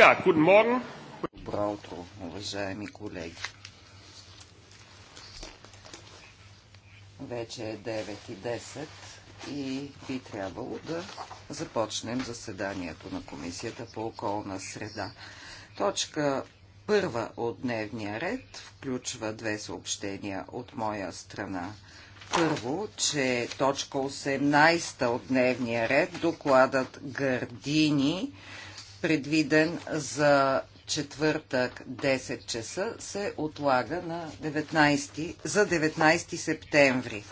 Ja, guten Morgen. Добро утро, уважаеми колеги. Вече е 9 и 10 и би трябвало да започнем заседанието на Комисията по околна среда. Точка първа от дневния ред включва две съобщения от моя страна първо, че точка 18 от дневния ред, докладът Гърдини предвиден за четвъртък 10 часа, се отлага на 19, за 19 септември.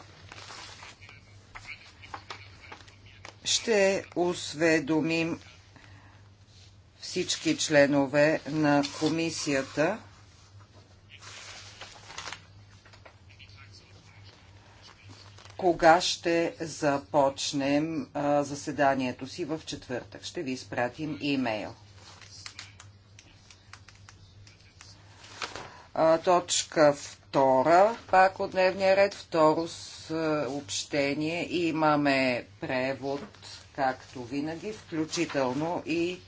Ще осведомим всички членове на комисията кога ще започнем а, заседанието си в четвъртък. Ще ви изпратим имейл. А, точка втора, пак от дневния ред, второ съобщение. Имаме превод, както винаги, включително и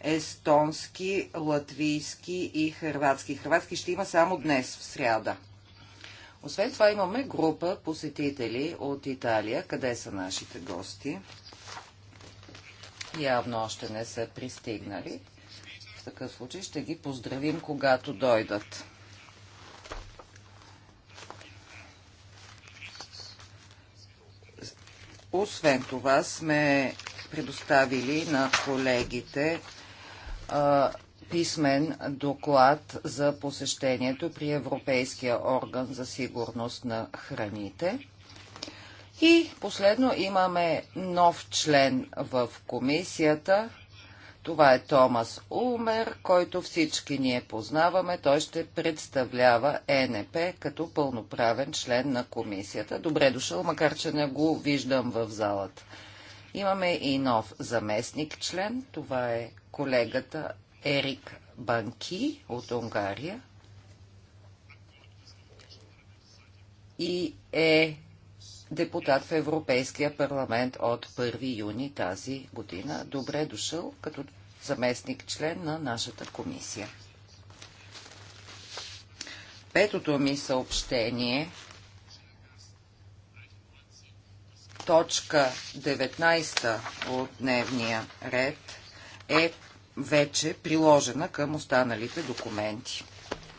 естонски, латвийски и хрватски. Хрватски ще има само днес, в сряда. Освен това имаме група посетители от Италия, къде са нашите гости. Явно още не са пристигнали. В такъв случай ще ги поздравим, когато дойдат. Освен това сме предоставили на колегите а, писмен доклад за посещението при Европейския орган за сигурност на храните. И последно имаме нов член в комисията. Това е Томас Улмер, който всички ние познаваме. Той ще представлява ЕНП като пълноправен член на комисията. Добре дошъл, макар че не го виждам в залата. Имаме и нов заместник член. Това е колегата Ерик Банки от Унгария и е депутат в Европейския парламент от 1 юни тази година. Добре дошъл като заместник член на нашата комисия. Петото ми съобщение точка 19 от дневния ред е вече приложена към останалите документи.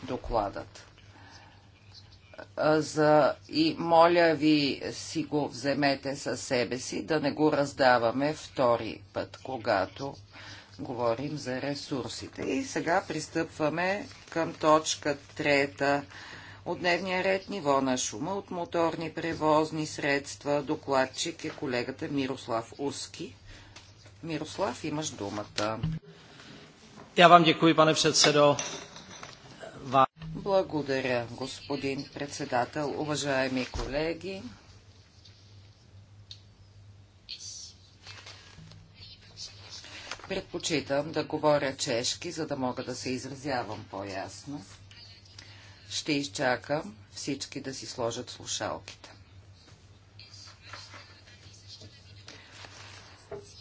Докладът. За... И моля ви си го вземете със себе си, да не го раздаваме втори път, когато говорим за ресурсите. И сега пристъпваме към точка трета от дневния ред ниво на шума от моторни превозни средства. Докладчик е колегата Мирослав Уски. Мирослав, имаш думата. Я вам дякую, пане председо. Благодаря, господин председател, уважаеми колеги. Предпочитам да говоря чешки, за да мога да се изразявам по-ясно. Ще изчакам всички да си сложат слушалките.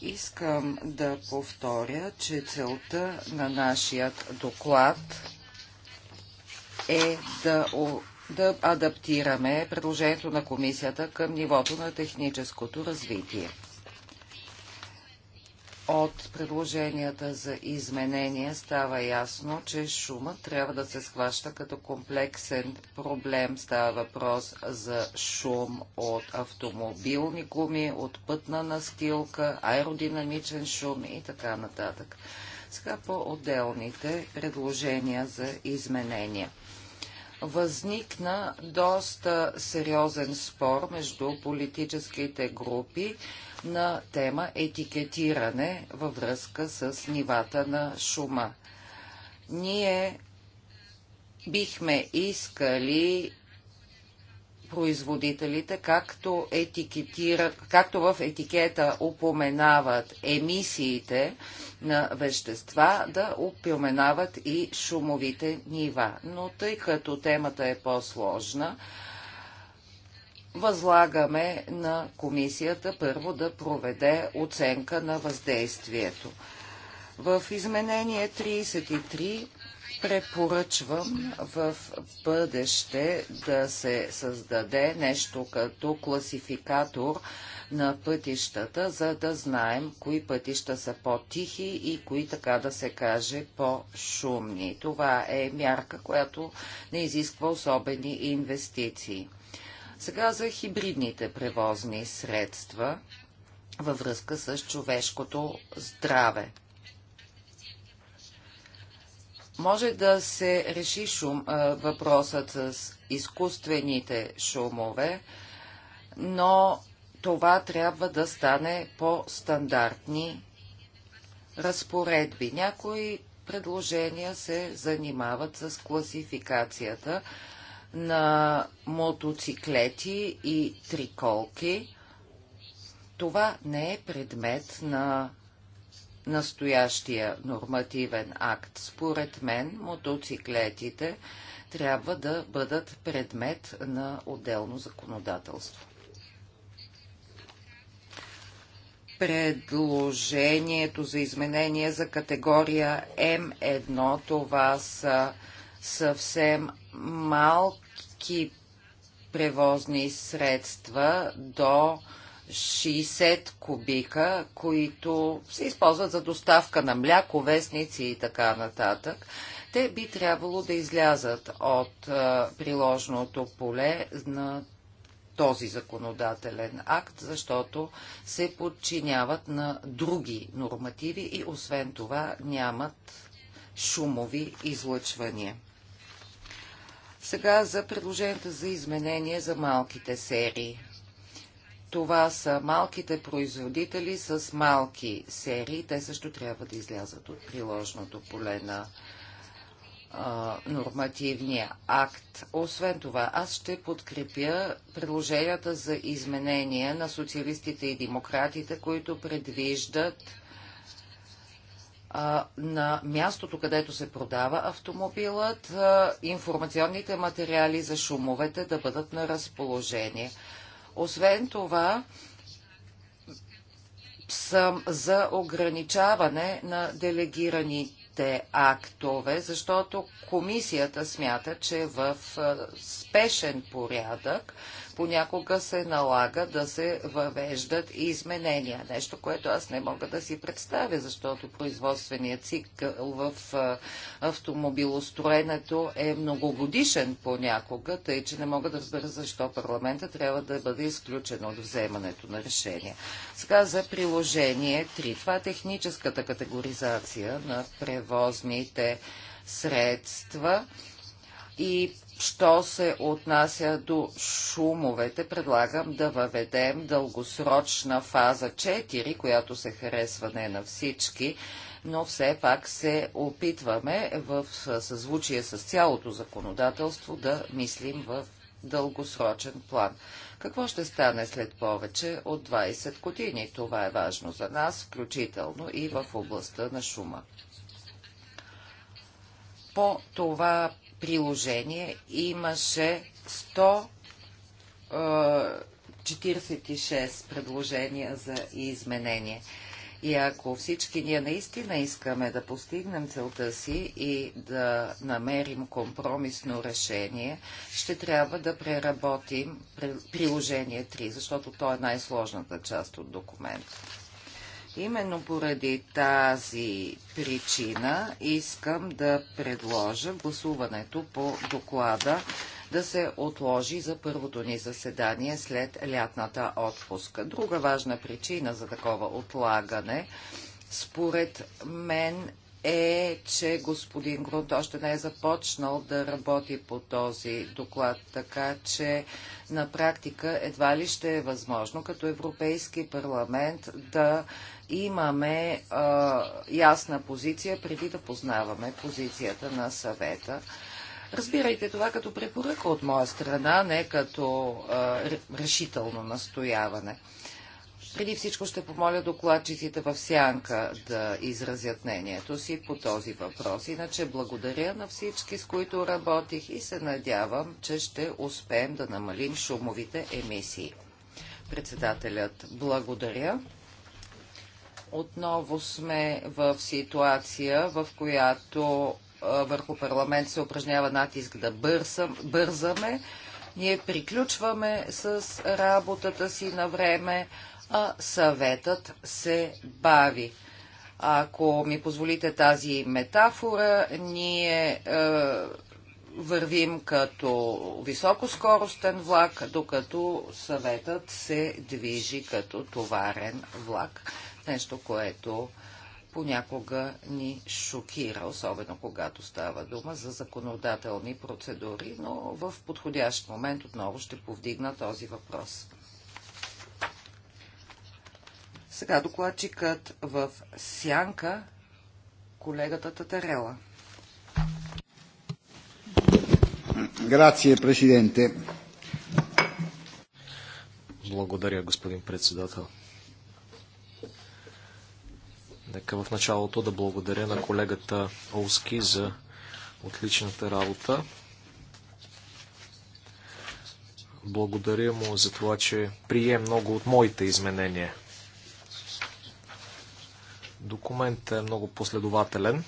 Искам да повторя, че целта на нашият доклад е да, да адаптираме предложението на комисията към нивото на техническото развитие от предложенията за изменение става ясно, че шумът трябва да се схваща като комплексен проблем. Става въпрос за шум от автомобилни гуми, от пътна настилка, аеродинамичен шум и така нататък. Сега по отделните предложения за изменения възникна доста сериозен спор между политическите групи на тема етикетиране във връзка с нивата на шума. Ние бихме искали производителите, както, етикетира, както в етикета упоменават емисиите на вещества, да упоменават и шумовите нива. Но тъй като темата е по-сложна, възлагаме на комисията първо да проведе оценка на въздействието. В изменение 33 препоръчвам в бъдеще да се създаде нещо като класификатор на пътищата, за да знаем кои пътища са по-тихи и кои, така да се каже, по-шумни. Това е мярка, която не изисква особени инвестиции. Сега за хибридните превозни средства във връзка с човешкото здраве. Може да се реши шум, въпросът с изкуствените шумове, но това трябва да стане по стандартни разпоредби. Някои предложения се занимават с класификацията на мотоциклети и триколки. Това не е предмет на настоящия нормативен акт. Според мен мотоциклетите трябва да бъдат предмет на отделно законодателство. Предложението за изменение за категория М1 това са съвсем малки превозни средства до 60 кубика, които се използват за доставка на мляко, вестници и така нататък. Те би трябвало да излязат от приложното поле на този законодателен акт, защото се подчиняват на други нормативи и освен това нямат шумови излъчвания. Сега за предложенията за изменение за малките серии. Това са малките производители с малки серии. Те също трябва да излязат от приложното поле на нормативния акт. Освен това, аз ще подкрепя предложенията за изменения на социалистите и демократите, които предвиждат на мястото, където се продава автомобилът, информационните материали за шумовете да бъдат на разположение. Освен това, съм за ограничаване на делегираните актове, защото комисията смята, че в спешен порядък понякога се налага да се въвеждат и изменения. Нещо, което аз не мога да си представя, защото производственият цикъл в автомобилостроенето е многогодишен понякога, тъй че не мога да разбера защо парламента трябва да бъде изключен от вземането на решения. Сега за приложение 3. Това е техническата категоризация на превозните средства и Що се отнася до шумовете, предлагам да въведем дългосрочна фаза 4, която се харесва не на всички, но все пак се опитваме в съзвучие с цялото законодателство да мислим в дългосрочен план. Какво ще стане след повече от 20 години? Това е важно за нас, включително и в областта на шума. По това приложение имаше 146 предложения за изменение. И ако всички ние наистина искаме да постигнем целта си и да намерим компромисно решение, ще трябва да преработим приложение 3, защото то е най-сложната част от документа. Именно поради тази причина искам да предложа гласуването по доклада да се отложи за първото ни заседание след лятната отпуска. Друга важна причина за такова отлагане, според мен, е, че господин Грунт още не е започнал да работи по този доклад, така че на практика едва ли ще е възможно като Европейски парламент да имаме а, ясна позиция, преди да познаваме позицията на съвета. Разбирайте това като препоръка от моя страна, не като а, решително настояване. Преди всичко ще помоля докладчиците в Сянка да изразят мнението си по този въпрос. Иначе благодаря на всички, с които работих и се надявам, че ще успеем да намалим шумовите емисии. Председателят, благодаря отново сме в ситуация, в която върху парламент се упражнява натиск да бързаме. Ние приключваме с работата си на време, а съветът се бави. Ако ми позволите тази метафора, ние е, вървим като високоскоростен влак, докато съветът се движи като товарен влак. Нещо, което понякога ни шокира, особено когато става дума за законодателни процедури, но в подходящ момент отново ще повдигна този въпрос. Сега докладчикът в Сянка, колегата Татарела. Грация, президенте. Благодаря, господин председател. Нека в началото да благодаря на колегата Олски за отличната работа. Благодаря му за това, че прие много от моите изменения. Документът е много последователен,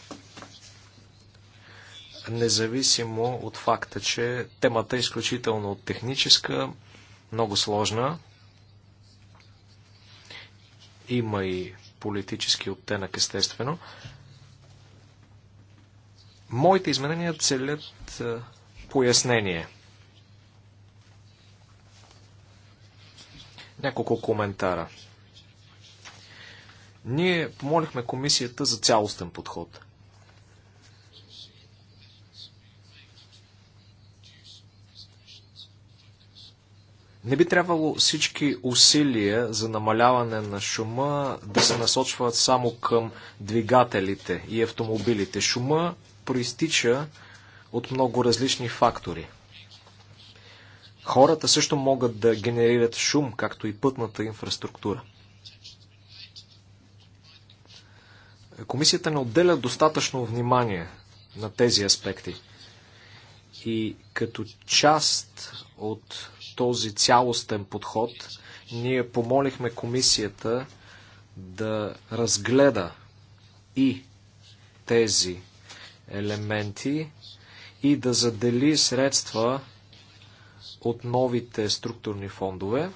независимо от факта, че темата е изключително техническа, много сложна. Има и политически оттенък, естествено. Моите изменения целят пояснение. Няколко коментара. Ние помолихме комисията за цялостен подход – Не би трябвало всички усилия за намаляване на шума да се насочват само към двигателите и автомобилите. Шума проистича от много различни фактори. Хората също могат да генерират шум, както и пътната инфраструктура. Комисията не отделя достатъчно внимание на тези аспекти. И като част от този цялостен подход. Ние помолихме комисията да разгледа и тези елементи и да задели средства от новите структурни фондове,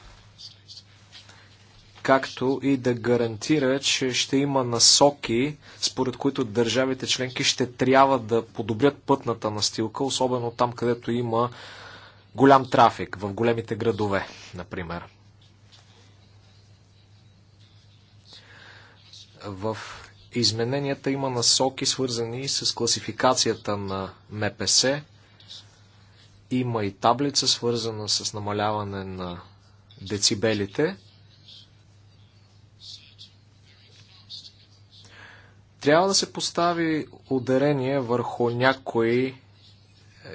както и да гарантира, че ще има насоки, според които държавите членки ще трябва да подобрят пътната настилка, особено там, където има голям трафик в големите градове, например. В измененията има насоки, свързани с класификацията на МПС. Има и таблица, свързана с намаляване на децибелите. Трябва да се постави ударение върху някои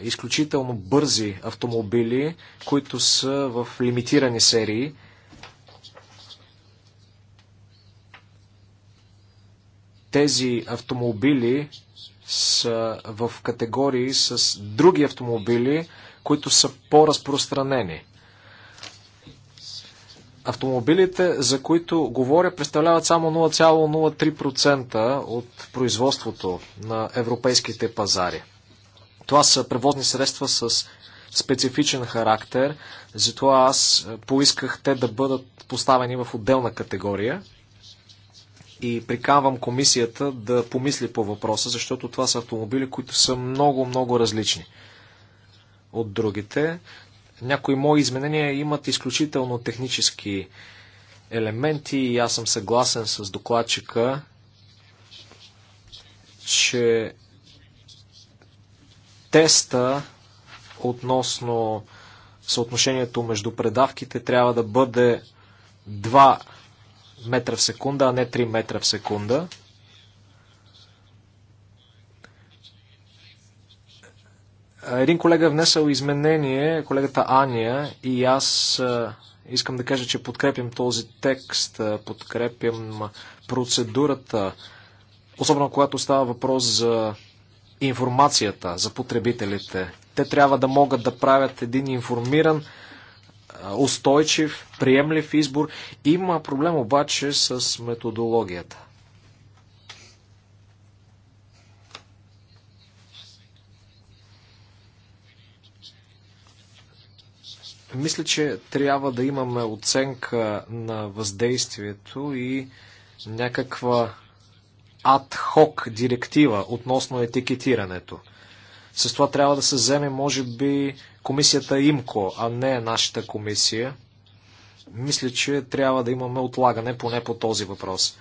изключително бързи автомобили, които са в лимитирани серии. Тези автомобили са в категории с други автомобили, които са по-разпространени. Автомобилите, за които говоря, представляват само 0,03% от производството на европейските пазари. Това са превозни средства с специфичен характер, затова аз е, поисках те да бъдат поставени в отделна категория и приканвам комисията да помисли по въпроса, защото това са автомобили, които са много, много различни от другите. Някои мои изменения имат изключително технически елементи и аз съм съгласен с докладчика, че теста относно съотношението между предавките трябва да бъде 2 метра в секунда, а не 3 метра в секунда. Един колега е внесъл изменение, колегата Ания, и аз искам да кажа, че подкрепям този текст, подкрепям процедурата, особено когато става въпрос за информацията за потребителите. Те трябва да могат да правят един информиран, устойчив, приемлив избор. Има проблем обаче с методологията. Мисля, че трябва да имаме оценка на въздействието и някаква адхок директива относно етикетирането. С това трябва да се вземе, може би, комисията ИМКО, а не нашата комисия. Мисля, че трябва да имаме отлагане поне по този въпрос.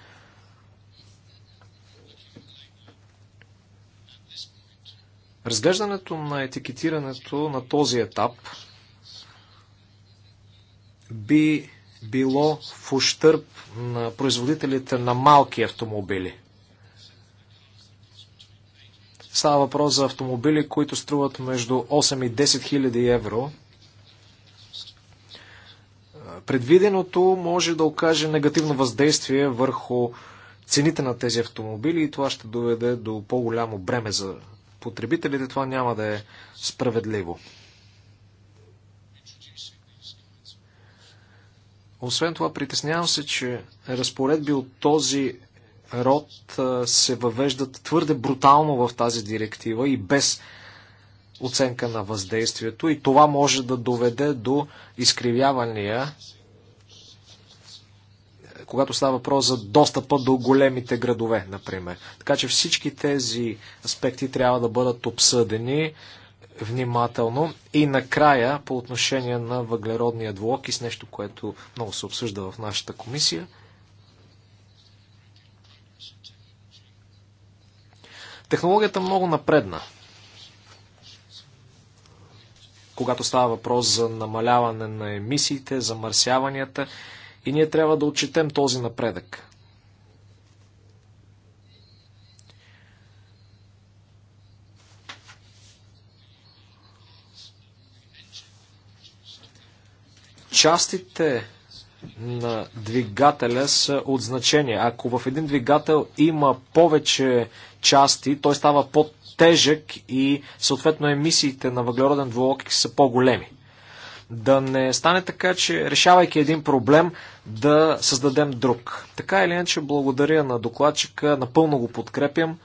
Разглеждането на етикетирането на този етап би било в ущърп на производителите на малки автомобили – Става въпрос за автомобили, които струват между 8 и 10 хиляди евро. Предвиденото може да окаже негативно въздействие върху цените на тези автомобили и това ще доведе до по-голямо бреме за потребителите. Това няма да е справедливо. Освен това, притеснявам се, че разпоредби от този род се въвеждат твърде брутално в тази директива и без оценка на въздействието и това може да доведе до изкривявания, когато става въпрос за достъпа до големите градове, например. Така че всички тези аспекти трябва да бъдат обсъдени внимателно и накрая по отношение на въглеродния двуокис, и с нещо, което много се обсъжда в нашата комисия – Технологията много напредна. Когато става въпрос за намаляване на емисиите, замърсяванията, и ние трябва да отчетем този напредък. Частите на двигателя са от значение. Ако в един двигател има повече части, той става по-тежък и съответно емисиите на въглероден двуокис са по-големи. Да не стане така, че решавайки един проблем, да създадем друг. Така или иначе, благодаря на докладчика, напълно го подкрепям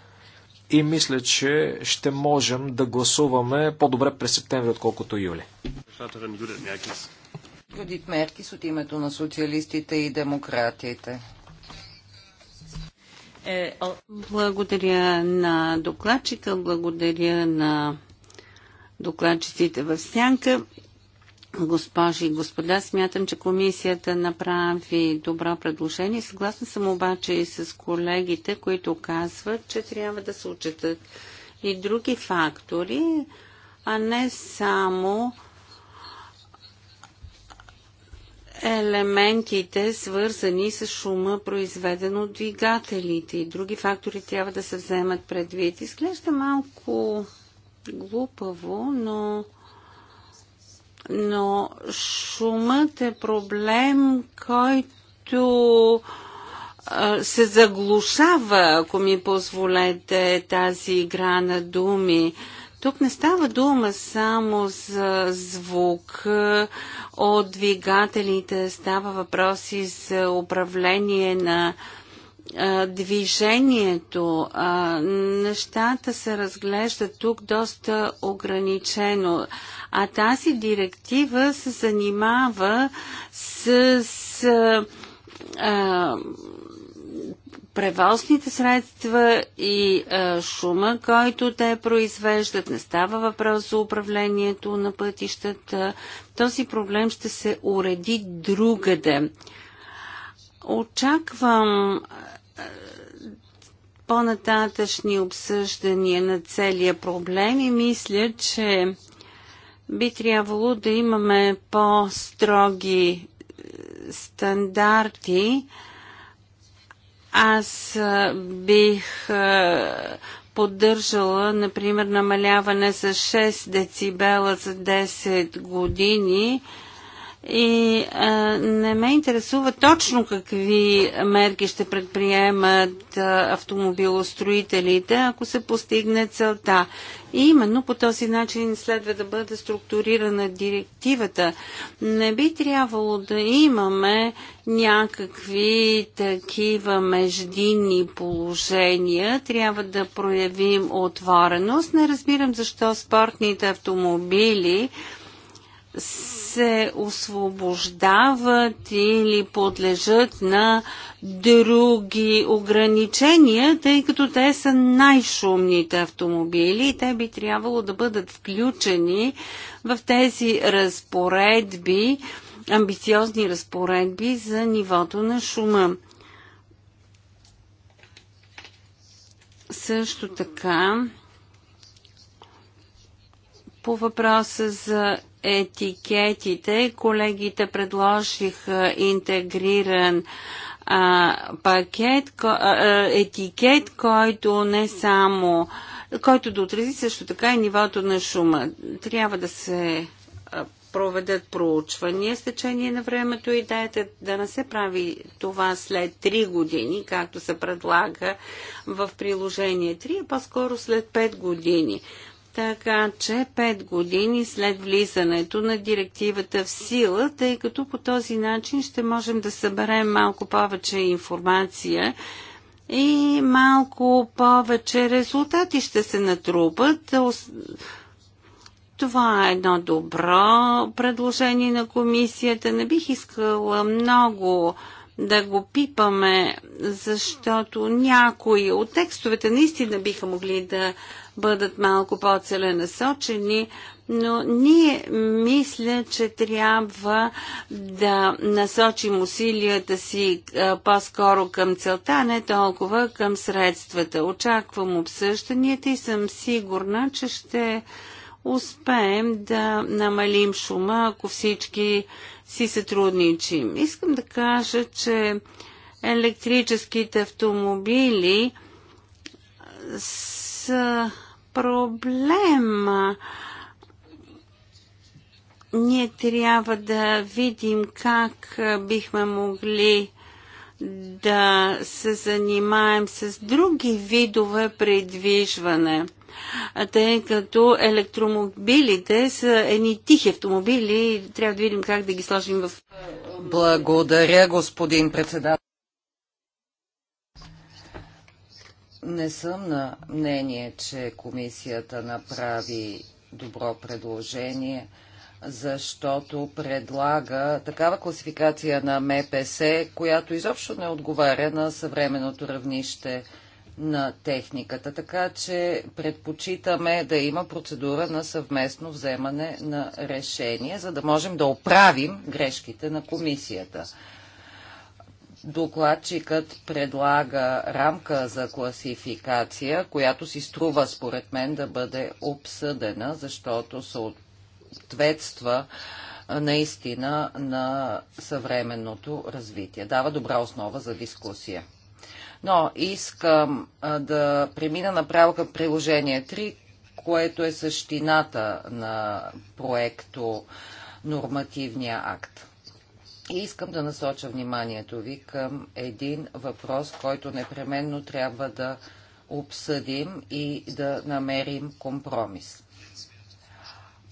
и мисля, че ще можем да гласуваме по-добре през септември, отколкото юли мерки Меркис от името на социалистите и демократите. Е, благодаря на докладчика, благодаря на докладчиците в сянка. Госпожи и господа, смятам, че комисията направи добро предложение. Съгласна съм обаче и с колегите, които казват, че трябва да се учетат и други фактори, а не само елементите, свързани с шума, произведен от двигателите и други фактори трябва да се вземат предвид. Изглежда малко глупаво, но, но шумът е проблем, който се заглушава, ако ми позволете тази игра на думи. Тук не става дума само за звук от двигателите, става въпроси за управление на движението, нещата се разглеждат тук доста ограничено, а тази директива се занимава с, превозните средства и а, шума, който те произвеждат. Не става въпрос за управлението на пътищата. Този проблем ще се уреди другаде. Очаквам по-нататъчни обсъждания на целия проблем и мисля, че би трябвало да имаме по-строги стандарти аз бих поддържала, например, намаляване с 6 децибела за 10 години и а, не ме интересува точно какви мерки ще предприемат а, автомобилостроителите, ако се постигне целта. И именно по този начин следва да бъде структурирана директивата. Не би трябвало да имаме някакви такива междинни положения. Трябва да проявим отвореност. Не разбирам защо спортните автомобили се освобождават или подлежат на други ограничения, тъй като те са най-шумните автомобили и те би трябвало да бъдат включени в тези разпоредби, амбициозни разпоредби за нивото на шума. Също така, по въпроса за етикетите. Колегите предложиха интегриран а, пакет, ко, а, етикет, който не само който да отрази също така и нивото на шума. Трябва да се проведат проучвания с течение на времето. Идеята дайте да не се прави това след 3 години, както се предлага в приложение 3, а по-скоро след 5 години. Така че 5 години след влизането на директивата в сила, тъй като по този начин ще можем да съберем малко повече информация и малко повече резултати ще се натрупат. Това е едно добро предложение на комисията. Не бих искала много да го пипаме, защото някои от текстовете наистина биха могли да бъдат малко по-целенасочени, но ние мисля, че трябва да насочим усилията си по-скоро към целта, не толкова към средствата. Очаквам обсъжданията и съм сигурна, че ще успеем да намалим шума, ако всички си сътрудничим. Искам да кажа, че електрическите автомобили са проблем. Ние трябва да видим как бихме могли да се занимаем с други видове придвижване тъй като електромобилите са едни тихи автомобили трябва да видим как да ги сложим в... Благодаря, господин председател. Не съм на мнение, че комисията направи добро предложение, защото предлага такава класификация на МПС, която изобщо не отговаря на съвременното равнище на техниката. Така че предпочитаме да има процедура на съвместно вземане на решение, за да можем да оправим грешките на комисията. Докладчикът предлага рамка за класификация, която си струва според мен да бъде обсъдена, защото съответства наистина на съвременното развитие. Дава добра основа за дискусия. Но искам да премина направо към приложение 3, което е същината на проекто нормативния акт. И искам да насоча вниманието ви към един въпрос, който непременно трябва да обсъдим и да намерим компромис.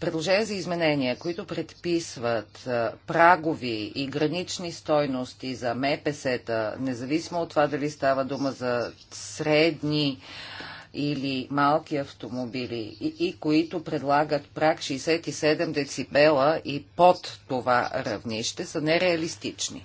Предложения за изменения, които предписват прагови и гранични стойности за МПС-та, независимо от това дали става дума за средни, или малки автомобили и, и които предлагат прак 67 децибела и под това равнище са нереалистични.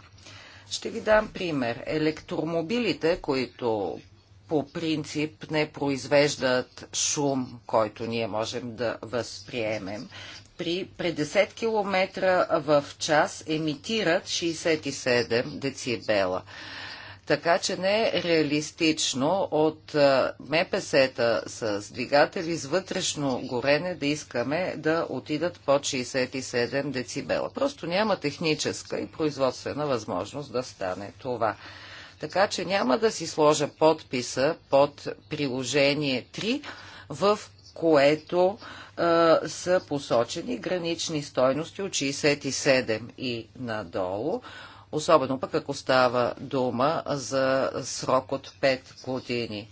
Ще ви дам пример. Електромобилите, които по принцип не произвеждат шум, който ние можем да възприемем, при 50 км в час емитират 67 децибела. Така че не е реалистично от МПС-та с двигатели с вътрешно горене да искаме да отидат под 67 децибела. Просто няма техническа и производствена възможност да стане това. Така че няма да си сложа подписа под приложение 3, в което е, са посочени гранични стойности от 67 и надолу, особено пък ако става дума за срок от 5 години.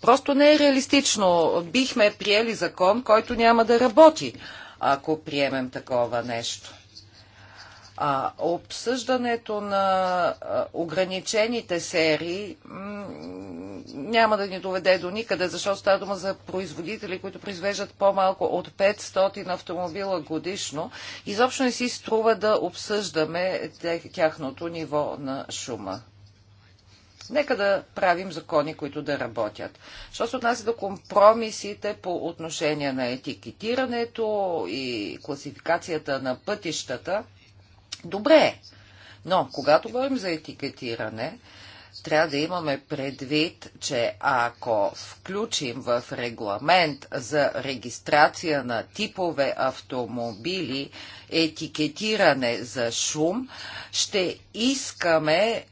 Просто не е реалистично. Бихме приели закон, който няма да работи, ако приемем такова нещо. А обсъждането на ограничените серии няма да ни доведе до никъде, защото става дума за производители, които произвеждат по-малко от 500 автомобила годишно. Изобщо не си струва да обсъждаме тяхното ниво на шума. Нека да правим закони, които да работят. Що се отнася до компромисите по отношение на етикетирането и класификацията на пътищата – Добре. Е. Но, когато говорим за етикетиране, трябва да имаме предвид, че ако включим в регламент за регистрация на типове автомобили етикетиране за шум, ще искаме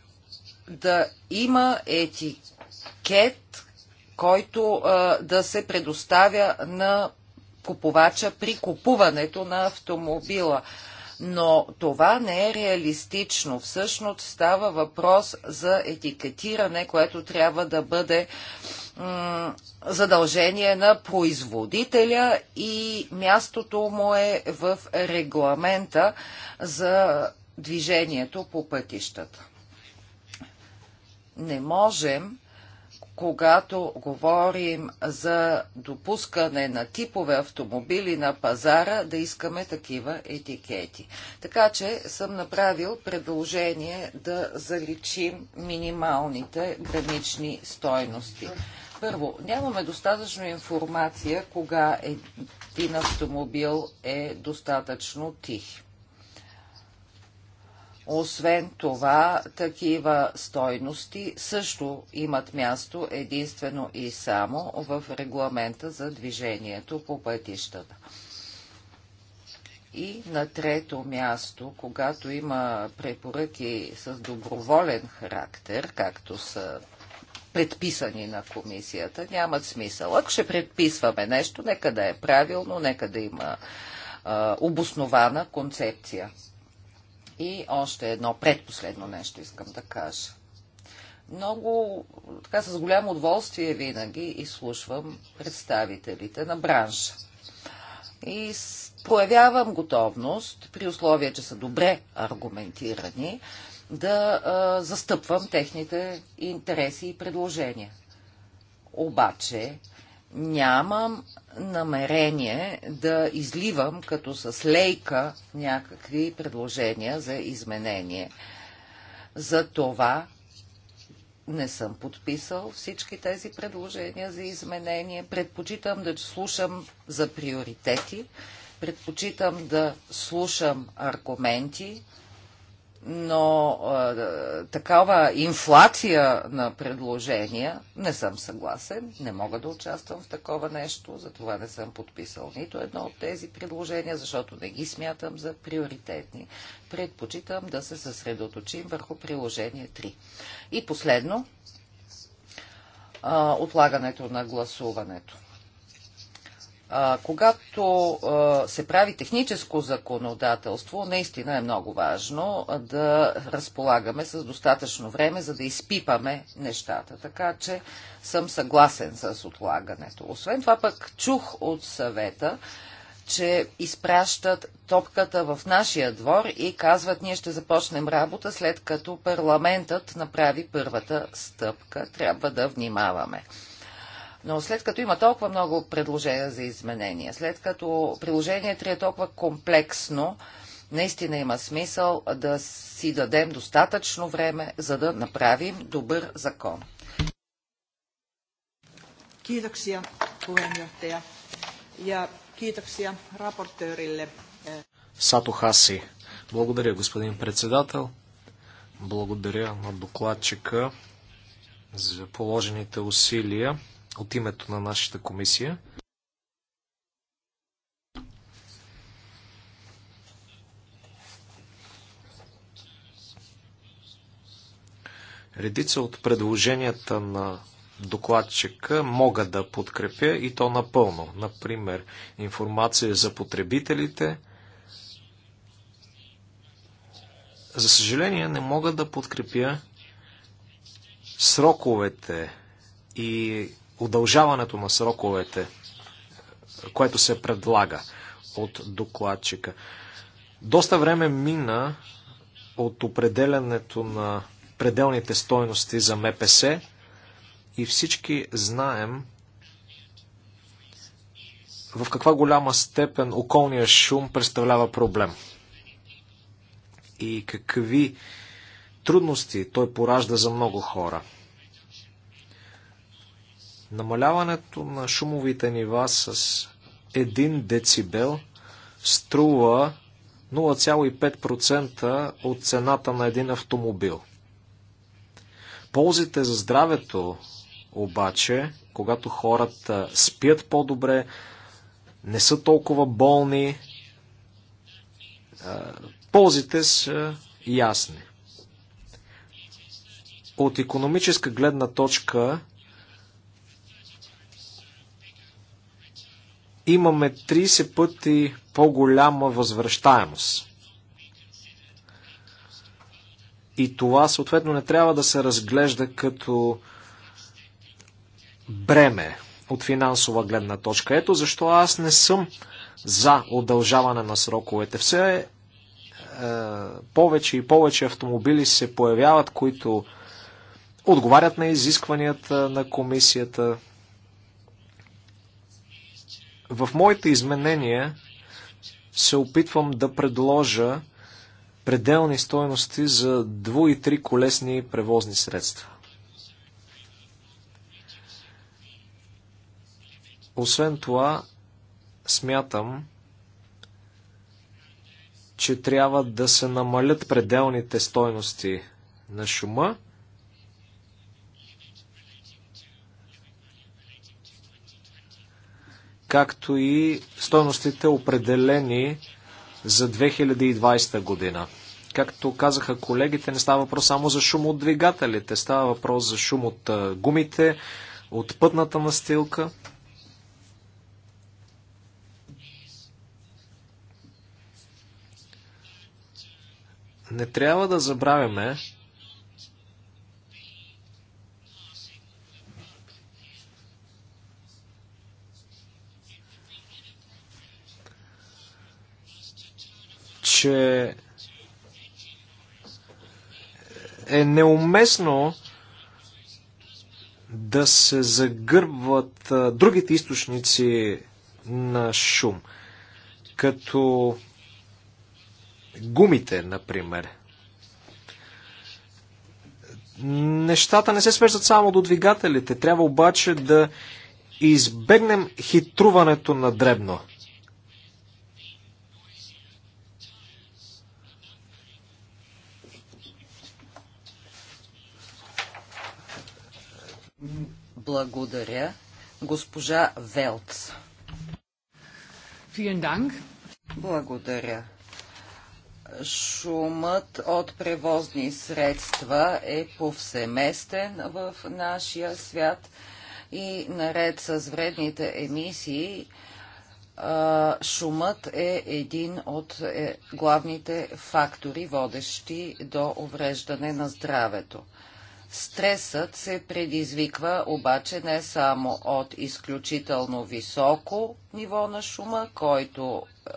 да има етикет, който а, да се предоставя на купувача при купуването на автомобила но това не е реалистично. Всъщност става въпрос за етикетиране, което трябва да бъде задължение на производителя и мястото му е в регламента за движението по пътищата. Не можем когато говорим за допускане на типове автомобили на пазара, да искаме такива етикети. Така че съм направил предложение да заличим минималните гранични стойности. Първо, нямаме достатъчно информация кога един автомобил е достатъчно тих. Освен това, такива стойности също имат място единствено и само в регламента за движението по пътищата. И на трето място, когато има препоръки с доброволен характер, както са предписани на комисията, нямат смисъл. Ако ще предписваме нещо, нека да е правилно, нека да има а, обоснована концепция. И още едно предпоследно нещо искам да кажа. Много, така с голямо удоволствие винаги изслушвам представителите на бранша. И проявявам готовност, при условие, че са добре аргументирани, да а, застъпвам техните интереси и предложения. Обаче, нямам намерение да изливам като с лейка някакви предложения за изменение. За това не съм подписал всички тези предложения за изменение. Предпочитам да слушам за приоритети, предпочитам да слушам аргументи, но а, такава инфлация на предложения не съм съгласен, не мога да участвам в такова нещо, затова не съм подписал нито едно от тези предложения, защото не ги смятам за приоритетни. Предпочитам да се съсредоточим върху приложение 3. И последно, а, отлагането на гласуването когато се прави техническо законодателство, наистина е много важно да разполагаме с достатъчно време, за да изпипаме нещата. Така че съм съгласен с отлагането. Освен това пък чух от съвета, че изпращат топката в нашия двор и казват, ние ще започнем работа след като парламентът направи първата стъпка. Трябва да внимаваме. Но след като има толкова много предложения за изменения, след като приложение 3 е толкова комплексно, наистина има смисъл да си дадем достатъчно време, за да направим добър закон. Kiitoksia puheenjohtaja ja kiitoksia raportöörille. Сато Хаси. Благодаря, господин председател. Благодаря на докладчика за положените усилия от името на нашата комисия. Редица от предложенията на докладчика мога да подкрепя и то напълно. Например, информация за потребителите. За съжаление, не мога да подкрепя сроковете и удължаването на сроковете, което се предлага от докладчика. Доста време мина от определянето на пределните стойности за МПС и всички знаем в каква голяма степен околния шум представлява проблем и какви трудности той поражда за много хора. Намаляването на шумовите нива с 1 децибел струва 0,5% от цената на един автомобил. Ползите за здравето обаче, когато хората спят по-добре, не са толкова болни, ползите са ясни. От економическа гледна точка имаме 30 пъти по-голяма възвръщаемост. И това съответно не трябва да се разглежда като бреме от финансова гледна точка. Ето защо аз не съм за удължаване на сроковете. Все е, повече и повече автомобили се появяват, които отговарят на изискванията на комисията. В моите изменения се опитвам да предложа пределни стоености за дво и три колесни превозни средства. Освен това, смятам, че трябва да се намалят пределните стоености на шума както и стойностите определени за 2020 година. Както казаха колегите, не става въпрос само за шум от двигателите, става въпрос за шум от гумите, от пътната настилка. Не трябва да забравяме, че е неуместно да се загърбват другите източници на шум, като гумите, например. Нещата не се свеждат само до двигателите, трябва обаче да избегнем хитруването на дребно. Благодаря. Госпожа Велц. Благодаря. Шумът от превозни средства е повсеместен в нашия свят и наред с вредните емисии шумът е един от е, главните фактори, водещи до увреждане на здравето. Стресът се предизвиква обаче не само от изключително високо ниво на шума, който е,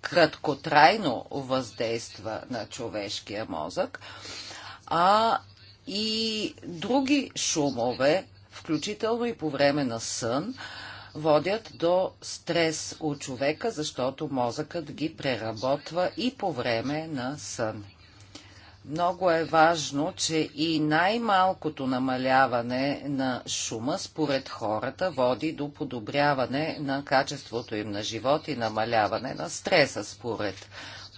краткотрайно въздейства на човешкия мозък, а и други шумове, включително и по време на сън, водят до стрес у човека, защото мозъкът ги преработва и по време на сън. Много е важно, че и най-малкото намаляване на шума според хората води до подобряване на качеството им на живот и намаляване на стреса според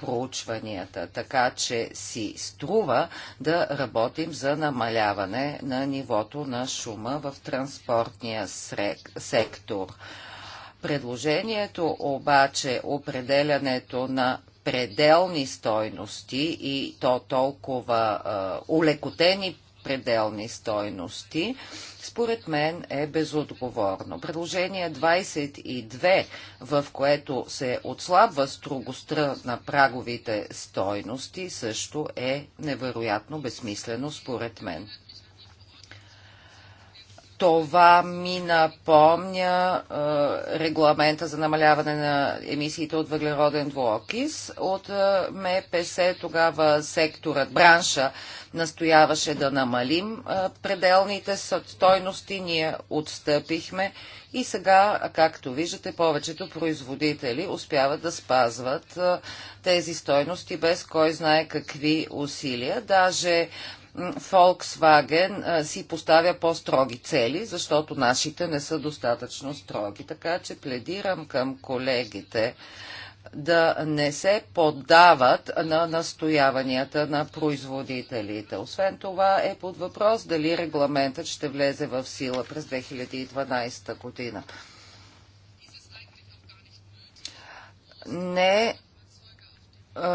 проучванията, така че си струва да работим за намаляване на нивото на шума в транспортния сектор. Предложението обаче определянето на пределни стойности и то толкова а, улекотени пределни стойности, според мен е безотговорно. Предложение 22, в което се отслабва строгостта на праговите стойности, също е невероятно безсмислено, според мен. Това ми напомня е, регламента за намаляване на емисиите от въглероден двуокис. От е, МПС тогава секторът, бранша настояваше да намалим е, пределните стойности. Ние отстъпихме и сега, както виждате, повечето производители успяват да спазват е, тези стойности без кой знае какви усилия. Даже Volkswagen си поставя по-строги цели, защото нашите не са достатъчно строги. Така че пледирам към колегите да не се поддават на настояванията на производителите. Освен това е под въпрос дали регламентът ще влезе в сила през 2012 година. Не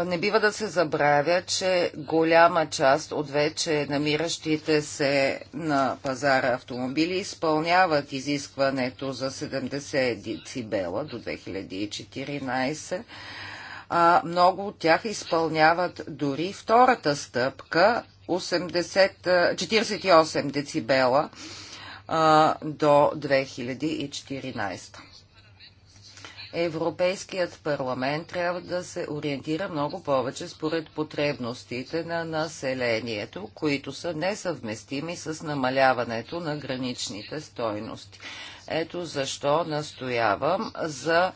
не бива да се забравя, че голяма част от вече намиращите се на пазара автомобили изпълняват изискването за 70 децибела до 2014, а много от тях изпълняват дори втората стъпка 80, 48 децибела а, до 2014. Европейският парламент трябва да се ориентира много повече според потребностите на населението, които са несъвместими с намаляването на граничните стойности. Ето защо настоявам за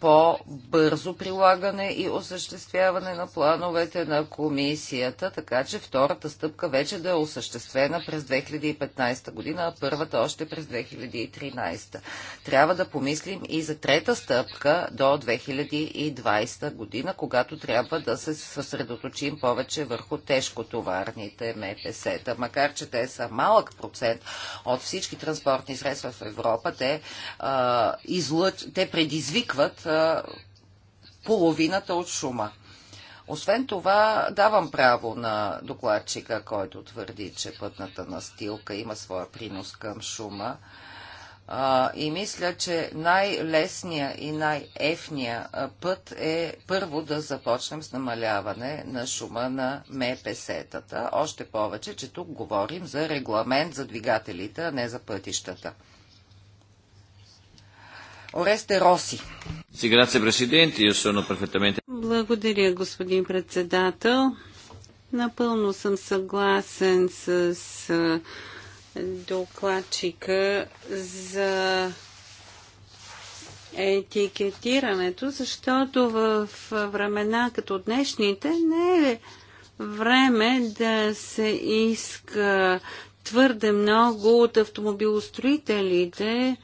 по-бързо прилагане и осъществяване на плановете на комисията, така че втората стъпка вече да е осъществена през 2015 година, а първата още през 2013. Трябва да помислим и за трета стъпка до 2020 година, когато трябва да се съсредоточим повече върху тежкотоварните МПС-та. Макар, че те са малък процент от всички транспортни средства в Европа, те, а, излъч... те предизвикват е, половината от шума. Освен това, давам право на докладчика, който твърди, че пътната настилка има своя принос към шума. А, и мисля, че най-лесният и най-ефният път е първо да започнем с намаляване на шума на МПС-тата. Още повече, че тук говорим за регламент за двигателите, а не за пътищата. Оресте Роси. Благодаря, господин председател. Напълно съм съгласен с докладчика за етикетирането, защото в времена като днешните не е време да се иска твърде много от автомобилостроителите,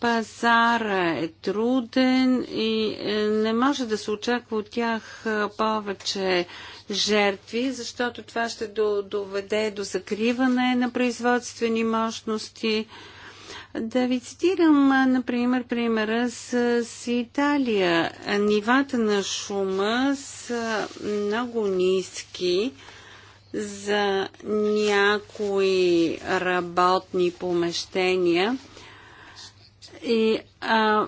пазара е труден и е, не може да се очаква от тях е, повече жертви, защото това ще доведе до закриване на производствени мощности. Да ви цитирам, е, например, примера с, с Италия. Нивата на шума са много ниски за някои работни помещения и а,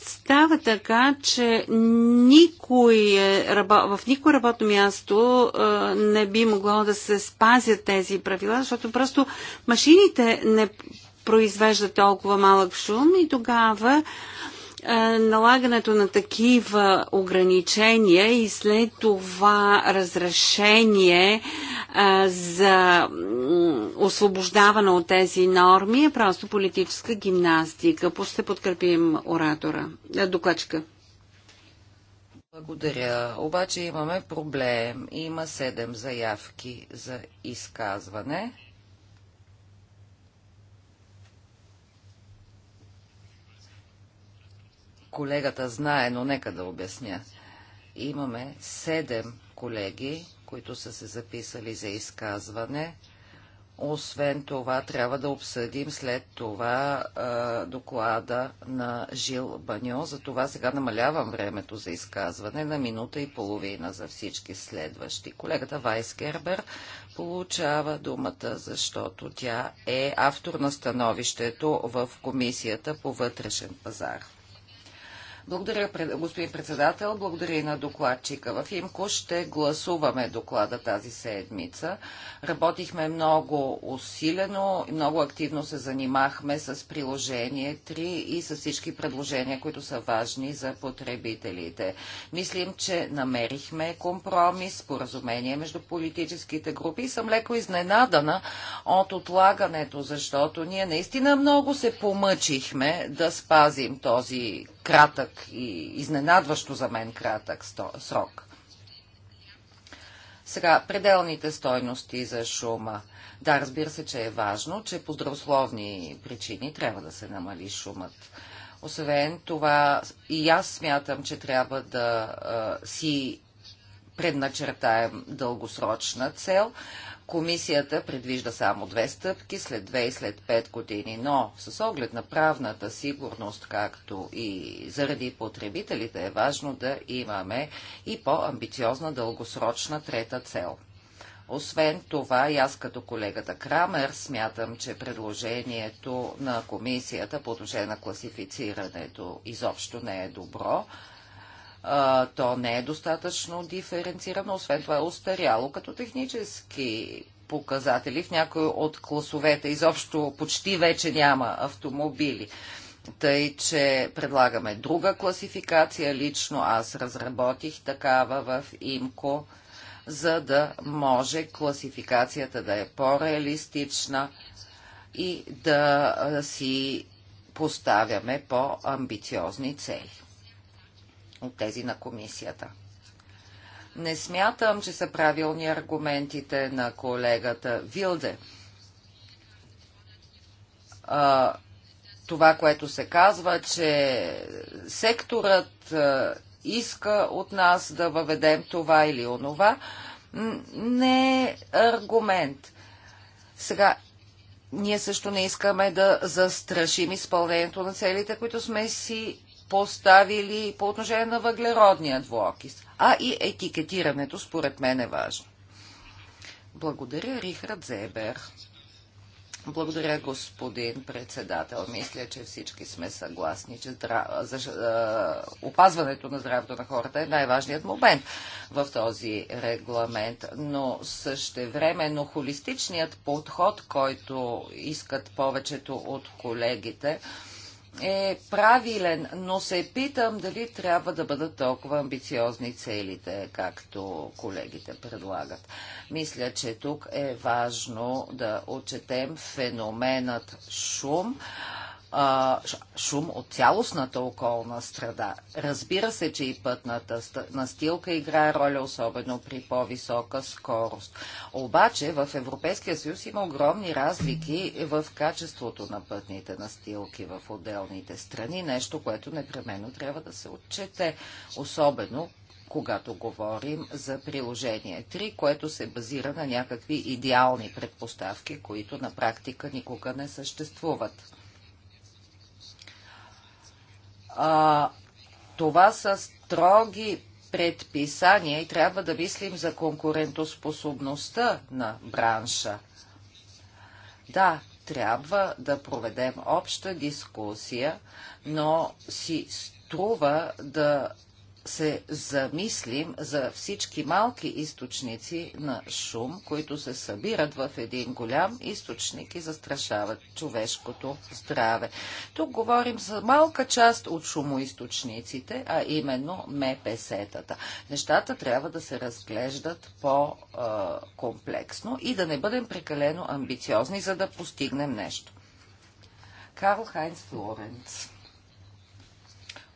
става така, че никой, е в никое работно място а, не би могло да се спазят тези правила, защото просто машините не произвеждат толкова малък шум и тогава а, е, налагането на такива ограничения и след това разрешение е, за освобождаване от тези норми е просто политическа гимнастика. Ще подкрепим оратора. Е, Докачка. Благодаря. Обаче имаме проблем. Има седем заявки за изказване. колегата знае, но нека да обясня. Имаме седем колеги, които са се записали за изказване. Освен това, трябва да обсъдим след това е, доклада на Жил Баньо. За това сега намалявам времето за изказване на минута и половина за всички следващи. Колегата Вайскербер получава думата, защото тя е автор на становището в Комисията по вътрешен пазар. Благодаря, господин председател. Благодаря и на докладчика. В ИМКО ще гласуваме доклада тази седмица. Работихме много усилено, много активно се занимахме с приложение 3 и с всички предложения, които са важни за потребителите. Мислим, че намерихме компромис, споразумение между политическите групи и съм леко изненадана от отлагането, защото ние наистина много се помъчихме да спазим този кратък и изненадващо за мен кратък срок. Сега, пределните стойности за шума. Да, разбира се, че е важно, че по здравословни причини трябва да се намали шумът. Освен това, и аз смятам, че трябва да а, си предначертаем дългосрочна цел. Комисията предвижда само две стъпки, след две и след пет години, но с оглед на правната сигурност, както и заради потребителите, е важно да имаме и по-амбициозна дългосрочна трета цел. Освен това, и аз като колегата Крамер смятам, че предложението на комисията по отношение на класифицирането изобщо не е добро, а, то не е достатъчно диференцирано, освен това е устаряло като технически показатели. В някои от класовете изобщо почти вече няма автомобили. Тъй, че предлагаме друга класификация. Лично аз разработих такава в ИМКО, за да може класификацията да е по-реалистична и да си поставяме по-амбициозни цели от тези на комисията. Не смятам, че са правилни аргументите на колегата Вилде. А, това, което се казва, че секторът а, иска от нас да въведем това или онова, не е аргумент. Сега, ние също не искаме да застрашим изпълнението на целите, които сме си поставили по отношение на въглеродния двуокис. А и етикетирането, според мен, е важно. Благодаря, Рихард Зебер. Благодаря, господин председател. Мисля, че всички сме съгласни, че здра... за... Е, опазването на здравето на хората е най-важният момент в този регламент. Но същевременно холистичният подход, който искат повечето от колегите, е правилен, но се питам дали трябва да бъдат толкова амбициозни целите, както колегите предлагат. Мисля, че тук е важно да отчетем феноменът шум, а, шум от цялостната околна среда. Разбира се, че и пътната настилка играе роля, особено при по-висока скорост. Обаче в Европейския съюз има огромни разлики в качеството на пътните настилки в отделните страни, нещо, което непременно трябва да се отчете, особено когато говорим за приложение 3, което се базира на някакви идеални предпоставки, които на практика никога не съществуват. А, това са строги предписания и трябва да мислим за конкурентоспособността на бранша. Да, трябва да проведем обща дискусия, но си струва да се замислим за всички малки източници на шум, които се събират в един голям източник и застрашават човешкото здраве. Тук говорим за малка част от шумоисточниците, а именно МПС-тата. Нещата трябва да се разглеждат по-комплексно и да не бъдем прекалено амбициозни, за да постигнем нещо. Карл Хайнц Флоренц.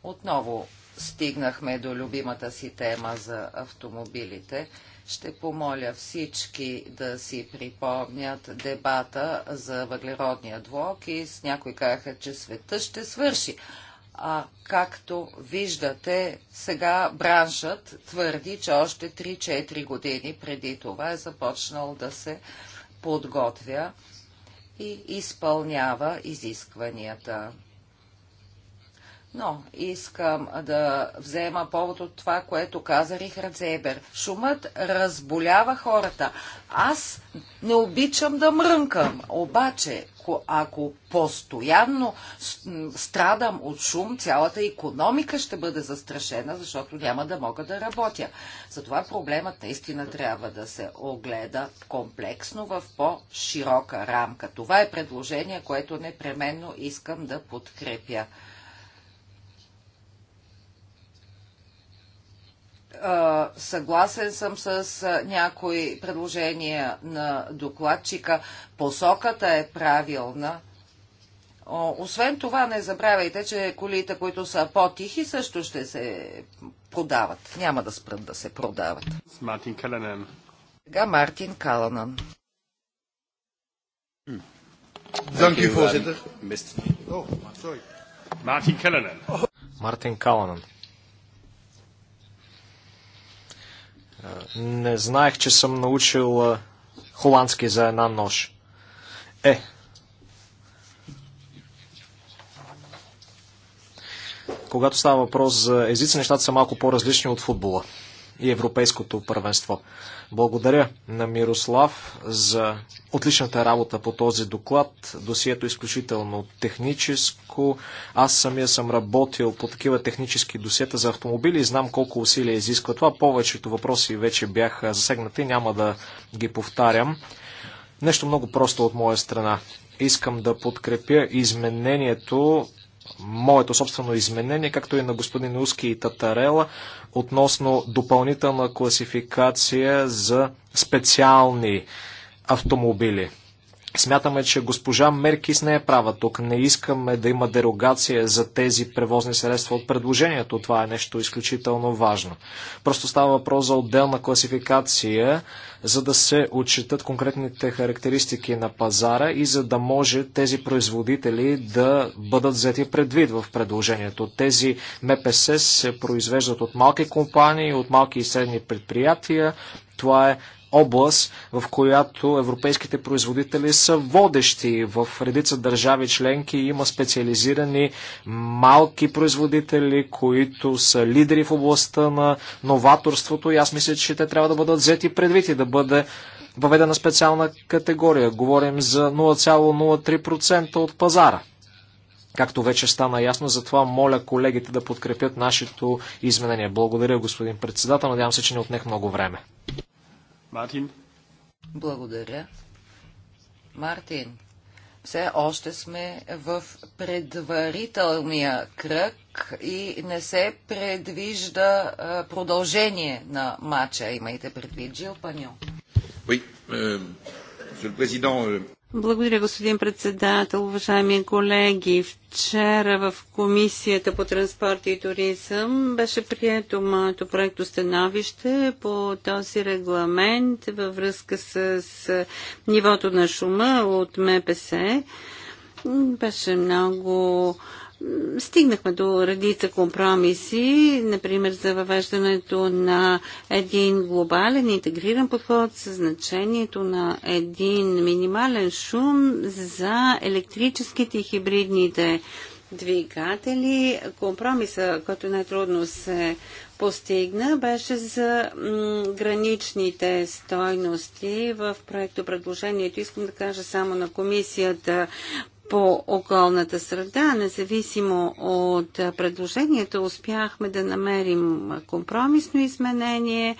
Отново стигнахме до любимата си тема за автомобилите. Ще помоля всички да си припомнят дебата за въглеродния двок и с някой казаха, че света ще свърши. А както виждате, сега браншът твърди, че още 3-4 години преди това е започнал да се подготвя и изпълнява изискванията. Но искам да взема повод от това, което каза Рихард Зейбер. Шумът разболява хората. Аз не обичам да мрънкам, обаче ако постоянно страдам от шум, цялата економика ще бъде застрашена, защото няма да мога да работя. Затова проблемът наистина трябва да се огледа комплексно в по-широка рамка. Това е предложение, което непременно искам да подкрепя. съгласен съм с някои предложения на докладчика. Посоката е правилна. Освен това, не забравяйте, че колите, които са по-тихи, също ще се продават. Няма да спрат да се продават. С Мартин Каланан. Сега Мартин Каланан. Мартин Каланан. Мартин Каланан. Не знаех, че съм научил холандски за една нощ. Е. Когато става въпрос за езици, нещата са малко по-различни от футбола и Европейското първенство. Благодаря на Мирослав за отличната работа по този доклад. Досието е изключително техническо. Аз самия съм работил по такива технически досиета за автомобили и знам колко усилия изисква това. Повечето въпроси вече бяха засегнати, няма да ги повтарям. Нещо много просто от моя страна. Искам да подкрепя изменението моето собствено изменение, както и на господин Уски и Татарела, относно допълнителна класификация за специални автомобили. Смятаме, че госпожа Меркис не е права тук. Не искаме да има дерогация за тези превозни средства от предложението. Това е нещо изключително важно. Просто става въпрос за отделна класификация, за да се отчитат конкретните характеристики на пазара и за да може тези производители да бъдат взети предвид в предложението. Тези МПС се произвеждат от малки компании, от малки и средни предприятия, това е област, в която европейските производители са водещи. В редица държави членки има специализирани малки производители, които са лидери в областта на новаторството и аз мисля, че те трябва да бъдат взети предвид и да бъде въведена специална категория. Говорим за 0,03% от пазара. Както вече стана ясно, затова моля колегите да подкрепят нашето изменение. Благодаря, господин председател. Надявам се, че не отнех много време. Мартин. Благодаря. Мартин, все още сме в предварителния кръг и не се предвижда продължение на матча. Имайте предвид, Жил Паньо. Oui, euh, благодаря, господин председател. Уважаеми колеги, вчера в Комисията по транспорт и туризъм беше прието моето проекто становище по този регламент във връзка с нивото на шума от МПС. Беше много Стигнахме до редица компромиси, например за въвеждането на един глобален интегриран подход с значението на един минимален шум за електрическите и хибридните двигатели. Компромиса, който най-трудно е се постигна, беше за граничните стойности в проекто предложението. Искам да кажа само на комисията по околната среда, независимо от предложението, успяхме да намерим компромисно изменение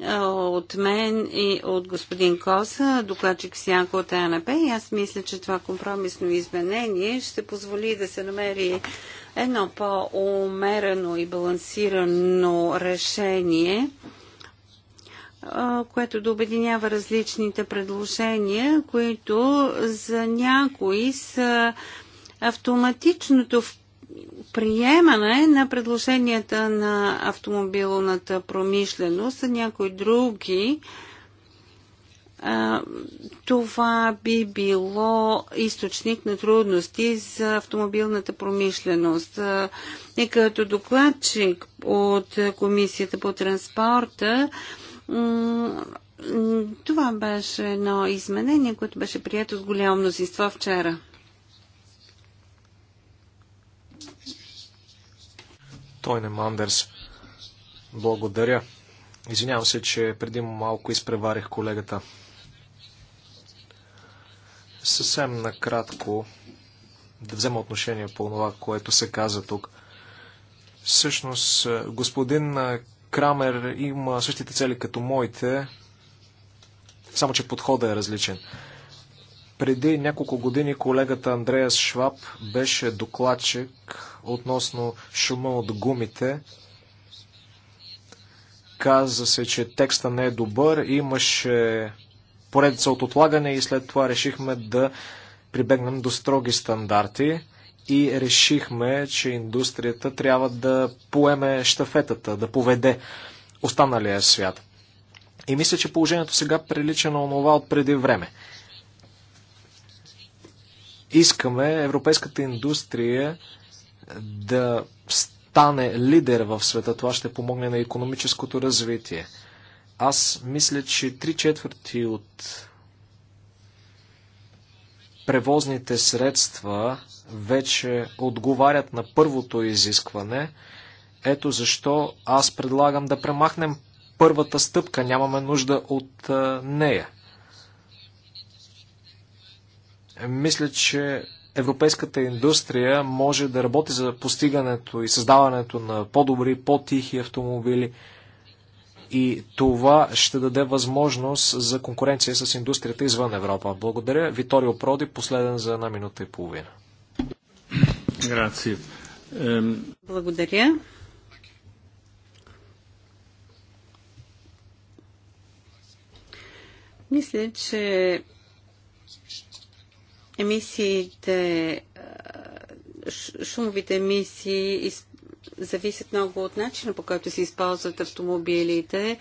е, от мен и от господин Коса, докладчик Сянко от АНП. И аз мисля, че това компромисно изменение ще позволи да се намери едно по-умерено и балансирано решение което да обединява различните предложения, които за някои са автоматичното приемане на предложенията на автомобилната промишленост, а някои други това би било източник на трудности за автомобилната промишленост. И като докладчик от Комисията по транспорта това беше едно изменение, което беше прието с голямо мнозинство вчера. Той не Мандерс. Благодаря. Извинявам се, че преди малко изпреварих колегата. Съвсем накратко да взема отношение по това, което се каза тук. Всъщност, господин Крамер има същите цели като моите, само че подходът е различен. Преди няколко години колегата Андреас Шваб беше докладчик относно шума от гумите. Каза се, че текста не е добър, имаше поредица от отлагане и след това решихме да прибегнем до строги стандарти и решихме, че индустрията трябва да поеме щафетата, да поведе останалия свят. И мисля, че положението сега прилича на онова от преди време. Искаме европейската индустрия да стане лидер в света. Това ще помогне на економическото развитие. Аз мисля, че три четвърти от превозните средства вече отговарят на първото изискване. Ето защо аз предлагам да премахнем първата стъпка. Нямаме нужда от нея. Мисля, че европейската индустрия може да работи за постигането и създаването на по-добри, по-тихи автомобили и това ще даде възможност за конкуренция с индустрията извън Европа. Благодаря. Виторио Проди, последен за една минута и половина. Благодаря. Мисля, че емисиите, шумовите емисии зависят много от начина по който се използват автомобилите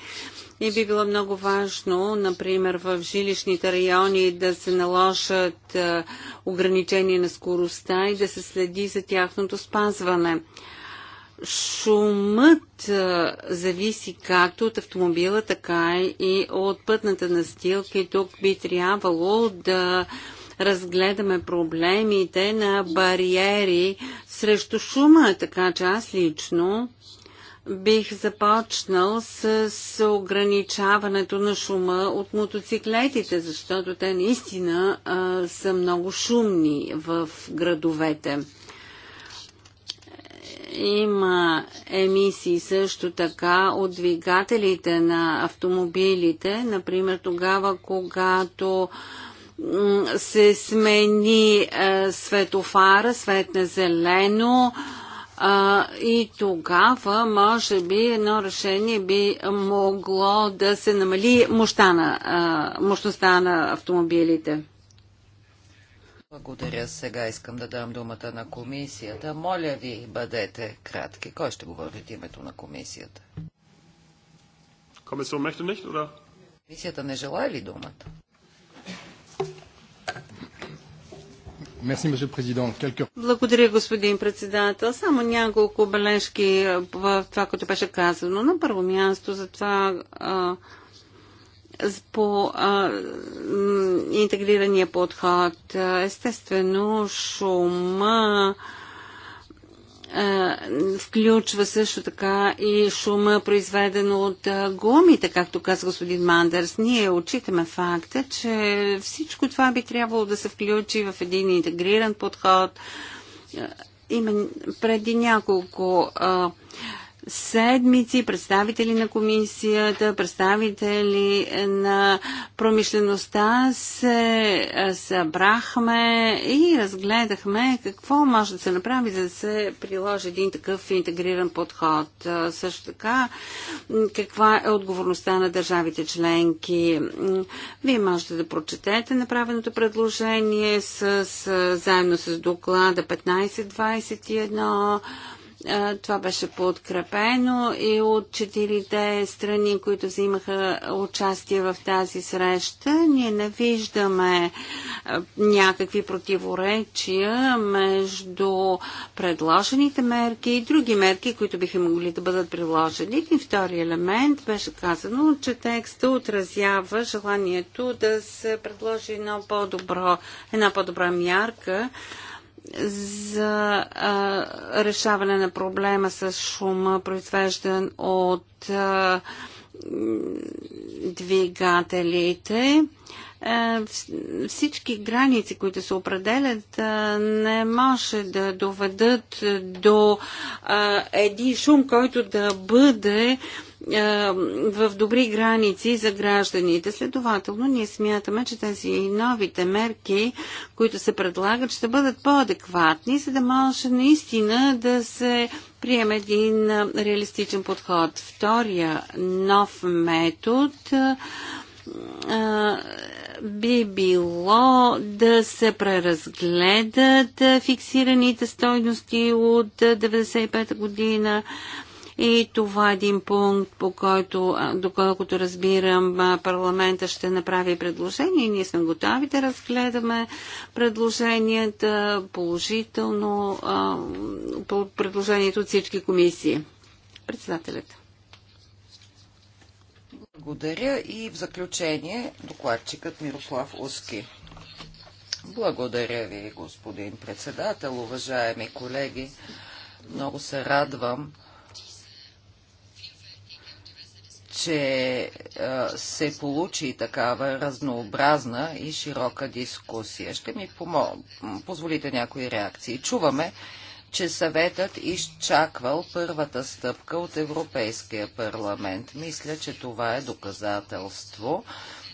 и би било много важно, например, в жилищните райони да се наложат ограничения на скоростта и да се следи за тяхното спазване. Шумът зависи както от автомобила, така и от пътната настилка и тук би трябвало да разгледаме проблемите на бариери срещу шума, така че аз лично бих започнал с ограничаването на шума от мотоциклетите, защото те наистина а, са много шумни в градовете. Има емисии също така от двигателите на автомобилите, например тогава, когато а, се смени е, светофара, свет на зелено е, и тогава може би едно решение би могло да се намали мощта на, е, мощността на автомобилите. Благодаря. Сега искам да дам думата на комисията. Моля ви, бъдете кратки. Кой ще говори от името на комисията? Комисията не желая ли думата? Благодаря, господин председател. Само няколко бележки в това, което беше казано. На първо място за това по а, интегрирания подход. Естествено, шума включва също така и шума, произведен от гумите, както каза господин Мандърс. Ние отчитаме факта, че всичко това би трябвало да се включи в един интегриран подход. Имен, преди няколко а, седмици представители на комисията, представители на промишлеността се е, събрахме и разгледахме какво може да се направи, за да се приложи един такъв интегриран подход. Е, също така, каква е отговорността на държавите членки. Вие можете да прочетете направеното предложение с, с, заедно с доклада 1521 това беше подкрепено и от четирите страни, които взимаха участие в тази среща. Ние не виждаме някакви противоречия между предложените мерки и други мерки, които биха могли да бъдат приложени. И втори елемент беше казано, че текста отразява желанието да се предложи едно по-добро, една по-добра мярка за а, решаване на проблема с шума, произвеждан от а, двигателите. Е, всички граници, които се определят, не може да доведат до един шум, който да бъде а, е, в добри граници за гражданите. Следователно, ние смятаме, че тези новите мерки, които се предлагат, ще бъдат по-адекватни, за да може наистина да се приеме един е, реалистичен подход. Втория нов метод е, би било да се преразгледат фиксираните стойности от 1995 година и това е един пункт, по който, доколкото разбирам, парламента ще направи предложение. Ние сме готови да разгледаме предложенията положително, по предложението от всички комисии. Председателят. Благодаря и в заключение докладчикът Мирослав Уски. Благодаря ви, господин председател, уважаеми колеги. Много се радвам, че се получи такава разнообразна и широка дискусия. Ще ми помо... позволите някои реакции. Чуваме, че съветът изчаквал първата стъпка от Европейския парламент. Мисля, че това е доказателство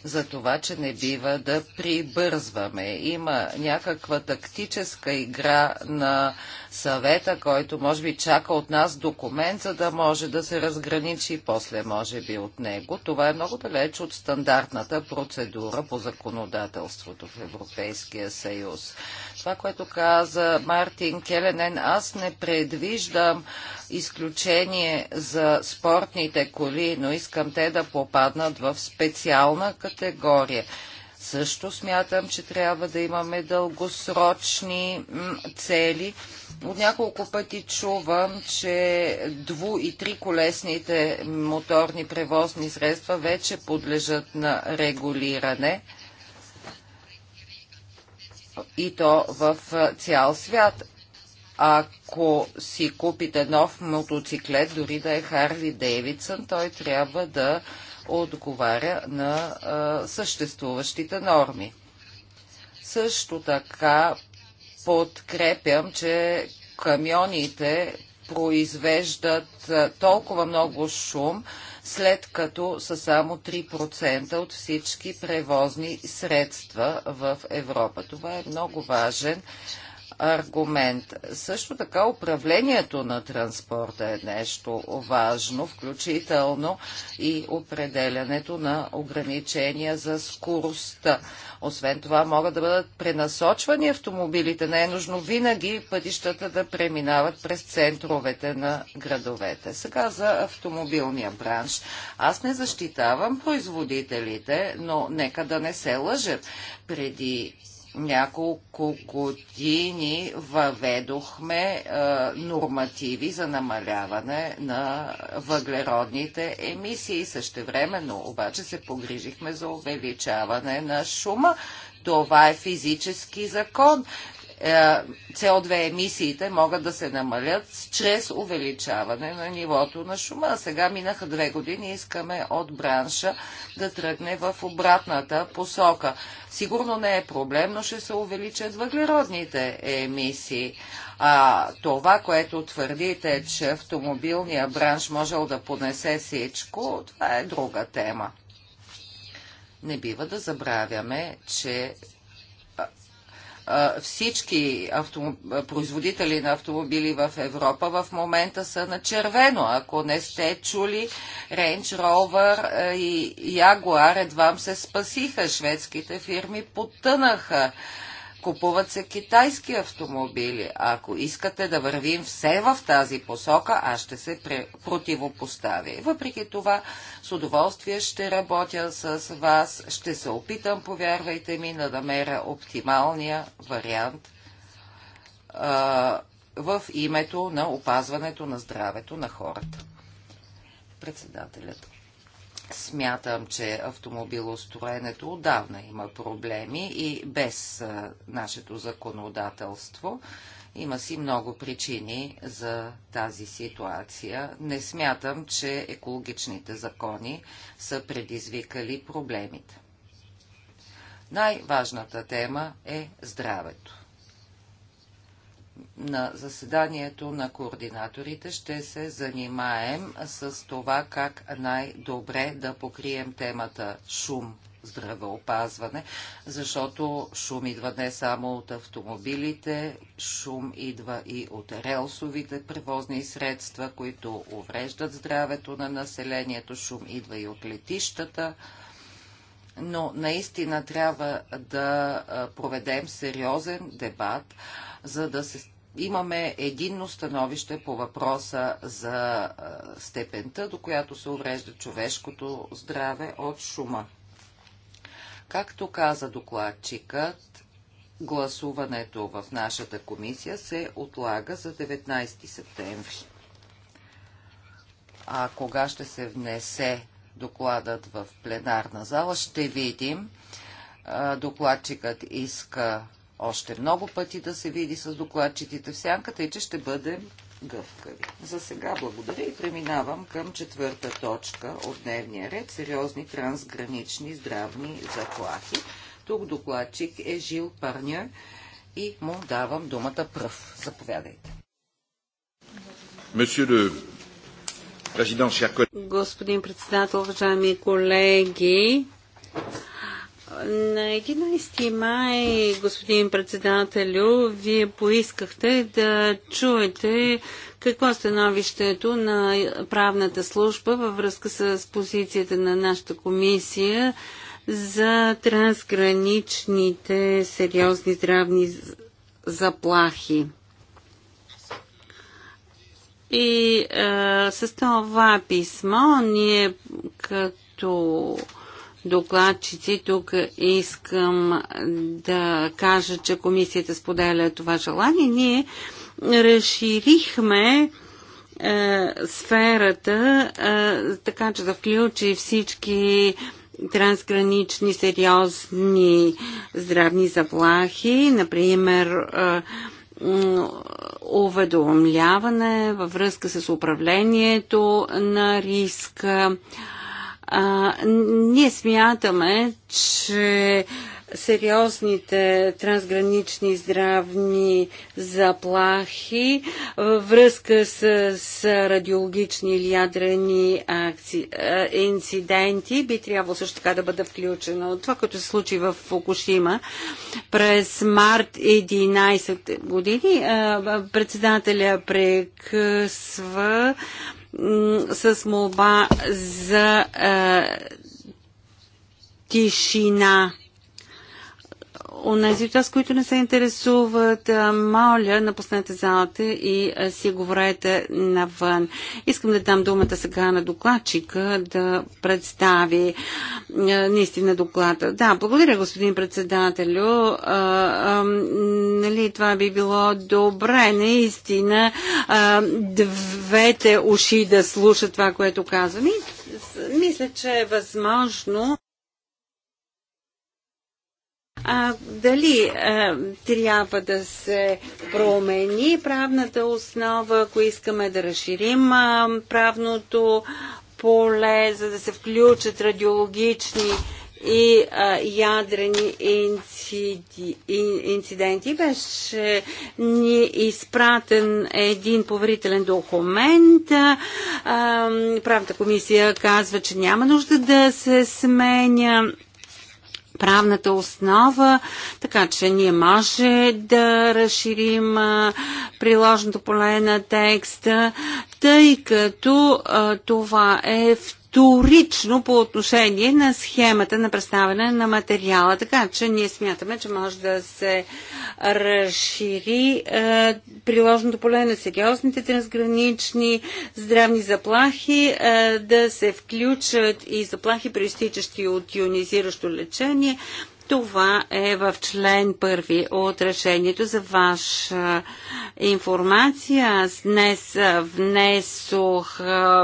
за това, че не бива да прибързваме. Има някаква тактическа игра на съвета, който може би чака от нас документ, за да може да се разграничи и после може би от него. Това е много далеч от стандартната процедура по законодателството в Европейския съюз. Това, което каза Мартин Келенен, аз не предвиждам изключение за спортните коли, но искам те да попаднат в специална категория. Също смятам, че трябва да имаме дългосрочни цели. От няколко пъти чувам, че дву- и триколесните моторни превозни средства вече подлежат на регулиране и то в цял свят. Ако си купите нов мотоциклет, дори да е Харли Дейвидсън, той трябва да отговаря на а, съществуващите норми. Също така подкрепям, че камионите произвеждат толкова много шум, след като са само 3% от всички превозни средства в Европа. Това е много важен аргумент. Също така управлението на транспорта е нещо важно, включително и определянето на ограничения за скоростта. Освен това могат да бъдат пренасочвани автомобилите. Не е нужно винаги пътищата да преминават през центровете на градовете. Сега за автомобилния бранш. Аз не защитавам производителите, но нека да не се лъжат. Преди няколко години въведохме а, е, нормативи за намаляване на въглеродните емисии. Същевременно обаче се погрижихме за увеличаване на шума. Това е физически закон. CO2 е, емисиите могат да се намалят чрез увеличаване на нивото на шума. Сега минаха две години и искаме от бранша да тръгне в обратната посока. Сигурно не е проблем, но ще се увеличат въглеродните емисии. А това, което твърдите, че автомобилния бранш можел да понесе всичко, това е друга тема. Не бива да забравяме, че всички автом... производители на автомобили в Европа в момента са на червено. Ако не сте чули, Range Rover и Jaguar едва се спасиха. Шведските фирми потънаха купуват се китайски автомобили. Ако искате да вървим все в тази посока, аз ще се противопоставя. въпреки това, с удоволствие ще работя с вас, ще се опитам, повярвайте ми, да намеря оптималния вариант а, в името на опазването на здравето на хората. Председателят. Смятам, че автомобилостроенето отдавна има проблеми и без нашето законодателство. Има си много причини за тази ситуация. Не смятам, че екологичните закони са предизвикали проблемите. Най-важната тема е здравето на заседанието на координаторите ще се занимаем с това как най-добре да покрием темата шум здравеопазване, защото шум идва не само от автомобилите, шум идва и от релсовите превозни средства, които увреждат здравето на населението, шум идва и от летищата но наистина трябва да проведем сериозен дебат, за да се имаме единно становище по въпроса за степента, до която се уврежда човешкото здраве от шума. Както каза докладчикът, гласуването в нашата комисия се отлага за 19 септември. А кога ще се внесе докладът в пленарна зала, ще видим. Докладчикът иска още много пъти да се види с докладчетите в сянката и че ще бъдем гъвкави. За сега благодаря и преминавам към четвърта точка от дневния ред – сериозни трансгранични здравни заплахи. Тук докладчик е Жил Парня и му давам думата пръв. Заповядайте. Господин председател, уважаеми колеги, на 11 май, господин председателю, вие поискахте да чуете какво е становището на правната служба във връзка с позицията на нашата комисия за трансграничните сериозни здравни заплахи. И а, е, с това писмо ние като докладчици. Тук искам да кажа, че комисията споделя това желание. Ние разширихме е, сферата, е, така че да включи всички трансгранични сериозни здравни заплахи, например е, уведомляване във връзка с управлението на риска, е, а, ние смятаме, че сериозните трансгранични здравни заплахи във връзка с, с радиологични или ядрени акци, инциденти би трябвало също така да бъде включено. Това, което се случи в Фукушима през март 11 години, председателя прекъсва с молба за е, тишина. Онези от вас, които не се интересуват, моля, напуснете залата и си говорете навън. Искам да дам думата сега на докладчика да представи наистина доклада. Да, благодаря, господин председателю. А, а, нали, това би било добре, наистина, а, двете уши да слушат това, което казвам. И, мисля, че е възможно а, дали а, трябва да се промени правната основа, ако искаме да разширим а, правното поле, за да се включат радиологични и а, ядрени инциди, ин, инциденти. Беше ни изпратен един поверителен документ. А, правната комисия казва, че няма нужда да се сменя правната основа, така че ние може да разширим приложното поле на текста, тъй като това е в вторично по отношение на схемата на представяне на материала. Така че ние смятаме, че може да се разшири е, приложното поле на сериозните трансгранични здравни заплахи, е, да се включат и заплахи, проистичащи от ионизиращо лечение, това е в член първи от решението за ваша информация. Аз днес внесох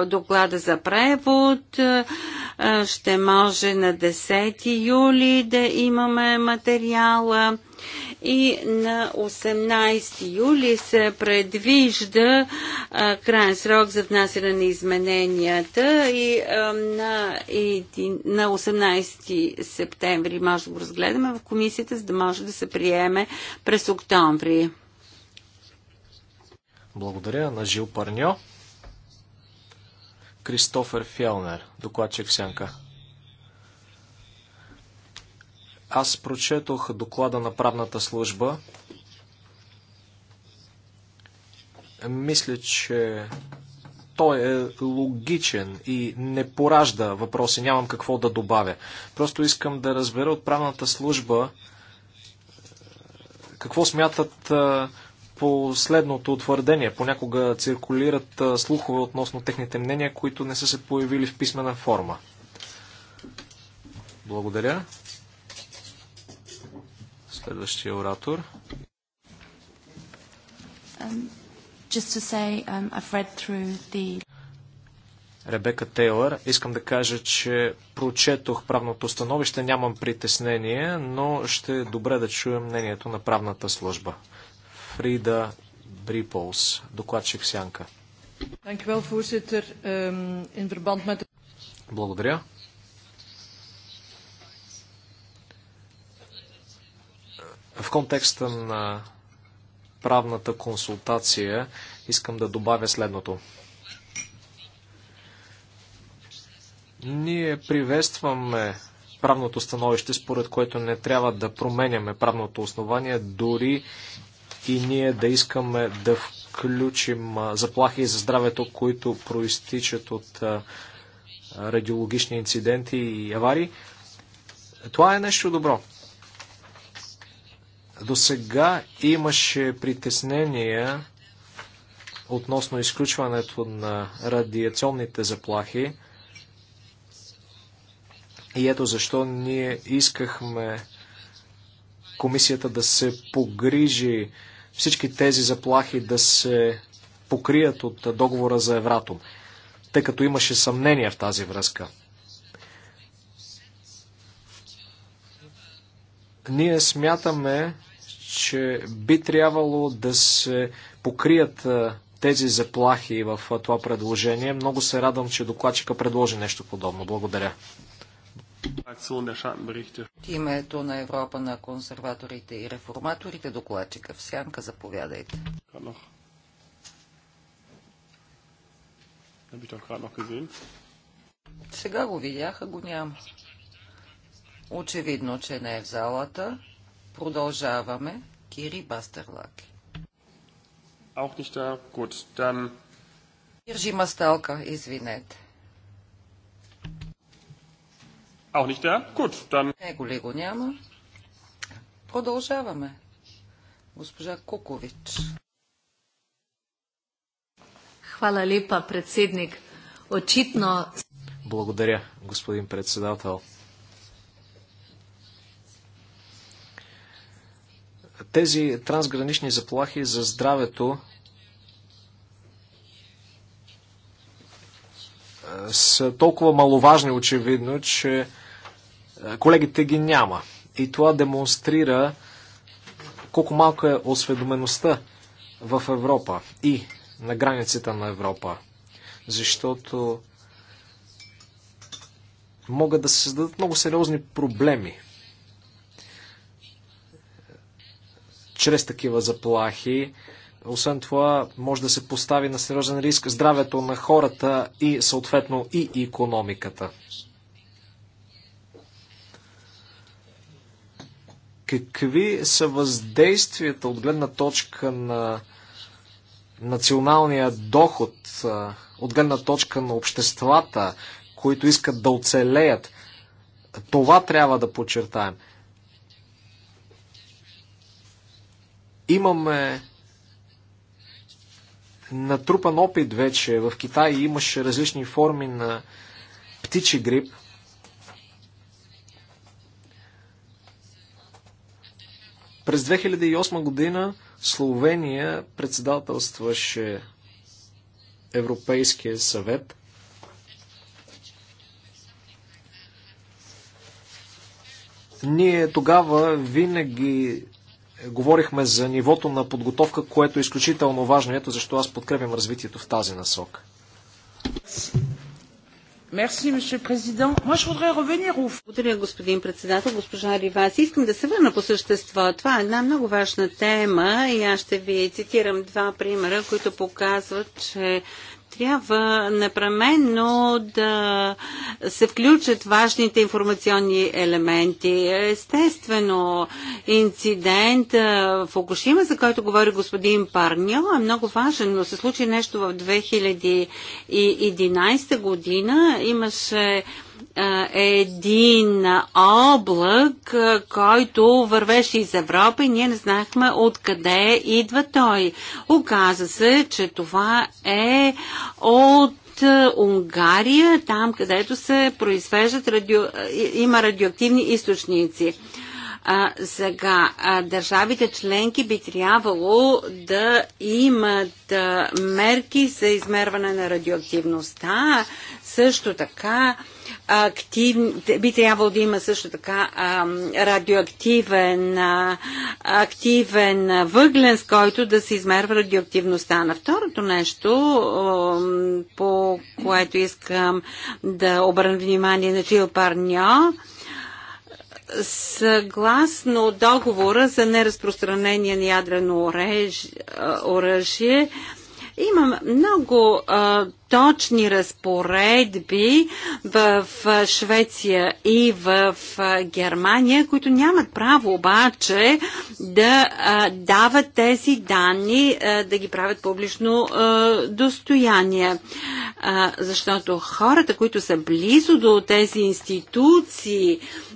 доклада за превод. Ще може на 10 юли да имаме материала и на 18 юли се предвижда а, крайен срок за внасяне на измененията и а, на, един, на 18 септември може да го разгледаме в комисията, за да може да се приеме през октомври. Благодаря на Жил Парньо. Кристофер Фелнер, докладчик Сянка. Аз прочетох доклада на правната служба. Мисля, че той е логичен и не поражда въпроси. Нямам какво да добавя. Просто искам да разбера от правната служба какво смятат по следното твърдение. Понякога циркулират слухове относно техните мнения, които не са се появили в писмена форма. Благодаря. Следващия оратор. Um, um, Ребека Тейлър. Искам да кажа, че прочетох правното становище, нямам притеснение, но ще е добре да чуем мнението на правната служба. Фрида Бриполс, докладчик Сянка. Ehm, Благодаря. В контекста на правната консултация искам да добавя следното. Ние приветстваме правното становище, според което не трябва да променяме правното основание, дори и ние да искаме да включим заплахи за здравето, които проистичат от радиологични инциденти и аварии. Това е нещо добро. До сега имаше притеснения относно изключването на радиационните заплахи. И ето защо ние искахме комисията да се погрижи всички тези заплахи да се покрият от договора за Евратом, тъй като имаше съмнение в тази връзка. Ние смятаме, че би трябвало да се покрият тези заплахи в това предложение. Много се радвам, че докладчика предложи нещо подобно. Благодаря. От името на Европа на консерваторите и реформаторите докладчика в сянка, заповядайте. Сега го видяха, го няма. Очевидно, че не е в залата. Продължаваме. Кири Бастерлак. Auch nicht da. Gut, dann... Иржи Масталка, извинете. Auch nicht da? Gut, dann... Него ли го няма? Продължаваме. Госпожа Кукович. Хвала липа, председник. Очитно... Благодаря, господин председател. Тези трансгранични заплахи за здравето са толкова маловажни, очевидно, че колегите ги няма. И това демонстрира колко малко е осведомеността в Европа и на границата на Европа. Защото могат да се създадат много сериозни проблеми чрез такива заплахи. Освен това, може да се постави на сериозен риск здравето на хората и съответно и економиката. Какви са въздействията от гледна точка на националния доход, от гледна точка на обществата, които искат да оцелеят? Това трябва да подчертаем – Имаме натрупан опит вече. В Китай имаше различни форми на птичи грип. През 2008 година Словения председателстваше Европейския съвет. Ние тогава винаги говорихме за нивото на подготовка, което е изключително важно. Ето защо аз подкрепям развитието в тази насока. Благодаря, господин председател, госпожа Ривас. Искам да се върна по същество. Това е една много важна тема и аз ще ви цитирам два примера, които показват, че трябва непременно да се включат важните информационни елементи. Естествено, инцидент в Окушима, за който говори господин Парньо, е много важен, но се случи нещо в 2011 година. Имаше е, един облак, е, който вървеше из Европа и ние не знахме откъде идва той. Оказа се, че това е от е, Унгария, там където се произвеждат радио... има радиоактивни източници. А, сега, а, държавите членки би трябвало да имат а, мерки за измерване на радиоактивността, също така активни, би трябвало да има също така а, радиоактивен а, активен въглен, с който да се измерва радиоактивността. На второто нещо, а, по което искам да обърна внимание на Джил Парньо, Съгласно договора за неразпространение на ядрено оръжие, Имам много а, точни разпоредби в Швеция и в Германия, които нямат право обаче да а, дават тези данни, а, да ги правят публично а, достояние. А, защото хората, които са близо до тези институции, а,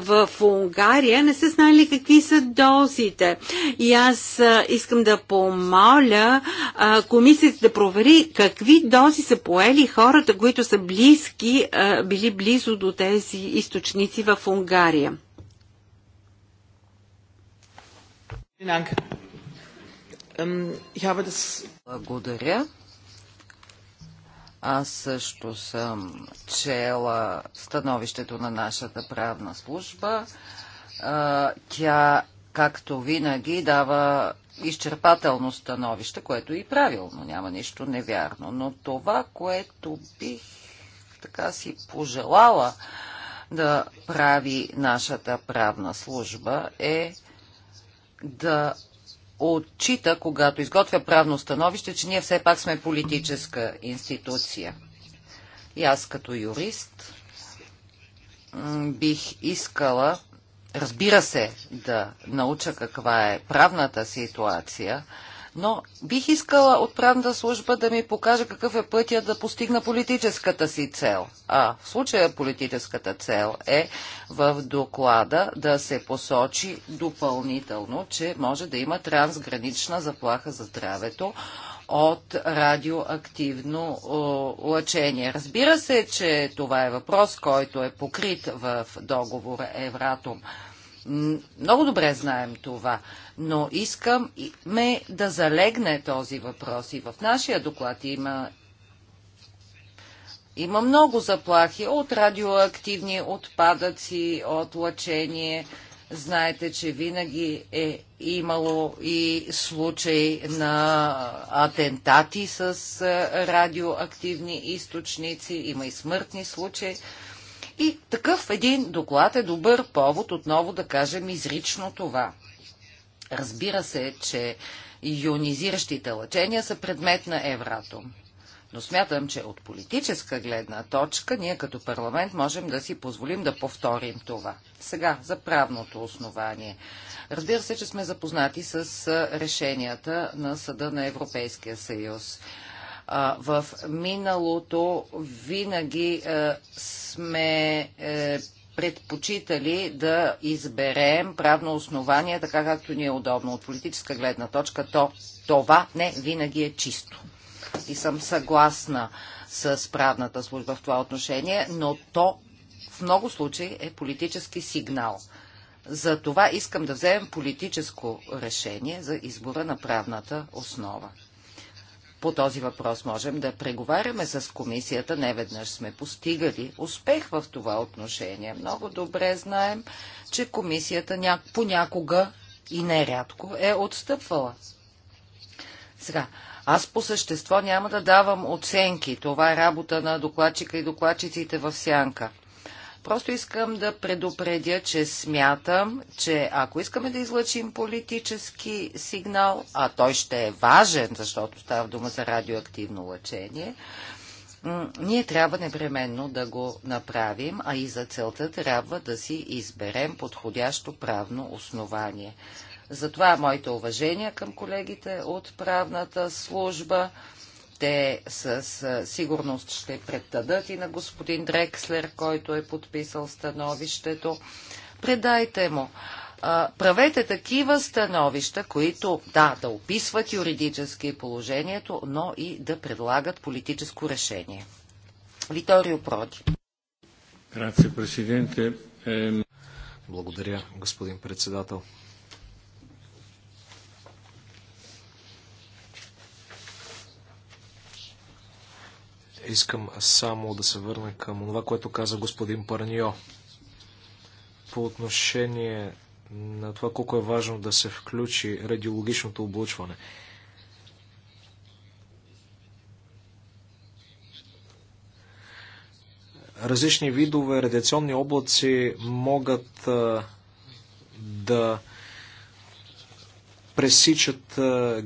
в Унгария не са знали какви са дозите. И аз искам да помоля комисията да провери какви дози са поели хората, които са близки, били близо до тези източници в Унгария. Ähm, Благодаря. Аз също съм чела становището на нашата правна служба. Тя, както винаги, дава изчерпателно становище, което е и правилно, няма нищо невярно. Но това, което бих така си пожелала да прави нашата правна служба е да отчита, когато изготвя правно становище, че ние все пак сме политическа институция. И аз като юрист бих искала, разбира се, да науча каква е правната ситуация – но бих искала от правната служба да ми покаже какъв е пътя да постигна политическата си цел. А в случая политическата цел е в доклада да се посочи допълнително, че може да има трансгранична заплаха за здравето от радиоактивно лъчение. Разбира се, че това е въпрос, който е покрит в договора Евратом. Много добре знаем това, но искаме да залегне този въпрос и в нашия доклад има има много заплахи от радиоактивни отпадъци, от лъчение. Знаете, че винаги е имало и случаи на атентати с радиоактивни източници, има и смъртни случаи. И такъв един доклад е добър повод отново да кажем изрично това. Разбира се, че ионизиращите лъчения са предмет на Евратом. Но смятам, че от политическа гледна точка ние като парламент можем да си позволим да повторим това. Сега, за правното основание. Разбира се, че сме запознати с решенията на Съда на Европейския съюз. В миналото винаги е, сме е, предпочитали да изберем правно основание, така както ни е удобно от политическа гледна точка, то това не винаги е чисто. И съм съгласна с правната служба в това отношение, но то в много случаи е политически сигнал. За това искам да вземем политическо решение за избора на правната основа. По този въпрос можем да преговаряме с комисията. Не веднъж сме постигали успех в това отношение. Много добре знаем, че комисията понякога и нерядко е отстъпвала. Сега, аз по същество няма да давам оценки. Това е работа на докладчика и докладчиците в сянка. Просто искам да предупредя, че смятам, че ако искаме да излъчим политически сигнал, а той ще е важен, защото става дума за радиоактивно лъчение, ние трябва непременно да го направим, а и за целта трябва да си изберем подходящо правно основание. Затова моите уважения към колегите от правната служба. Те със сигурност ще предадат и на господин Дрекслер, който е подписал становището. Предайте му. А, правете такива становища, които да, да описват юридически положението, но и да предлагат политическо решение. Виторио Проди. Благодаря, господин председател. Искам само да се върна към това, което каза господин Парньо. По отношение на това колко е важно да се включи радиологичното облучване. Различни видове радиационни облаци могат да пресичат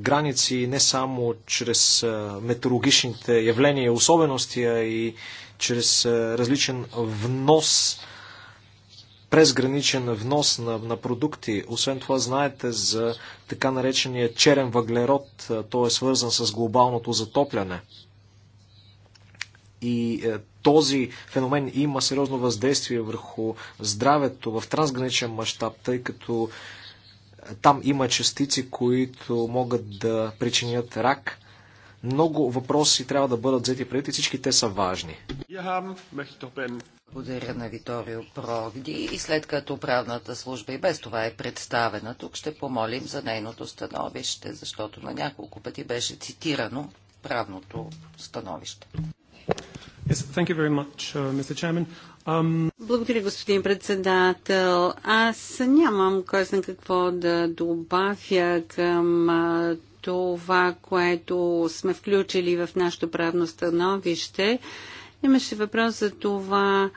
граници не само чрез метеорологичните явления и особености, а и чрез различен внос, презграничен внос на, на продукти. Освен това, знаете за така наречения черен въглерод, той е свързан с глобалното затопляне. И е, този феномен има сериозно въздействие върху здравето в трансграничен мащаб, тъй като там има частици, които могат да причинят рак. Много въпроси трябва да бъдат взети преди и всички те са важни. Благодаря на Виторио Прогди и след като правната служба и без това е представена тук, ще помолим за нейното становище, защото на няколко пъти беше цитирано правното становище. Yes, thank you very much, uh, Mr. Chairman. Благодаря, господин председател. Аз нямам кой знае какво да добавя към това, което сме включили в нашето правно становище. Имаше въпрос за това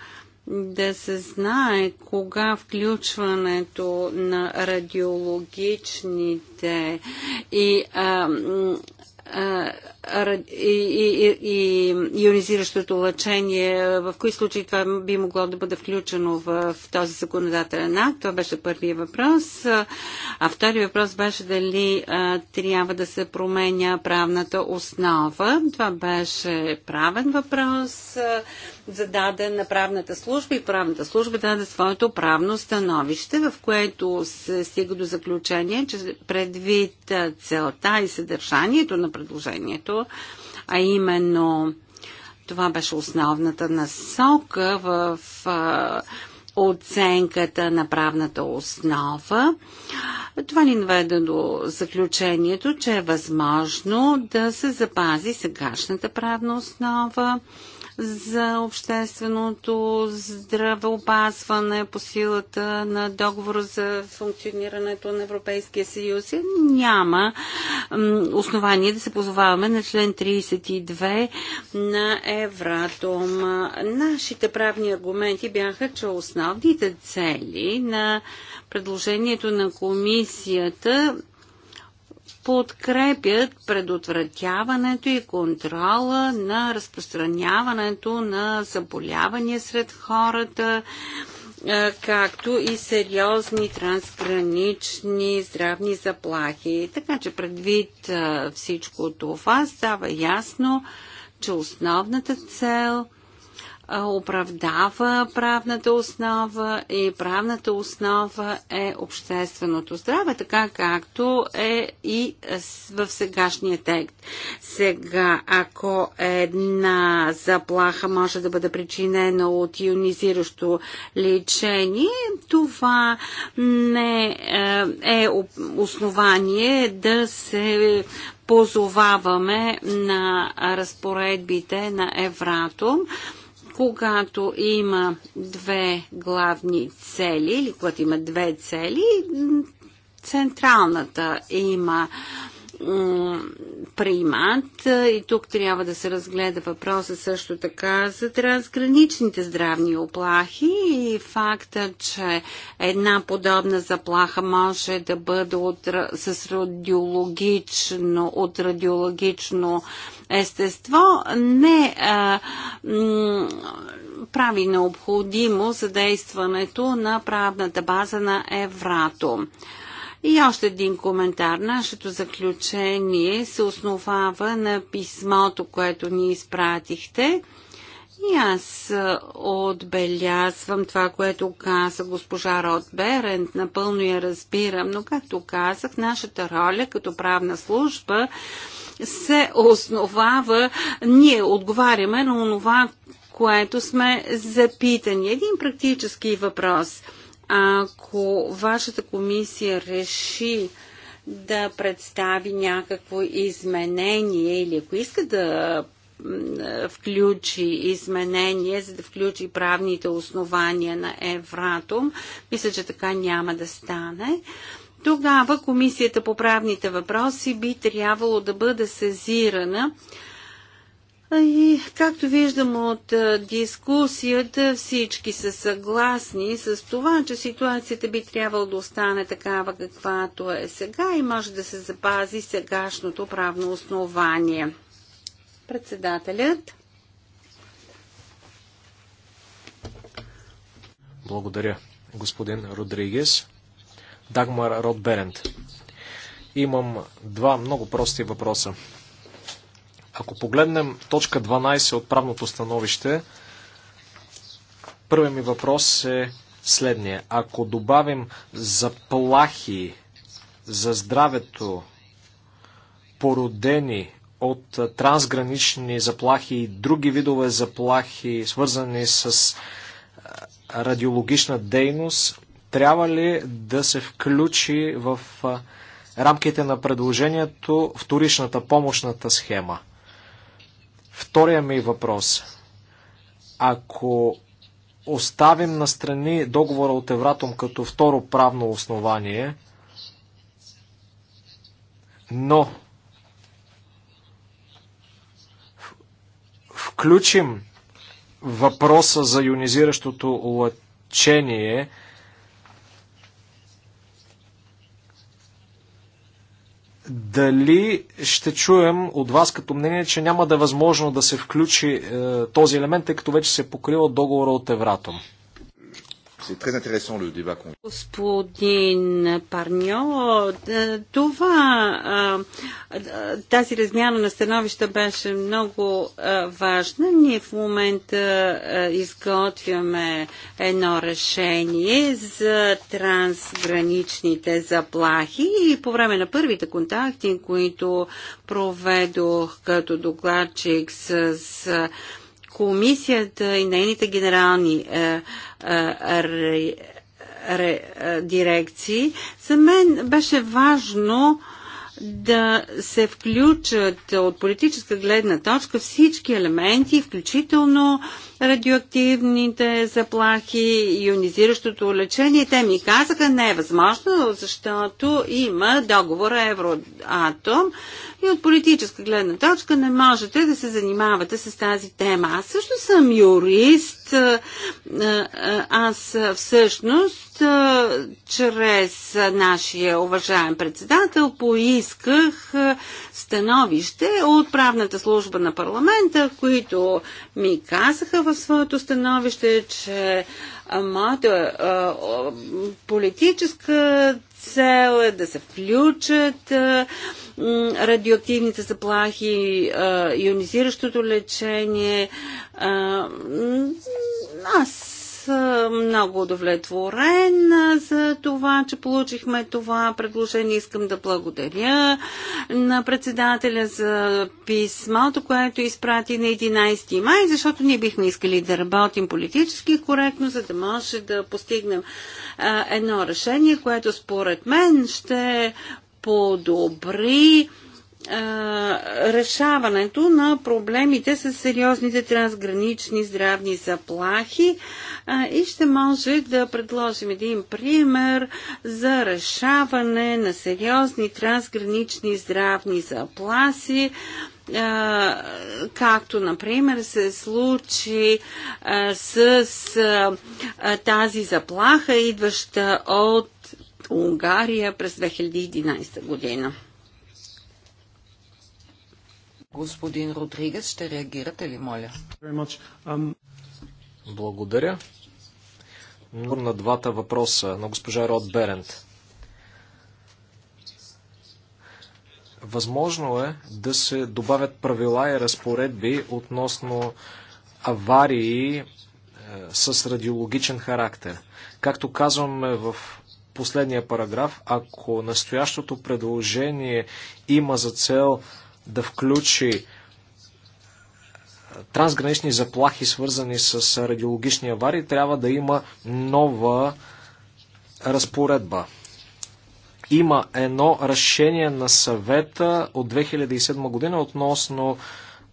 да се знае кога включването на радиологичните и а, а, и, ионизиращото лъчение, в кои случаи това би могло да бъде включено в, този законодателен акт? Това беше първият въпрос. А втори въпрос беше дали трябва да се променя правната основа. Това беше правен въпрос, зададен на правната служба и правната служба даде своето правно становище, в което се стига до заключение, че предвид целта и съдържанието на предложението, нещо, а именно това беше основната насока в а, оценката на правната основа. Това ни наведе до заключението, че е възможно да се запази сегашната правна основа за общественото здравеопазване по силата на договор за функционирането на Европейския съюз. няма основание да се позоваваме на член 32 на Евратом. Нашите правни аргументи бяха, че основните цели на предложението на комисията подкрепят предотвратяването и контрола на разпространяването на заболявания сред хората, както и сериозни трансгранични здравни заплахи. Така че предвид всичко това става ясно, че основната цел оправдава правната основа и правната основа е общественото здраве, така както е и в сегашния текст. Сега, ако една заплаха може да бъде причинена от ионизиращо лечение, това не е, е основание да се позоваваме на разпоредбите на Евратум когато има две главни цели или когато има две цели, централната има приемат и тук трябва да се разгледа въпроса също така за трансграничните здравни оплахи и факта, че една подобна заплаха може да бъде от, с радиологично, от радиологично естество не а, м, прави необходимо задействането на правната база на Еврато. И още един коментар. Нашето заключение се основава на писмото, което ни изпратихте. И аз е, отбелязвам това, което каза госпожа Род Берент. Напълно я разбирам, но както казах, нашата роля като правна служба се основава, ние отговаряме на това, което сме запитани. Един практически въпрос – ако вашата комисия реши да представи някакво изменение или ако иска да включи изменение, за да включи правните основания на Евратум, мисля, че така няма да стане тогава Комисията по правните въпроси би трябвало да бъде сезирана и както виждам от дискусията, всички са съгласни с това, че ситуацията би трябвало да остане такава каквато е сега и може да се запази сегашното правно основание. Председателят. Благодаря, господин Родригес. Дагмар Род Берент. Имам два много прости въпроса. Ако погледнем точка 12 от правното становище, първият ми въпрос е следния. Ако добавим заплахи за здравето, породени от трансгранични заплахи и други видове заплахи, свързани с радиологична дейност, трябва ли да се включи в рамките на предложението вторичната помощната схема? Втория ми въпрос. Ако оставим настрани договора от Евратом като второ правно основание, но включим въпроса за ионизиращото лъчение – дали ще чуем от вас като мнение, че няма да е възможно да се включи е, този елемент, тъй като вече се е покрива договора от Евратом? C'est très intéressant le débat qu'on. Господин Парньо, е, това, е, е, тази размяна на становища беше много важна. Ние в момента изготвяме едно решение за трансграничните заплахи и по време на първите контакти, които проведох като докладчик с комисията и нейните генерални е, е, е, дирекции, за мен беше важно да се включат от политическа гледна точка всички елементи, включително радиоактивните заплахи, ионизиращото лечение. Те ми казаха, не е възможно, защото има договора Евроатом и от политическа гледна точка не можете да се занимавате с тази тема. Аз също съм юрист аз всъщност, чрез нашия уважаем председател, поисках становище от правната служба на парламента, които ми казаха в своето становище, че моята политическа цел е да се включат радиоактивните заплахи, ионизиращото лечение. Аз много удовлетворен за това, че получихме това предложение. Искам да благодаря на председателя за писмото, което изпрати на 11 май, защото ние бихме искали да работим политически коректно, за да може да постигнем едно решение, което според мен ще подобри решаването на проблемите с сериозните трансгранични здравни заплахи и ще може да предложим един пример за решаване на сериозни трансгранични здравни запласи, както, например, се случи с тази заплаха, идваща от Унгария през 2011 година. Господин Родригес, ще реагирате ли, моля? Um, Благодаря. На двата въпроса на госпожа Род Берент. Възможно е да се добавят правила и разпоредби относно аварии е, с радиологичен характер. Както казваме в последния параграф, ако настоящото предложение има за цел да включи трансгранични заплахи, свързани с радиологични аварии, трябва да има нова разпоредба. Има едно решение на съвета от 2007 година относно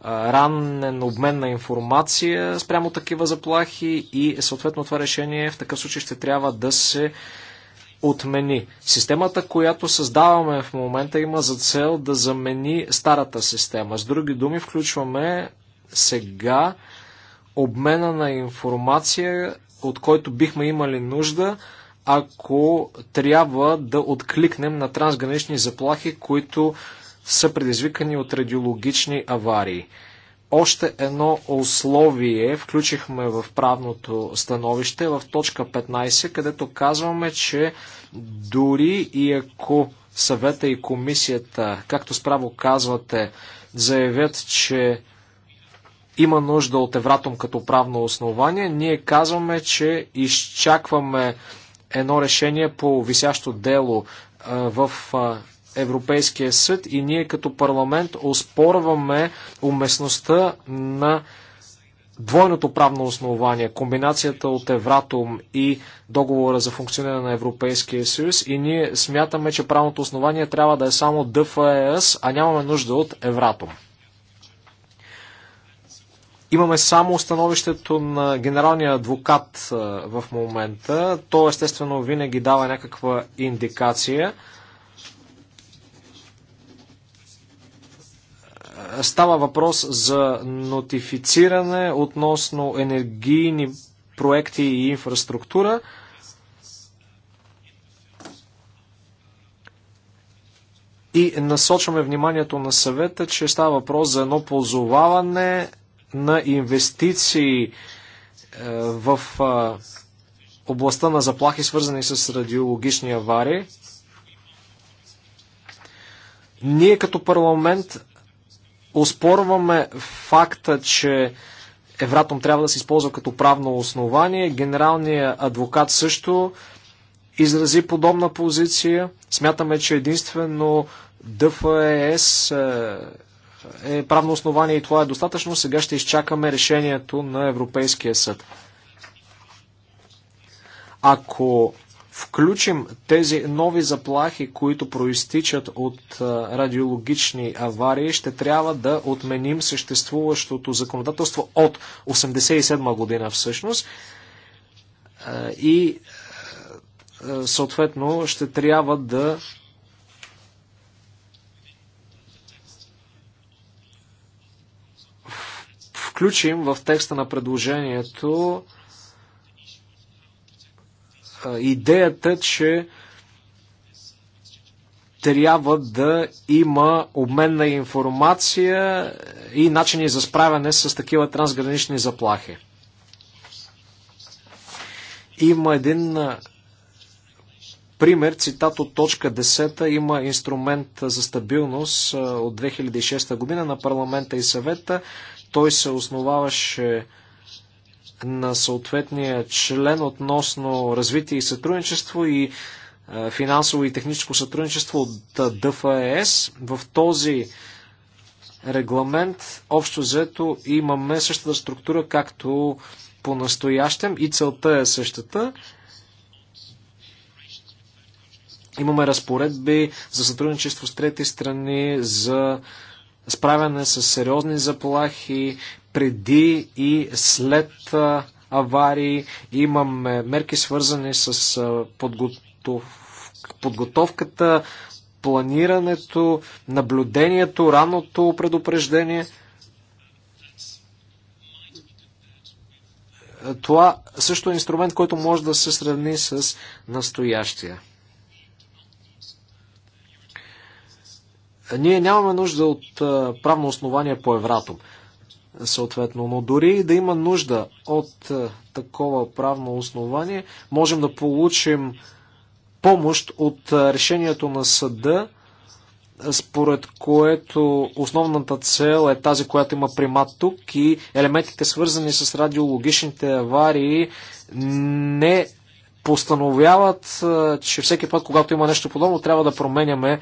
ранен обмен на информация спрямо такива заплахи и съответно това решение в такъв случай ще трябва да се отмени. Системата, която създаваме в момента, има за цел да замени старата система. С други думи, включваме сега обмена на информация, от който бихме имали нужда, ако трябва да откликнем на трансгранични заплахи, които са предизвикани от радиологични аварии още едно условие включихме в правното становище в точка 15, където казваме, че дори и ако съвета и комисията, както справо казвате, заявят, че има нужда от Евратом като правно основание, ние казваме, че изчакваме едно решение по висящо дело в Европейския съд и ние като парламент оспорваме уместността на двойното правно основание, комбинацията от Евратум и договора за функциониране на Европейския съюз и ние смятаме, че правното основание трябва да е само ДФЕС, а нямаме нужда от Евратум. Имаме само становището на генералния адвокат в момента. То естествено винаги дава някаква индикация. Става въпрос за нотифициране относно енергийни проекти и инфраструктура. И насочваме вниманието на съвета, че става въпрос за едно ползоваване на инвестиции е, в е, областта на заплахи, свързани с радиологични аварии. Ние като парламент Оспорваме факта, че Евратом трябва да се използва като правно основание. Генералният адвокат също изрази подобна позиция. Смятаме, че единствено ДФЕС е, е правно основание и това е достатъчно. Сега ще изчакаме решението на Европейския съд. Ако включим тези нови заплахи, които проистичат от радиологични аварии, ще трябва да отменим съществуващото законодателство от 1987 година всъщност и съответно ще трябва да включим в текста на предложението идеята, че трябва да има обмен на информация и начини за справяне с такива трансгранични заплахи. Има един пример, цитат от точка 10, има инструмент за стабилност от 2006 година на парламента и съвета. Той се основаваше на съответния член относно развитие и сътрудничество и е, финансово и техническо сътрудничество от ДФЕС. В този регламент общо взето имаме същата структура, както по-настоящем и целта е същата. Имаме разпоредби за сътрудничество с трети страни, за справяне с сериозни заплахи, преди и след аварии. Имаме мерки свързани с подготовката, планирането, наблюдението, раното предупреждение. Това също е инструмент, който може да се сравни с настоящия. Ние нямаме нужда от правно основание по Евратом съответно. Но дори и да има нужда от е, такова правно основание, можем да получим помощ от е, решението на съда, според което основната цел е тази, която има примат тук и елементите свързани с радиологичните аварии не постановяват, е, че всеки път, когато има нещо подобно, трябва да променяме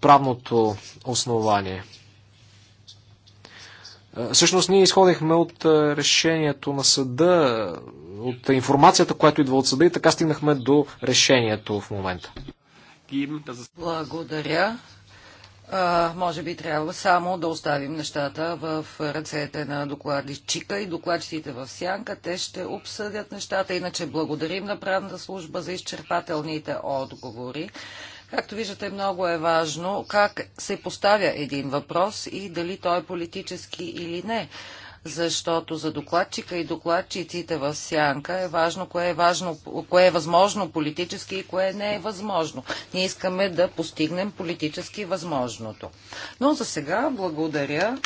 правното основание. Е, всъщност ние изходихме от е, решението на съда, от информацията, която идва от съда и така стигнахме до решението в момента. Благодаря. А, може би трябва само да оставим нещата в ръцете на докладчика и докладчиците в сянка. Те ще обсъдят нещата. Иначе благодарим на правната служба за изчерпателните отговори. Както виждате, много е важно как се поставя един въпрос и дали той е политически или не. Защото за докладчика и докладчиците в сянка е важно кое е, важно, кое е възможно политически и кое не е възможно. Ние искаме да постигнем политически възможното. Но за сега благодаря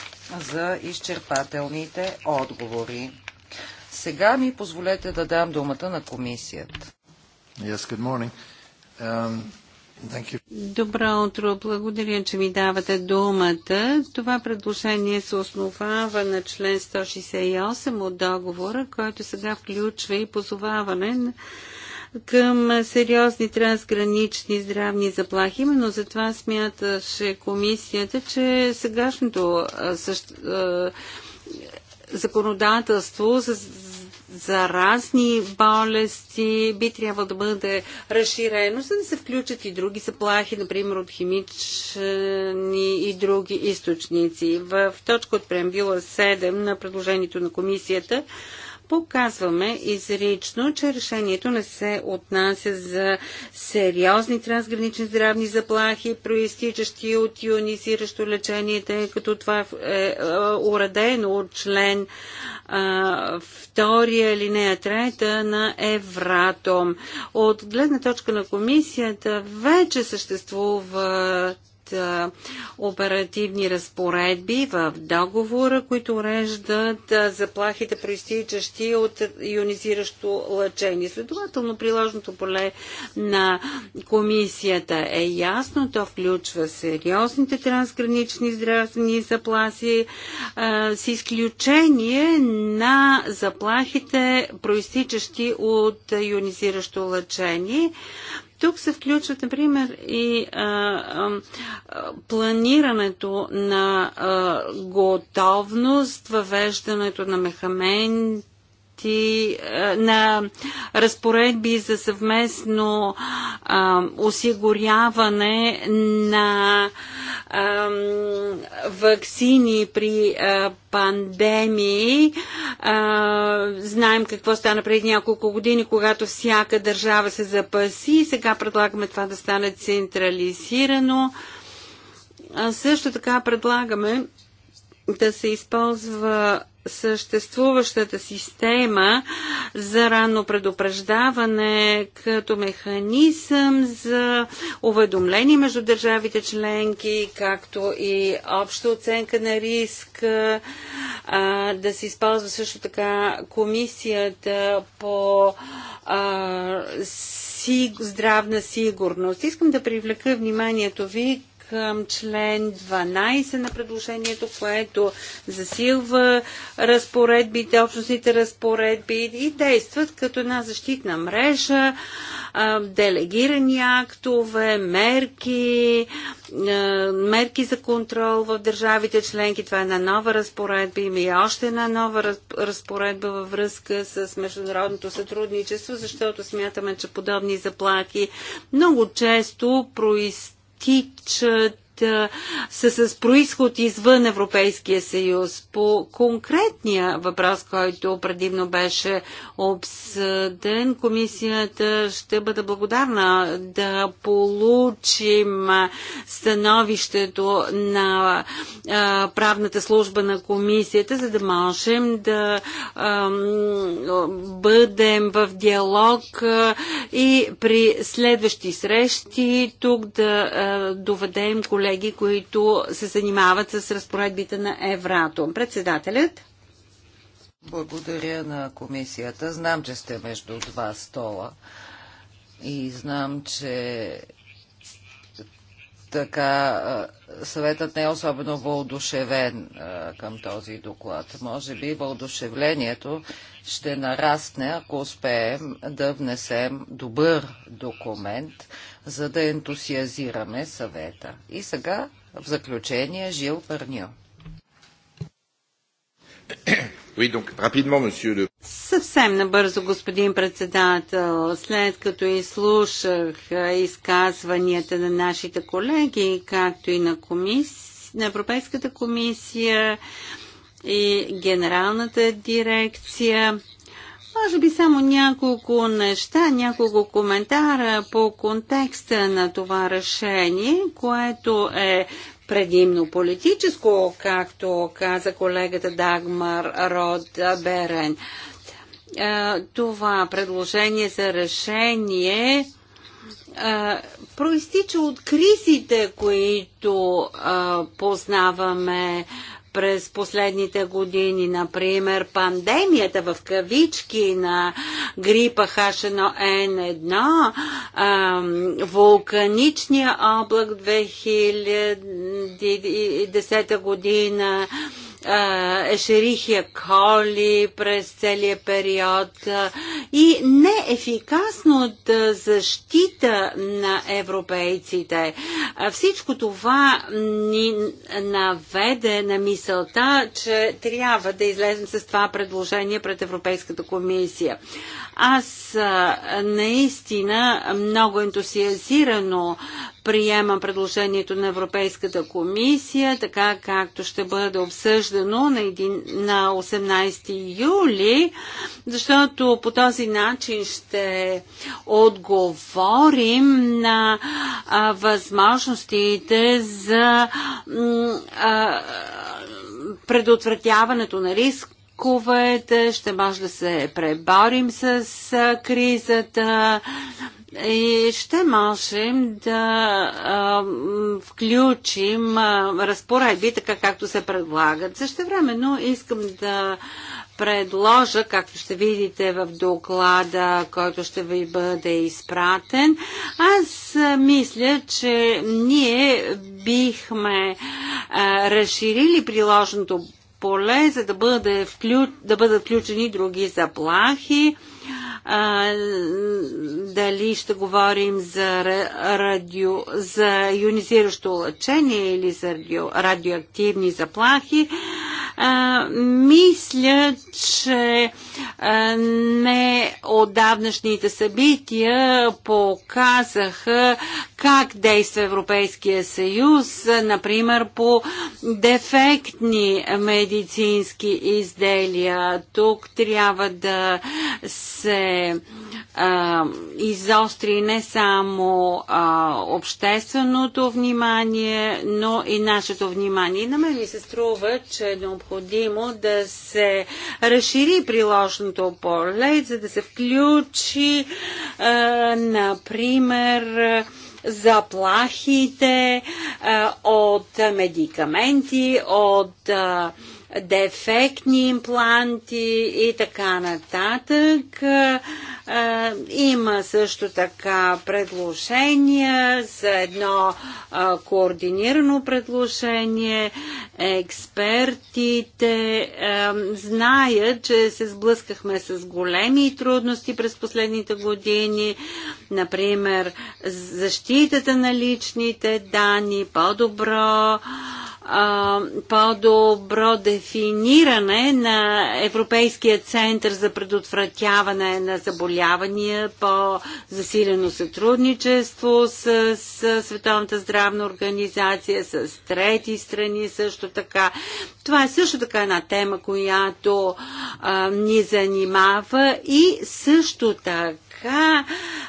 за изчерпателните отговори. Сега ми позволете да дам думата на комисията. Yes, good morning. Um... Добро утро. Благодаря, че ми давате думата. Това предложение се основава на член 168 от договора, който сега включва и позоваване на към сериозни трансгранични здравни заплахи. Именно затова смяташе комисията, че сегашното законодателство за заразни болести би трябвало да бъде разширено, за да се включат и други заплахи, например от химични и други източници. В точка от преамбила 7 на предложението на комисията показваме изрично, че решението не се отнася за сериозни трансгранични здравни заплахи, проистичащи от ионизиращо лечение, тъй като това е, е уредено от член или нея трета на Евратом. От гледна точка на комисията вече съществува оперативни разпоредби в договора, които уреждат заплахите, проистичащи от ионизиращо лъчение. Следователно, приложното поле на комисията е ясно. То включва сериозните трансгранични здравни запласи с изключение на заплахите, проистичащи от ионизиращо лъчение. Тук се включват, например, и а, а, планирането на а, готовност, въвеждането на мехамент проекти, е, на разпоредби за съвместно е, осигуряване на е, вакцини при пандемии. знаем какво стана преди няколко години, когато всяка държава се запаси. Сега предлагаме това да стане централизирано. също така предлагаме да се използва съществуващата система за ранно предупреждаване като механизъм за уведомление между държавите членки, както и обща оценка на риск, а, да се използва също така комисията по а, си, здравна сигурност. Искам да привлека вниманието ви към член 12 на предложението, което засилва разпоредбите, общностните разпоредби и действат като една защитна мрежа, делегирани актове, мерки, мерки за контрол в държавите членки. Това е една нова разпоредба. Има и още една нова разпоредба във връзка с международното сътрудничество, защото смятаме, че подобни заплахи много често проистичат тичат са с происход извън Европейския съюз. По конкретния въпрос, който предимно беше обсъден, комисията ще бъде благодарна да получим становището на правната служба на комисията, за да можем да бъдем в диалог и при следващи срещи тук да доведем колегите колеги, които се занимават с разпоредбите на Евратом. Председателят. Благодаря на комисията. Знам, че сте между два стола и знам, че така съветът не е особено вълдушевен към този доклад. Може би вълдушевлението ще нарасне, ако успеем да внесем добър документ, за да ентусиазираме съвета. И сега, в заключение, Жил Пърнио. Oui, donc, rapidement, monsieur le... Съвсем набързо, господин председател, след като изслушах изказванията на нашите колеги, както и на, комис... на Европейската комисия и Генералната дирекция, може би само няколко неща, няколко коментара по контекста на това решение, което е предимно политическо, както каза колегата Дагмар Род Берен. Е, това предложение за решение е, проистича от кризите, които е, познаваме през последните години. Например, пандемията в кавички на грипа H1N1, вулканичния облак 2010 година, Ешерихия Коли през целия период и от защита на европейците. Всичко това ни наведе на мисълта, че трябва да излезем с това предложение пред Европейската комисия. Аз наистина много ентусиазирано приемам предложението на Европейската комисия, така както ще бъде обсъждано на, 18 юли, защото по този начин ще отговорим на а, възможностите за а, предотвратяването на риск рисковете, ще може да се преборим с кризата и ще можем да а, включим а, разпоредби, така както се предлагат. Също но искам да предложа, както ще видите в доклада, който ще ви бъде изпратен, аз мисля, че ние бихме а, разширили приложното поле, за да, бъде вклю... да бъдат включени други заплахи. А, дали ще говорим за, радио... за ионизиращо лъчение или за радио... радиоактивни заплахи. А, а, мисля, че а, не отдавнашните събития показаха как действа Европейския съюз, например по дефектни медицински изделия. Тук трябва да се а, а, изостри не само а, общественото внимание, но и нашето внимание. И на мен ми се струва, че е необходимо да се разшири приложното поле, за да се включи, а, например, заплахите а, от медикаменти, от а, дефектни импланти и така нататък. Има също така предложения за едно координирано предложение. Експертите знаят, че се сблъскахме с големи трудности през последните години. Например, защитата на личните данни, по-добро по-добро дефиниране на Европейския център за предотвратяване на заболявания, по-засилено сътрудничество с, с Световната здравна организация, с трети страни също така. Това е също така една тема, която а, ни занимава и също така така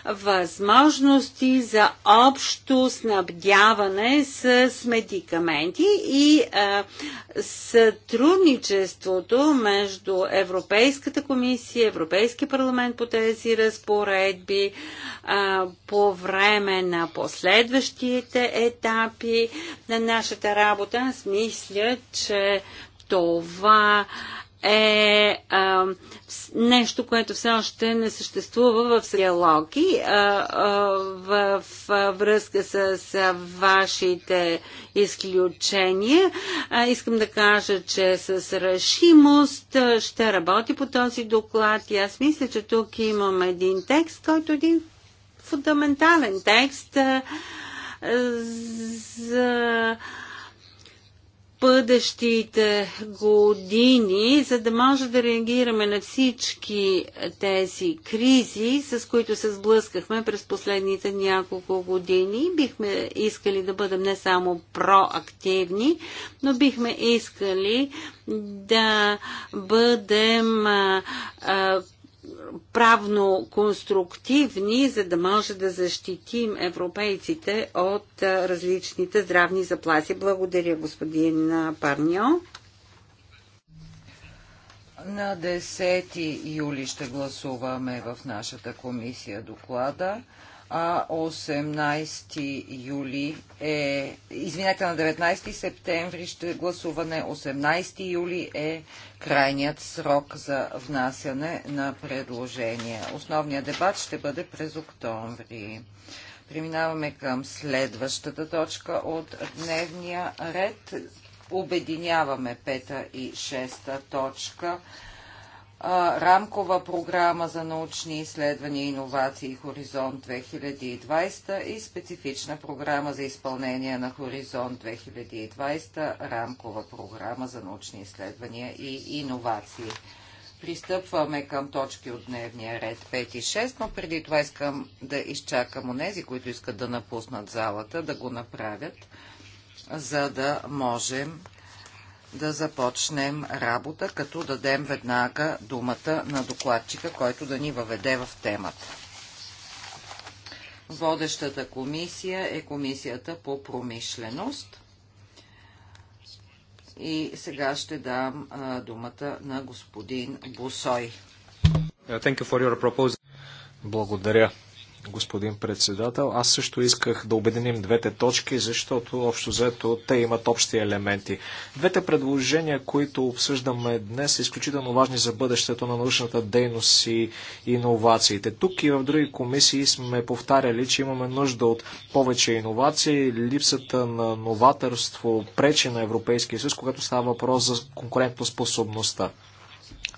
възможности за общо снабдяване с медикаменти и а, сътрудничеството между Европейската комисия, Европейски парламент по тези разпоредби а, по време на последващите етапи на нашата работа. Аз мисля, че това а, е а, нещо, което все още не съществува в диалоги, а, а, в, връзка с, с вашите изключения. А, искам да кажа, че с решимост ще работи по този доклад и аз мисля, че тук имам един текст, който е един фундаментален текст а, за бъдещите години, за да може да реагираме на всички тези кризи, с които се сблъскахме през последните няколко години. Бихме искали да бъдем не само проактивни, но бихме искали да бъдем а, а, правно конструктивни, за да може да защитим европейците от различните здравни заплати. Благодаря, господин Парньо. На 10 юли ще гласуваме в нашата комисия доклада а 18 юли е... Извинете, на 19 септември ще гласуване. 18 юли е крайният срок за внасяне на предложения. Основният дебат ще бъде през октомври. Преминаваме към следващата точка от дневния ред. Обединяваме пета и шеста точка а, рамкова програма за научни изследвания и иновации Хоризонт 2020 и специфична програма за изпълнение на Хоризонт 2020, рамкова програма за научни изследвания и иновации. Пристъпваме към точки от дневния ред 5 и 6, но преди това искам да изчакам нези, които искат да напуснат залата, да го направят, за да можем да започнем работа, като дадем веднага думата на докладчика, който да ни въведе в темата. Водещата комисия е комисията по промишленост. И сега ще дам а, думата на господин Бусой. Благодаря господин председател. Аз също исках да обединим двете точки, защото общо заето те имат общи елементи. Двете предложения, които обсъждаме днес, са изключително важни за бъдещето на научната дейност и иновациите. Тук и в други комисии сме повтаряли, че имаме нужда от повече иновации. Липсата на новаторство пречи на Европейския съюз, когато става въпрос за конкурентоспособността.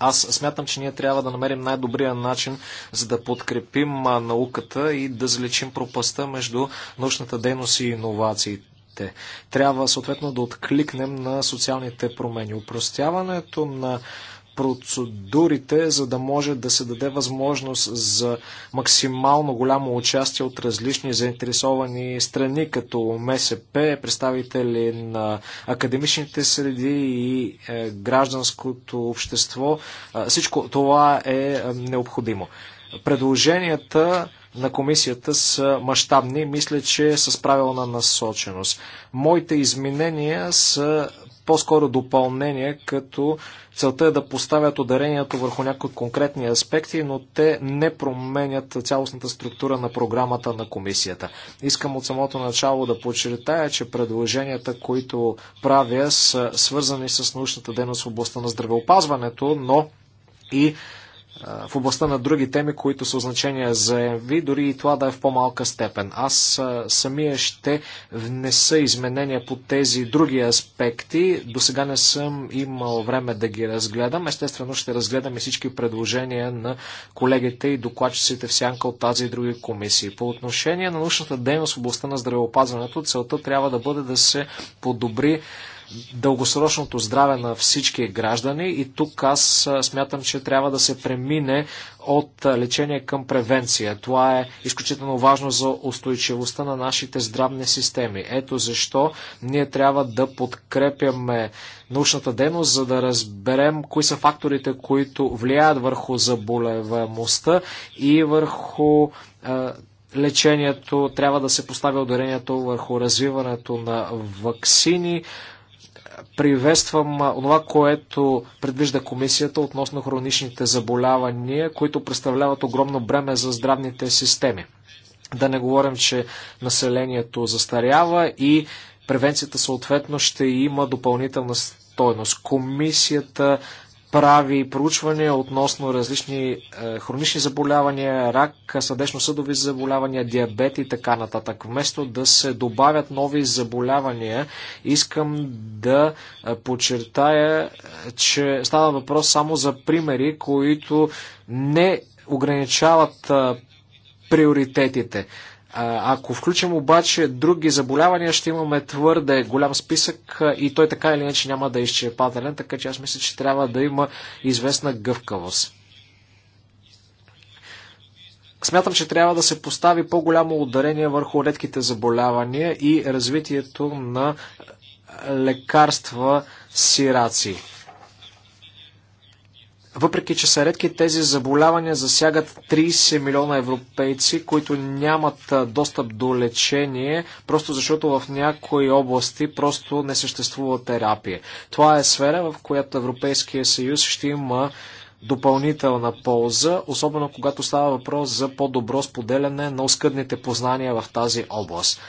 Аз смятам, че ние трябва да намерим най-добрия начин, за да подкрепим науката и да залечим пропаста между научната дейност и иновациите Трябва съответно да откликнем на социалните промени. Упростяването на процедурите, за да може да се даде възможност за максимално голямо участие от различни заинтересовани страни, като МСП, представители на академичните среди и е, гражданското общество. Е, всичко това е, е необходимо. Предложенията на комисията са мащабни, мисля, че с правилна насоченост. Моите изменения са по-скоро допълнение, като целта е да поставят ударението върху някои конкретни аспекти, но те не променят цялостната структура на програмата на комисията. Искам от самото начало да подчертая, че предложенията, които правя, са свързани с научната дейност в областта на здравеопазването, но и в областта на други теми, които са значение за МВ, дори и това да е в по-малка степен. Аз самия ще внеса изменения по тези други аспекти. До сега не съм имал време да ги разгледам. Естествено ще разгледам и всички предложения на колегите и докладчиците в сянка от тази и други комисии. По отношение на научната дейност в областта на здравеопазването, целта трябва да бъде да се подобри дългосрочното здраве на всички граждани и тук аз смятам, че трябва да се премине от лечение към превенция. Това е изключително важно за устойчивостта на нашите здравни системи. Ето защо ние трябва да подкрепяме научната дейност, за да разберем кои са факторите, които влияят върху заболеваемостта и върху лечението, трябва да се постави ударението върху развиването на вакцини, Приветствам това, което предвижда комисията относно хроничните заболявания, които представляват огромно бреме за здравните системи. Да не говорим, че населението застарява и превенцията съответно ще има допълнителна стойност. Комисията прави проучвания относно различни е, хронични заболявания, рак, сърдечно-съдови заболявания, диабет и така нататък. Вместо да се добавят нови заболявания, искам да е, подчертая, е, че става въпрос само за примери, които не ограничават е, приоритетите. Ако включим обаче други заболявания, ще имаме твърде голям списък и той така или иначе няма да е изчерпателен, така че аз мисля, че трябва да има известна гъвкавост. Смятам, че трябва да се постави по-голямо ударение върху редките заболявания и развитието на лекарства сираци. Въпреки, че са редки, тези заболявания засягат 30 милиона европейци, които нямат достъп до лечение, просто защото в някои области просто не съществува терапия. Това е сфера, в която Европейския съюз ще има допълнителна полза, особено когато става въпрос за по-добро споделяне на оскъдните познания в тази област.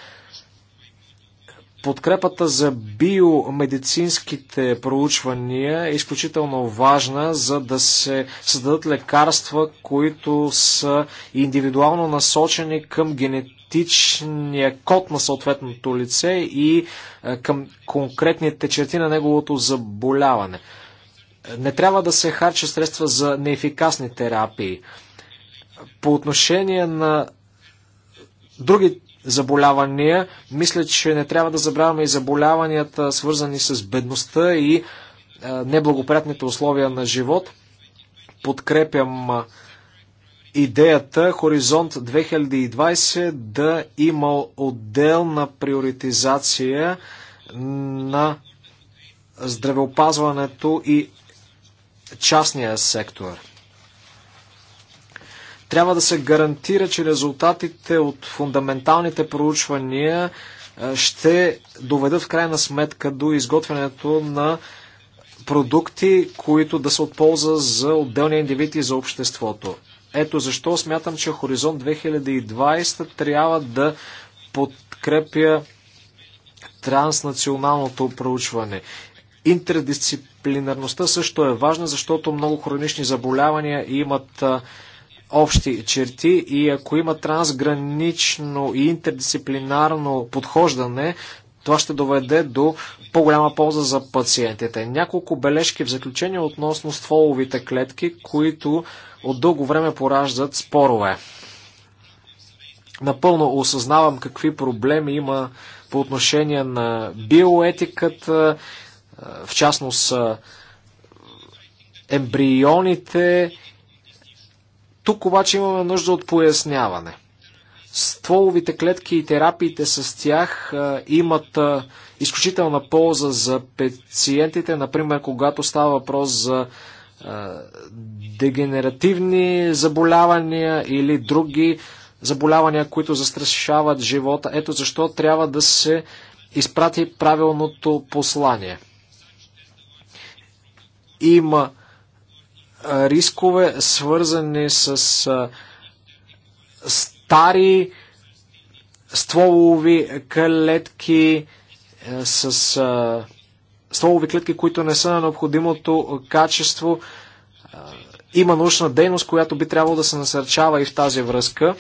Подкрепата за биомедицинските проучвания е изключително важна, за да се създадат лекарства, които са индивидуално насочени към генетичния код на съответното лице и е, към конкретните черти на неговото заболяване. Не трябва да се харчат средства за неефикасни терапии. По отношение на други заболявания. Мисля, че не трябва да забравяме и заболяванията, свързани с бедността и е, неблагоприятните условия на живот. Подкрепям е, идеята Хоризонт 2020 да има отделна приоритизация на здравеопазването и частния сектор. Трябва да се гарантира, че резултатите от фундаменталните проучвания е, ще доведат в крайна сметка до изготвянето на продукти, които да са от полза за отделния индивид и за обществото. Ето защо смятам, че Хоризонт 2020 трябва да подкрепя транснационалното проучване. Интердисциплинарността също е важна, защото много хронични заболявания имат е, общи черти и ако има трансгранично и интердисциплинарно подхождане, това ще доведе до по-голяма полза за пациентите. Няколко бележки в заключение относно стволовите клетки, които от дълго време пораждат спорове. Напълно осъзнавам какви проблеми има по отношение на биоетиката, в частност ембрионите, тук обаче имаме нужда от поясняване. Стволовите клетки и терапиите с тях имат изключителна полза за пациентите, например, когато става въпрос за дегенеративни заболявания или други заболявания, които застрашават живота. Ето защо трябва да се изпрати правилното послание. Има рискове, свързани с стари стволови клетки, с стволови клетки, които не са на необходимото качество. Има научна дейност, която би трябвало да се насърчава и в тази връзка.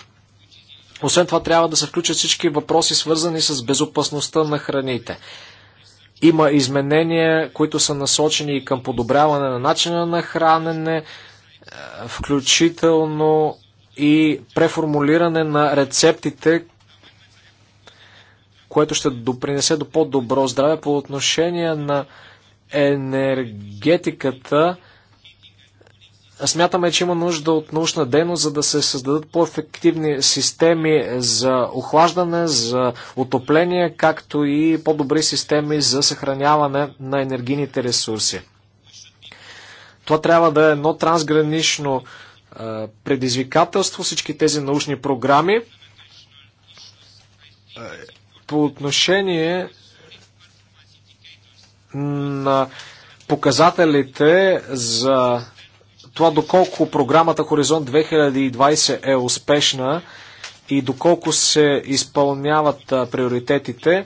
Освен това трябва да се включат всички въпроси, свързани с безопасността на храните. Има изменения, които са насочени и към подобряване на начина на хранене, е, включително и преформулиране на рецептите, което ще допринесе до по-добро здраве по отношение на енергетиката. Смятаме, че има нужда от научна дейност, за да се създадат по-ефективни системи за охлаждане, за отопление, както и по-добри системи за съхраняване на енергийните ресурси. Това трябва да е едно трансгранично е, предизвикателство, всички тези научни програми. Е, по отношение на показателите за това доколко програмата Хоризонт 2020 е успешна и доколко се изпълняват а, приоритетите,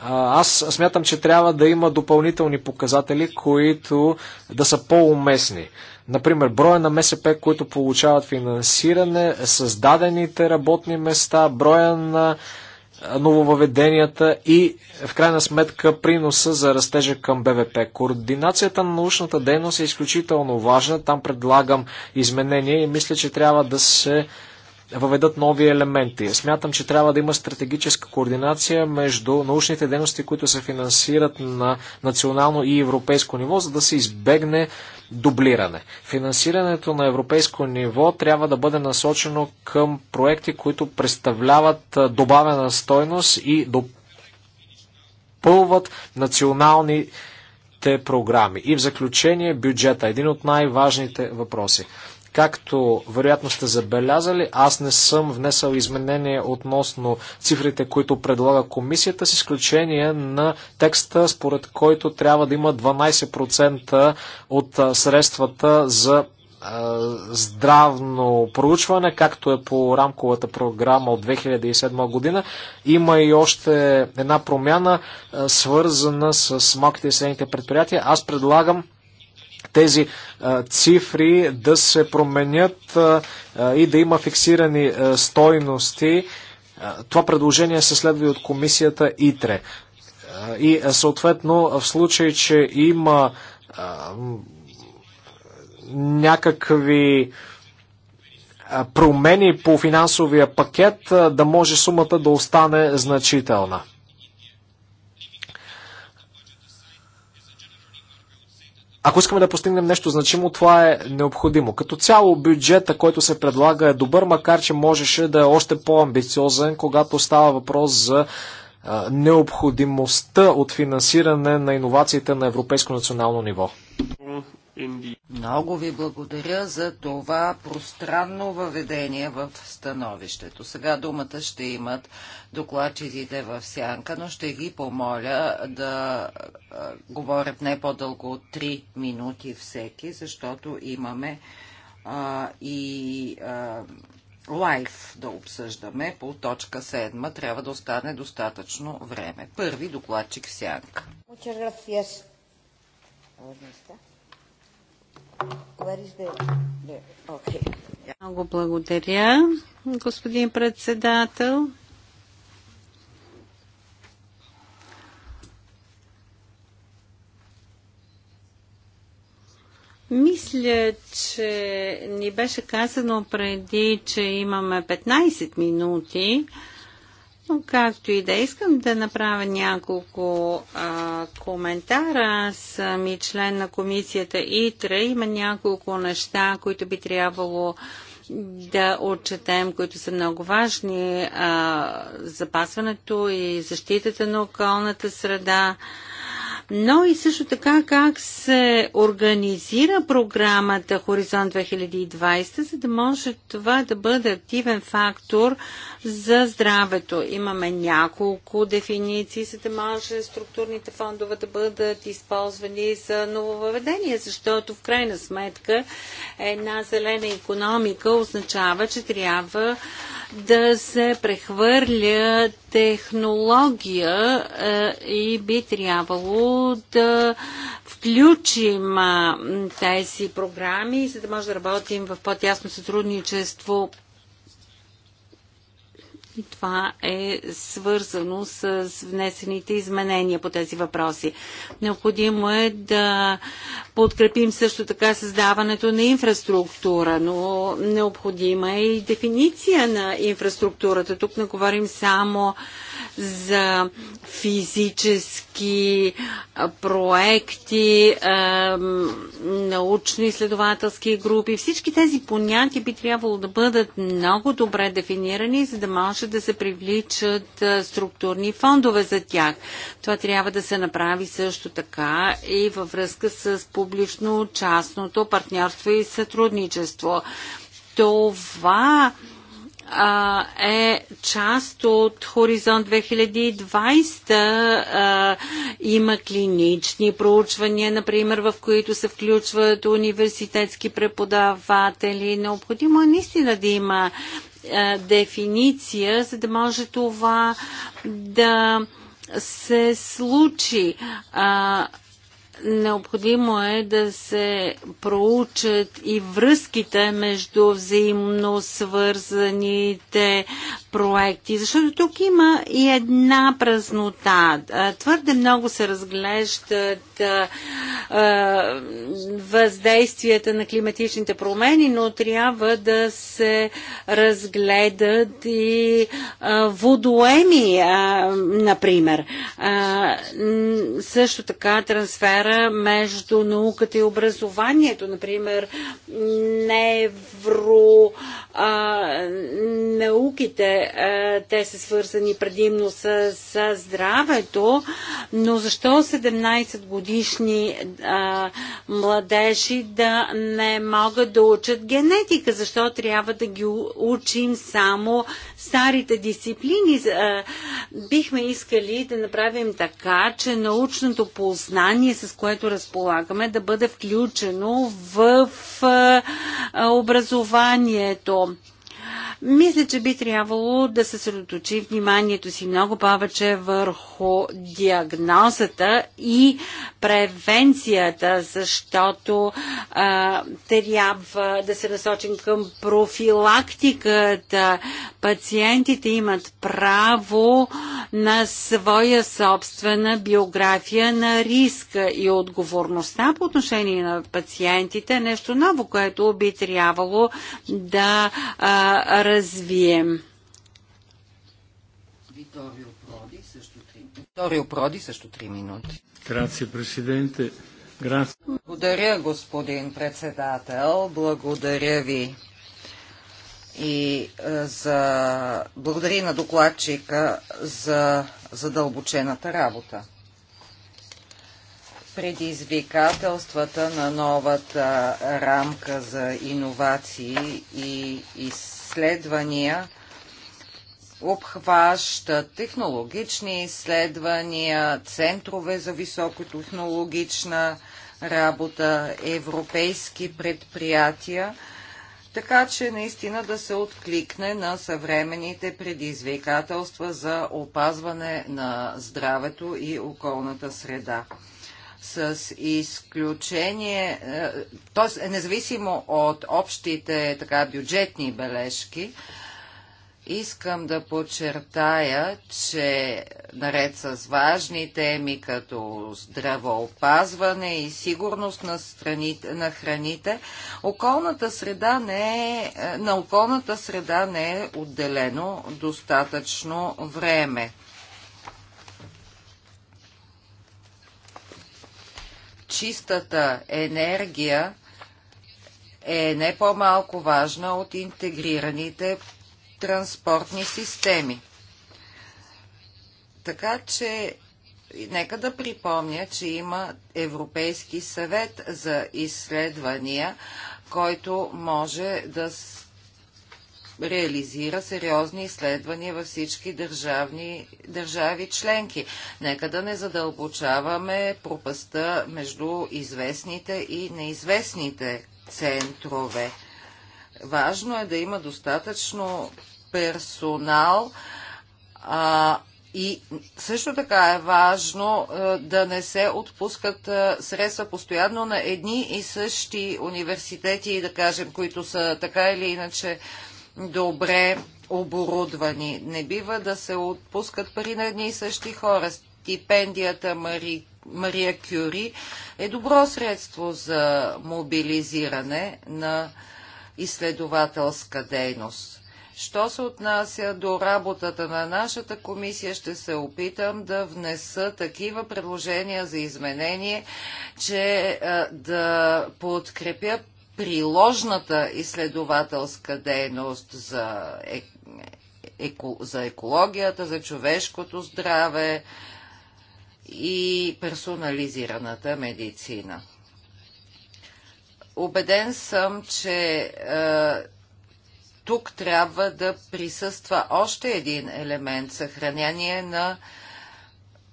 а, аз смятам, че трябва да има допълнителни показатели, които да са по-уместни. Например, броя на МСП, които получават финансиране, създадените работни места, броя на нововъведенията и в крайна сметка приноса за растежа към БВП. Координацията на научната дейност е изключително важна. Там предлагам изменения и мисля, че трябва да се въведат нови елементи. Смятам, че трябва да има стратегическа координация между научните дейности, които се финансират на национално и европейско ниво, за да се избегне дублиране. Финансирането на европейско ниво трябва да бъде насочено към проекти, които представляват добавена стойност и допълват национални те програми. И в заключение бюджета, един от най-важните въпроси. Както вероятно сте забелязали, аз не съм внесъл изменения относно цифрите, които предлага комисията, с изключение на текста, според който трябва да има 12% от средствата за здравно проучване, както е по рамковата програма от 2007 година. Има и още една промяна, свързана с малките и средните предприятия. Аз предлагам тези цифри да се променят и да има фиксирани стойности. Това предложение се следва и от комисията ИТРЕ. И съответно, в случай, че има някакви промени по финансовия пакет, да може сумата да остане значителна. Ако искаме да постигнем нещо значимо, това е необходимо. Като цяло бюджета, който се предлага е добър, макар че можеше да е още по-амбициозен, когато става въпрос за необходимостта от финансиране на иновациите на европейско национално ниво. Много ви благодаря за това пространно въведение в становището. Сега думата ще имат докладчиците в сянка, но ще ги помоля да говорят не по-дълго от 3 минути всеки, защото имаме а, и а, лайф да обсъждаме по точка 7. Трябва да остане достатъчно време. Първи докладчик в сянка. Muchas gracias. Много благодаря, господин председател. Мисля, че ни беше казано преди, че имаме 15 минути. Но както и да е, искам да направя няколко а, коментара, аз съм и член на комисията ИТРА. Има няколко неща, които би трябвало да отчетем, които са много важни. А, запасването и защитата на околната среда. Но и също така как се организира програмата Хоризонт 2020, за да може това да бъде активен фактор за здравето. Имаме няколко дефиниции, за да може структурните фондове да бъдат използвани за нововъведение, защото в крайна сметка една зелена економика означава, че трябва да се прехвърля технология е, и би трябвало да включим е, тези програми, за да може да работим в по-тясно сътрудничество и това е свързано с внесените изменения по тези въпроси. Необходимо е да подкрепим също така създаването на инфраструктура, но необходима е и дефиниция на инфраструктурата. Тук не говорим само за физически проекти, научно-изследователски групи. Всички тези понятия би трябвало да бъдат много добре дефинирани, за да може да се привличат структурни фондове за тях. Това трябва да се направи също така и във връзка с публично-частното партньорство и сътрудничество. Това е част от Хоризонт 2020. има клинични проучвания, например, в които се включват университетски преподаватели. Необходимо е наистина да има дефиниция, за да може това да се случи. А, Необходимо е да се проучат и връзките между взаимно свързаните проекти, защото тук има и една празнота. Твърде много се разглеждат въздействията на климатичните промени, но трябва да се разгледат и водоеми, например. Също така трансфера между науката и образованието, например, невро а, науките, а, те са свързани предимно с, с здравето, но защо 17 годишни а, младежи да не могат да учат генетика? Защо трябва да ги учим само старите дисциплини. Е, бихме искали да направим така, че научното познание, с което разполагаме, да бъде включено в е, образованието. Мисля, че би трябвало да се съсредоточи вниманието си много повече върху диагнозата и превенцията, защото а, трябва да се насочим към профилактиката. Пациентите имат право на своя собствена биография на риска и отговорността по отношение на пациентите е нещо ново, което би трябвало да а, развием. Виторио Проди също 3, минути. Грация, президенте. Грация. Благодаря, господин председател. Благодаря ви и е, за... благодаря на докладчика за задълбочената работа. Предизвикателствата на новата рамка за иновации и, и изследвания обхващат технологични изследвания, центрове за високотехнологична работа, европейски предприятия, така че наистина да се откликне на съвременните предизвикателства за опазване на здравето и околната среда с изключение, т.е. Е, независимо от общите така, бюджетни бележки, искам да подчертая, че наред с важни теми като здравоопазване и сигурност на, страните, на храните, околната среда не е, е на околната среда не е отделено достатъчно време. чистата енергия е не по-малко важна от интегрираните транспортни системи. Така че нека да припомня, че има Европейски съвет за изследвания, който може да реализира сериозни изследвания във всички държавни, държави членки. Нека да не задълбочаваме пропаста между известните и неизвестните центрове. Важно е да има достатъчно персонал, а, и също така е важно е, да не се отпускат е, средства постоянно на едни и същи университети, да кажем, които са така или иначе добре оборудвани. Не бива да се отпускат пари на едни и същи хора. Стипендията Мари, Мария Кюри е добро средство за мобилизиране на изследователска дейност. Що се отнася до работата на нашата комисия, ще се опитам да внеса такива предложения за изменение, че е, да подкрепя приложната изследователска дейност за, е, еко, за екологията, за човешкото здраве и персонализираната медицина. Обеден съм, че е, тук трябва да присъства още един елемент съхранение на е,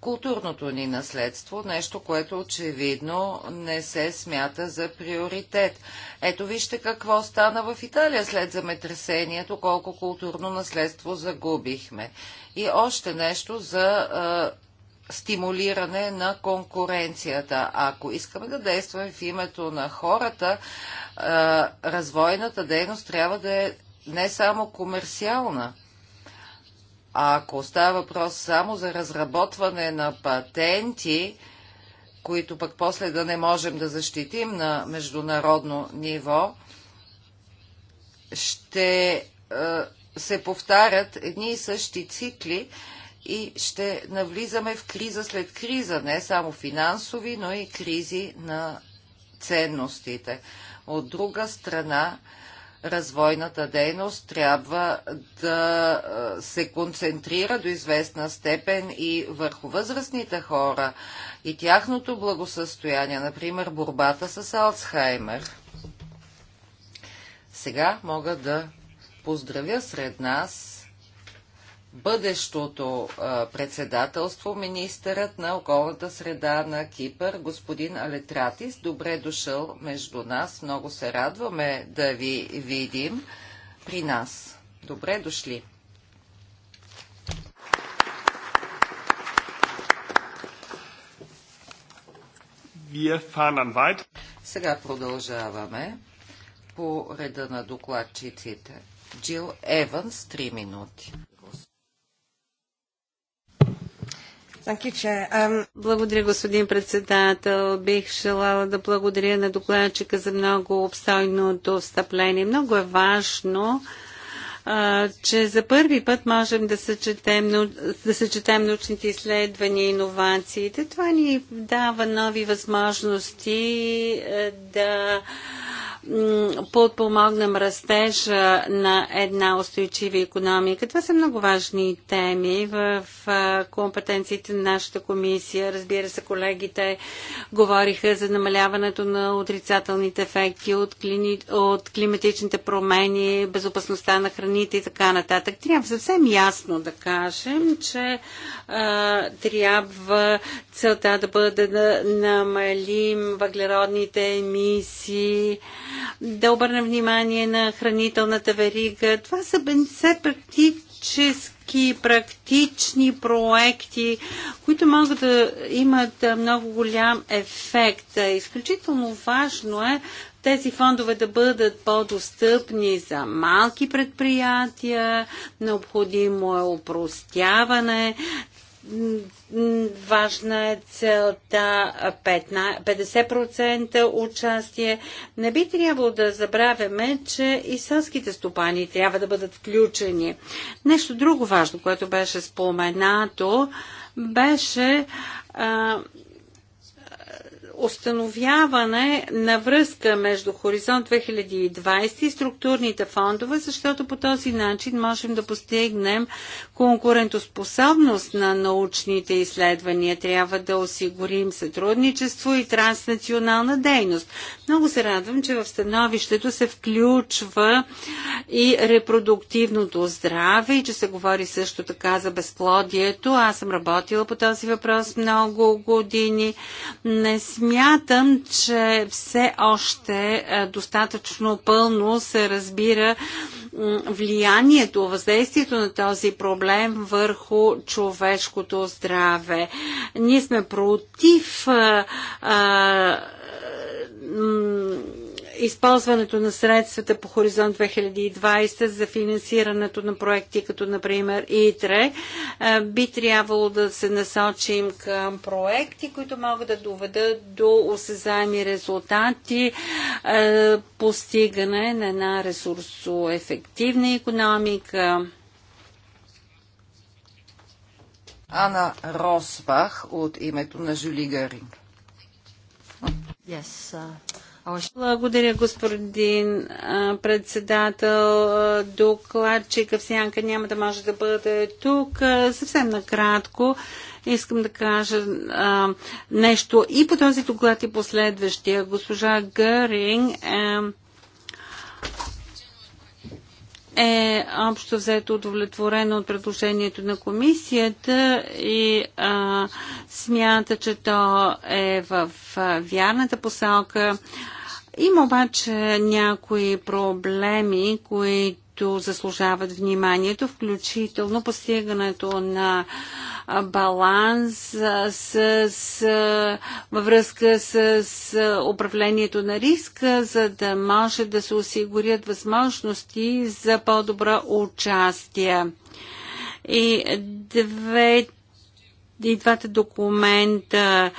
културното ни наследство, нещо, което очевидно не се смята за приоритет. Ето вижте какво стана в Италия след земетресението, колко културно наследство загубихме. И още нещо за а, стимулиране на конкуренцията. Ако искаме да действаме в името на хората, а, развойната дейност трябва да е не само комерциална, ако става въпрос само за разработване на патенти, които пък после да не можем да защитим на международно ниво, ще е, се повтарят едни и същи цикли и ще навлизаме в криза след криза, не само финансови, но и кризи на ценностите. От друга страна, развойната дейност трябва да се концентрира до известна степен и върху възрастните хора и тяхното благосъстояние, например борбата с Алцхаймер. Сега мога да поздравя сред нас бъдещото председателство министърът на околната среда на Кипър, господин Алетратис. Добре дошъл между нас. Много се радваме да ви видим при нас. Добре дошли. Сега продължаваме по реда на докладчиците. Джил Еванс, 3 минути. Um, благодаря, господин председател. Бих желала да благодаря на докладчика за много обстойното встъпление. Много е важно че за първи път можем да съчетем, да съчетем научните изследвания и иновациите. Това ни дава нови възможности е, да подпомогнем растежа на една устойчива економика. Това са много важни теми в компетенциите на нашата комисия. Разбира се, колегите говориха за намаляването на отрицателните ефекти от, клини... от климатичните промени, безопасността на храните и така нататък. Трябва съвсем ясно да кажем, че а, трябва целта да бъде да намалим въглеродните емисии, да обърнем внимание на хранителната верига. Това са все практически, практични проекти, които могат да имат много голям ефект. Изключително важно е тези фондове да бъдат по-достъпни за малки предприятия, необходимо е упростяване Важна е целта 50% участие. Не би трябвало да забравяме, че и селските стопани трябва да бъдат включени. Нещо друго важно, което беше споменато, беше а, установяване на връзка между Хоризонт 2020 и структурните фондове, защото по този начин можем да постигнем конкурентоспособност на научните изследвания. Трябва да осигурим сътрудничество и транснационална дейност. Много се радвам, че в становището се включва и репродуктивното здраве и че се говори също така за безплодието. Аз съм работила по този въпрос много години. Не смя Смятам, че все още е, достатъчно пълно се разбира влиянието, въздействието на този проблем върху човешкото здраве. Ние сме против а, е, а, е, използването на средствата по Хоризонт 2020 за финансирането на проекти, като например ИТРЕ, е, би трябвало да се насочим към проекти, които могат да доведат до осезаеми резултати, е, постигане на една ресурсоефективна економика. Ана Росбах от името на Жюли Гаринг. Yes, uh... Благодаря, господин председател. Докладчик Авсянка няма да може да бъде тук. Съвсем накратко искам да кажа а, нещо и по този доклад и последващия. Госпожа Гъринг е, е общо взето удовлетворена от предложението на комисията и а, смята, че то е в вярната посалка. А, има обаче някои проблеми, които заслужават вниманието, включително постигането на баланс с, с, във връзка с, с управлението на риска, за да може да се осигурят възможности за по-добро участие. И две, и двата документа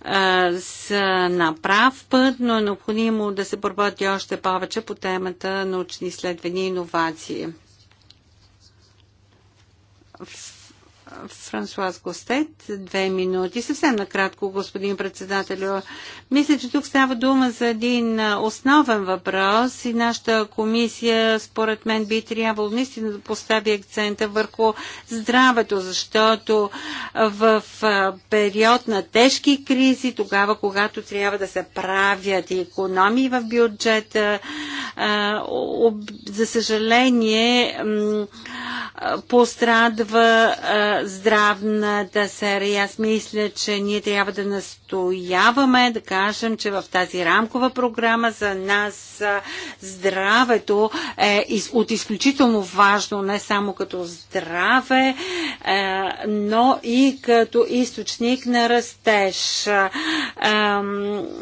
а, са на прав път, но е необходимо да се поработи още повече по темата научни изследвания и иновации Франсуаз Костет. Две минути. Съвсем накратко, господин председател, Мисля, че тук става дума за един основен въпрос и нашата комисия, според мен, би трябвало наистина да постави акцента върху здравето, защото в период на тежки кризи, тогава, когато трябва да се правят и економии в бюджета, за съжаление, пострадва здравната серия. Аз мисля, че ние трябва да настояваме, да кажем, че в тази рамкова програма за нас здравето е от изключително важно, не само като здраве, е, но и като източник на растеж.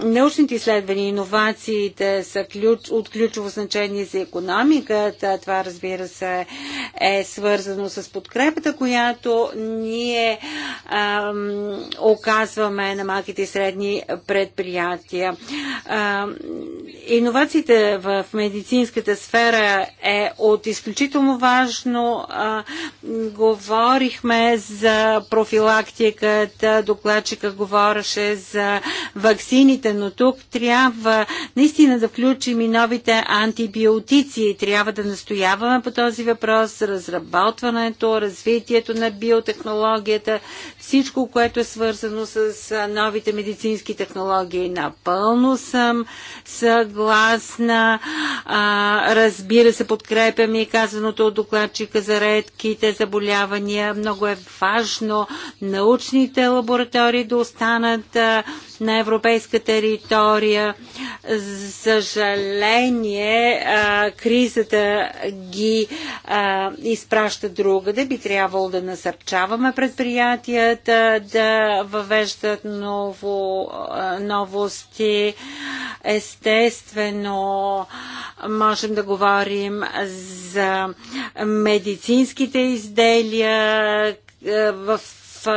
Научните изследвания, и иновациите са ключ, от ключово значение за економиката. Това, разбира се, е свързано с подкрепата, която ние а, оказваме на малките и средни предприятия. А, иновациите в медицинската сфера е от изключително важно. А, говорихме за профилактиката, докладчика говореше за ваксините, но тук трябва наистина да включим и новите антибиотици. Трябва да настояваме по този въпрос разработването, развитието на биотици биотехнологията, всичко, което е свързано с новите медицински технологии. Напълно съм съгласна. А, разбира се, подкрепям и казаното от докладчика за редките заболявания. Много е важно научните лаборатории да останат а, на европейска територия съжаление, а, кризата ги а, изпраща другаде. Би трябвало да насърчаваме предприятията да въвеждат ново, новости. Естествено, можем да говорим за медицинските изделия в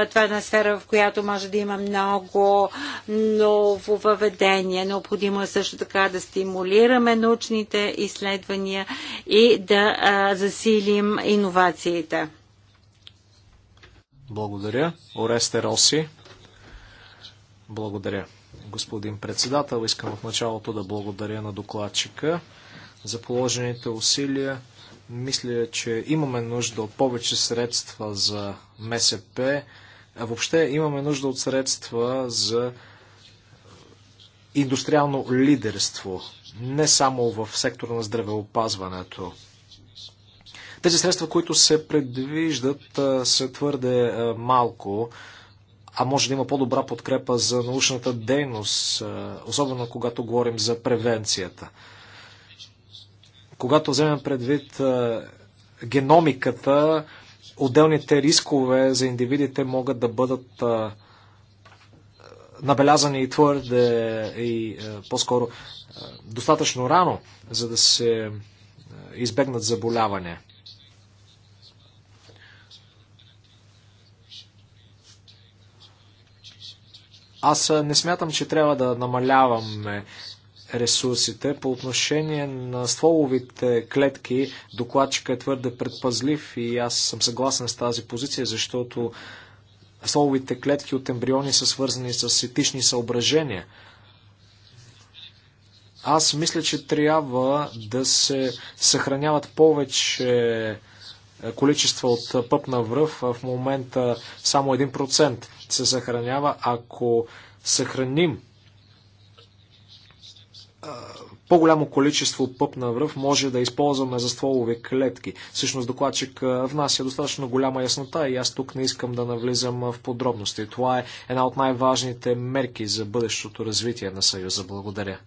това е една сфера, в която може да има много ново въведение. Необходимо е също така да стимулираме научните изследвания и да а, засилим иновациите. Благодаря. Оресте Роси. Благодаря. Господин председател, искам в началото да благодаря на докладчика за положените усилия. Мисля, че имаме нужда от повече средства за МСП. Въобще имаме нужда от средства за индустриално лидерство, не само в сектора на здравеопазването. Тези средства, които се предвиждат, са твърде малко, а може да има по-добра подкрепа за научната дейност, особено когато говорим за превенцията. Когато вземем предвид геномиката, отделните рискове за индивидите могат да бъдат а, набелязани и твърде и по-скоро достатъчно рано, за да се избегнат заболяване. Аз не смятам, че трябва да намаляваме ресурсите. По отношение на стволовите клетки, докладчика е твърде предпазлив и аз съм съгласен с тази позиция, защото стволовите клетки от ембриони са свързани с етични съображения. Аз мисля, че трябва да се съхраняват повече е, количества от пъпна връв. В момента само 1% се съхранява. Ако съхраним по-голямо количество пъп на връв може да използваме за стволови клетки. Всъщност докладчик внася достатъчно голяма яснота и аз тук не искам да навлизам в подробности. Това е една от най-важните мерки за бъдещото развитие на Съюза. Благодаря.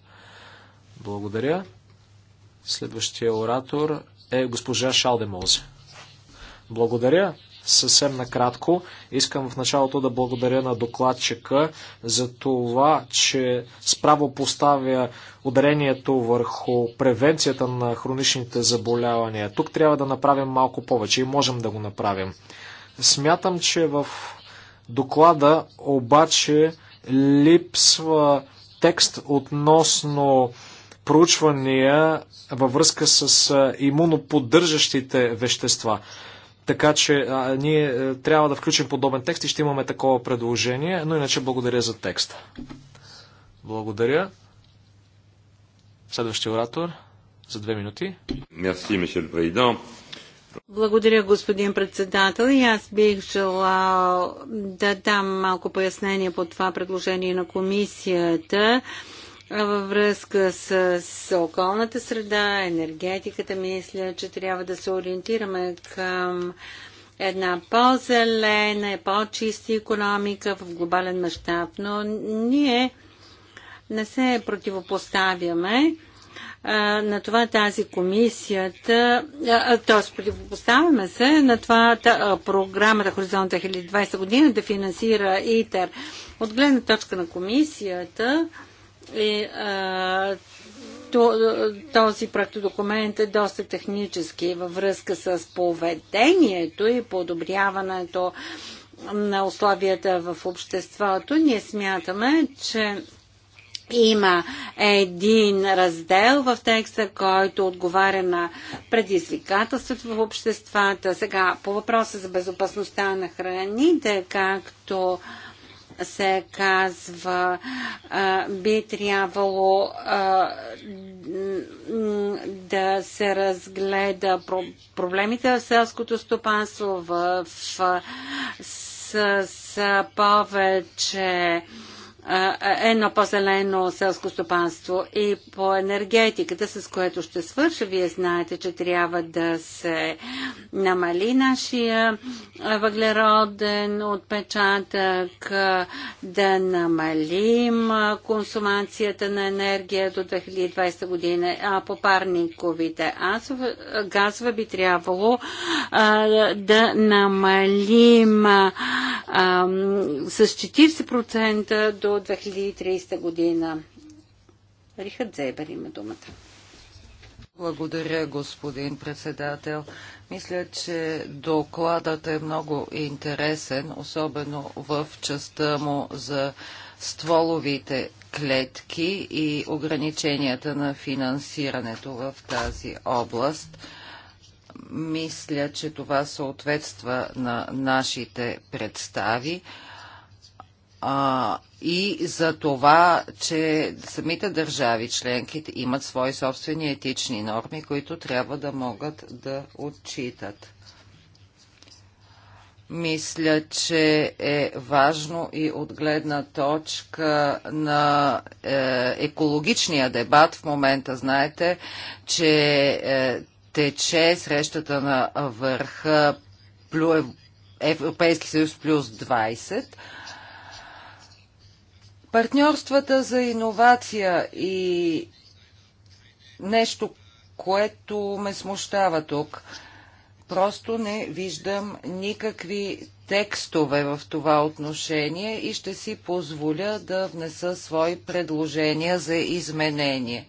Благодаря. Следващия оратор е госпожа Шалдемолзе. Благодаря съвсем накратко. Искам в началото да благодаря на докладчика за това, че справо поставя ударението върху превенцията на хроничните заболявания. Тук трябва да направим малко повече и можем да го направим. Смятам, че в доклада обаче липсва текст относно проучвания във връзка с имуноподдържащите вещества. Така че а, ние а, е, трябва да включим подобен текст и ще имаме такова предложение, но иначе благодаря за текста. Благодаря. Следващия оратор за две минути. Мерси, месье президент. Благодаря, господин председател. И аз бих желал да дам малко пояснение по това предложение на комисията във връзка с, с околната среда, енергетиката, мисля, че трябва да се ориентираме към една по-зелена, по-чиста економика в глобален мащаб, но ние не се противопоставяме а, на това тази комисията, т.е. противопоставяме се на това та, програмата Хоризонт 2020 година да финансира ИТЕР. От гледна точка на комисията, а, и, този проектодокумент е доста технически във връзка с поведението и подобряването на условията в обществото. Ние смятаме, че има един раздел в текста, който отговаря на предизвикателството в обществата. Сега по въпроса за безопасността на храните, както се казва, би трябвало да се разгледа проблемите в селското стопанство в с, с повече едно по-зелено селско стопанство и по енергетиката, с което ще свърша. Вие знаете, че трябва да се намали нашия въглероден отпечатък, да намалим консумацията на енергия до 2020 година, а по парниковите газове би трябвало да намалим с 40% до 2030 година. Рихард Зебер има думата. Благодаря, господин председател. Мисля, че докладът е много интересен, особено в частта му за стволовите клетки и ограниченията на финансирането в тази област. Мисля, че това съответства на нашите представи. А, и за това, че самите държави членките имат свои собствени етични норми, които трябва да могат да отчитат. Мисля, че е важно и от гледна точка на е, екологичния дебат. В момента знаете, че е, тече срещата на върха Европейски съюз плюс 20 Партньорствата за иновация и нещо, което ме смущава тук. Просто не виждам никакви текстове в това отношение и ще си позволя да внеса свои предложения за изменение.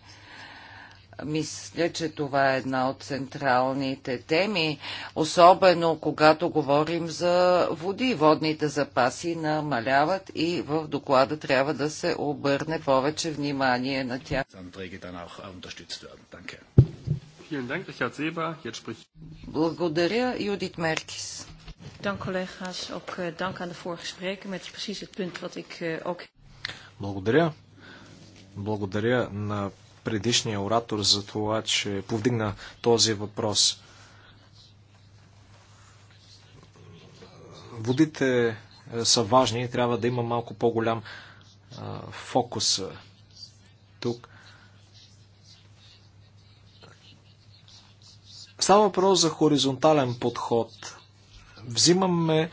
Мисля, че това е една от централните теми, особено когато говорим за води. Водните запаси намаляват и в доклада трябва да се обърне повече внимание на тях. Благодаря, Юдит Меркис. Eh, eh, Благодаря. Благодаря на предишния оратор за това, че повдигна този въпрос. Водите е, са важни и трябва да има малко по-голям е, фокус е, тук. Става въпрос за хоризонтален подход. Взимаме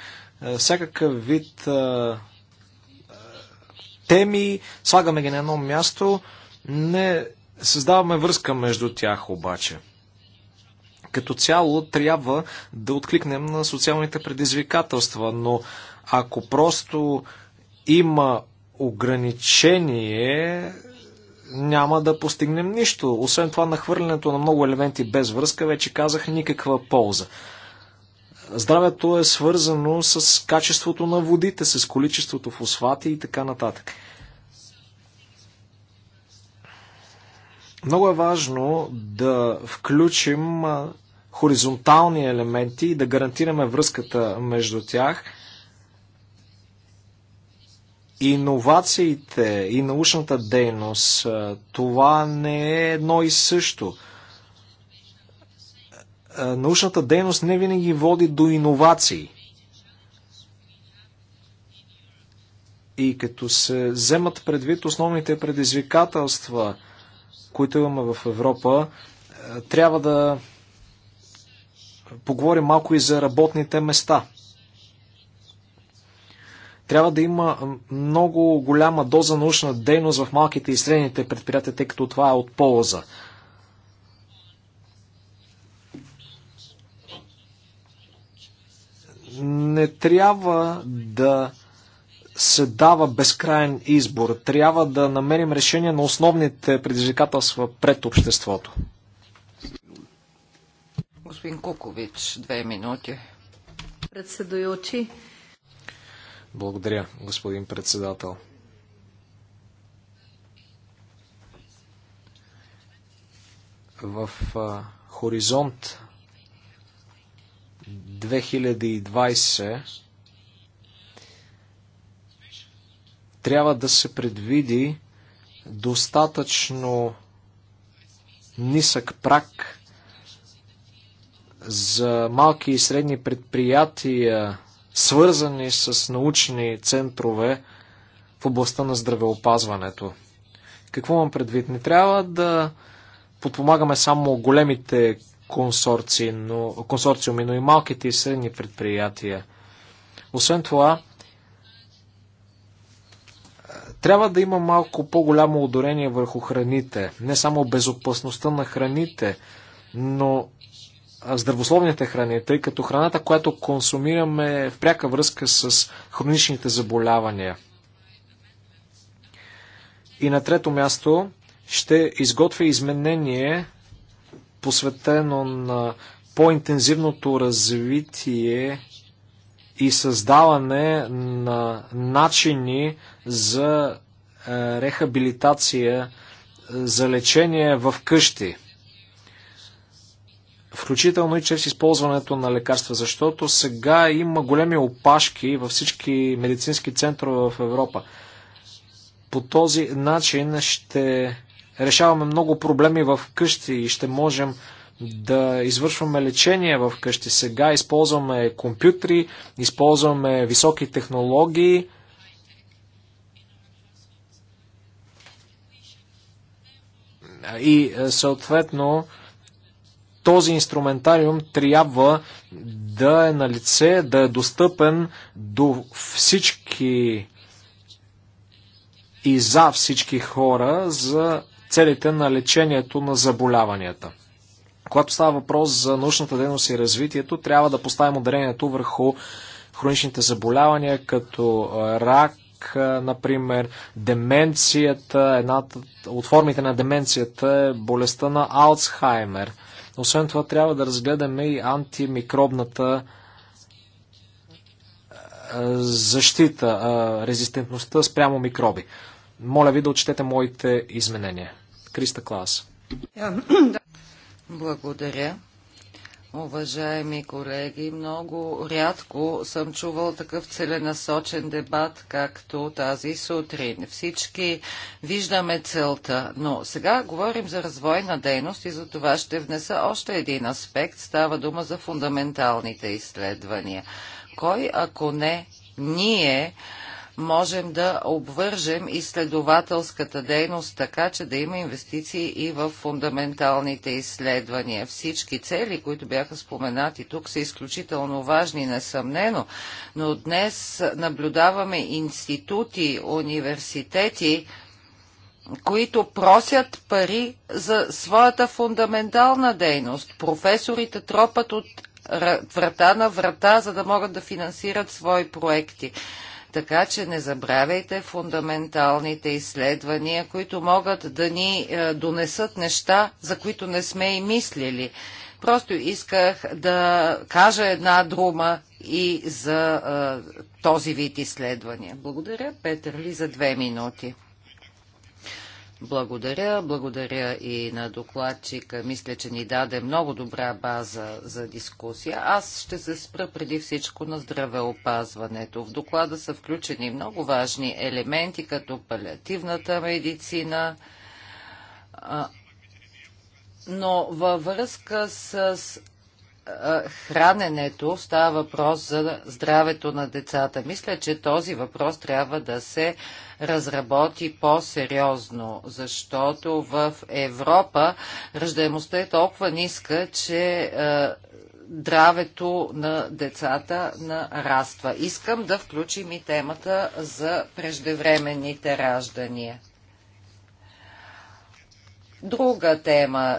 всякакъв вид теми, слагаме ги на едно място, не Създаваме връзка между тях обаче. Като цяло трябва да откликнем на социалните предизвикателства, но ако просто има ограничение, няма да постигнем нищо. Освен това, нахвърлянето на много елементи без връзка, вече казах, никаква полза. Здравето е свързано с качеството на водите, с количеството фосфати и така нататък. Много е важно да включим хоризонтални елементи и да гарантираме връзката между тях. Иновациите и научната дейност, това не е едно и също. Научната дейност не винаги води до иновации. И като се вземат предвид основните предизвикателства – които имаме в Европа, е, трябва да поговорим малко и за работните места. Трябва да има много голяма доза научна дейност в малките и средните предприятия, тъй като това е от полза. Не трябва да се дава безкрайен избор. Трябва да намерим решение на основните предизвикателства пред обществото. Господин Кукович, две минути. Председуючи. Благодаря, господин председател. В а, хоризонт 2020 трябва да се предвиди достатъчно нисък прак за малки и средни предприятия, свързани с научни центрове в областта на здравеопазването. Какво имам предвид? Не трябва да подпомагаме само големите консорци, но, консорциуми, но и малките и средни предприятия. Освен това, трябва да има малко по-голямо ударение върху храните. Не само безопасността на храните, но здравословните храни, тъй като храната, която консумираме е в пряка връзка с хроничните заболявания. И на трето място ще изготвя изменение, посветено на по-интензивното развитие и създаване на начини за е, рехабилитация, е, за лечение в къщи. Включително и чрез използването на лекарства, защото сега има големи опашки във всички медицински центрове в Европа. По този начин ще решаваме много проблеми в къщи и ще можем да извършваме лечение в къщи. Сега използваме компютри, използваме високи технологии. И е, съответно този инструментариум трябва да е на лице, да е достъпен до всички и за всички хора за целите на лечението на заболяванията. Когато става въпрос за научната дейност и развитието, трябва да поставим ударението върху хроничните заболявания, като рак, например, деменцията, едната от формите на деменцията е болестта на Алцхаймер. Освен това, трябва да разгледаме и антимикробната защита, резистентността спрямо микроби. Моля ви да отчетете моите изменения. Криста Клас. Благодаря. Уважаеми колеги, много рядко съм чувал такъв целенасочен дебат, както тази сутрин. Всички виждаме целта, но сега говорим за развойна дейност и за това ще внеса още един аспект. Става дума за фундаменталните изследвания. Кой, ако не ние, можем да обвържем изследователската дейност така, че да има инвестиции и в фундаменталните изследвания. Всички цели, които бяха споменати тук, са изключително важни, несъмнено, но днес наблюдаваме институти, университети, които просят пари за своята фундаментална дейност. Професорите тропат от врата на врата, за да могат да финансират свои проекти. Така че не забравяйте фундаменталните изследвания, които могат да ни е, донесат неща, за които не сме и мислили. Просто исках да кажа една дума и за е, този вид изследвания. Благодаря, Петър Ли, за две минути. Благодаря. Благодаря и на докладчика. Мисля, че ни даде много добра база за дискусия. Аз ще се спра преди всичко на здравеопазването. В доклада са включени много важни елементи, като палиативната медицина, но във връзка с храненето, става въпрос за здравето на децата. Мисля, че този въпрос трябва да се разработи по-сериозно, защото в Европа ръждаемостта е толкова ниска, че е, здравето на децата нараства. Искам да включим и темата за преждевременните раждания друга тема.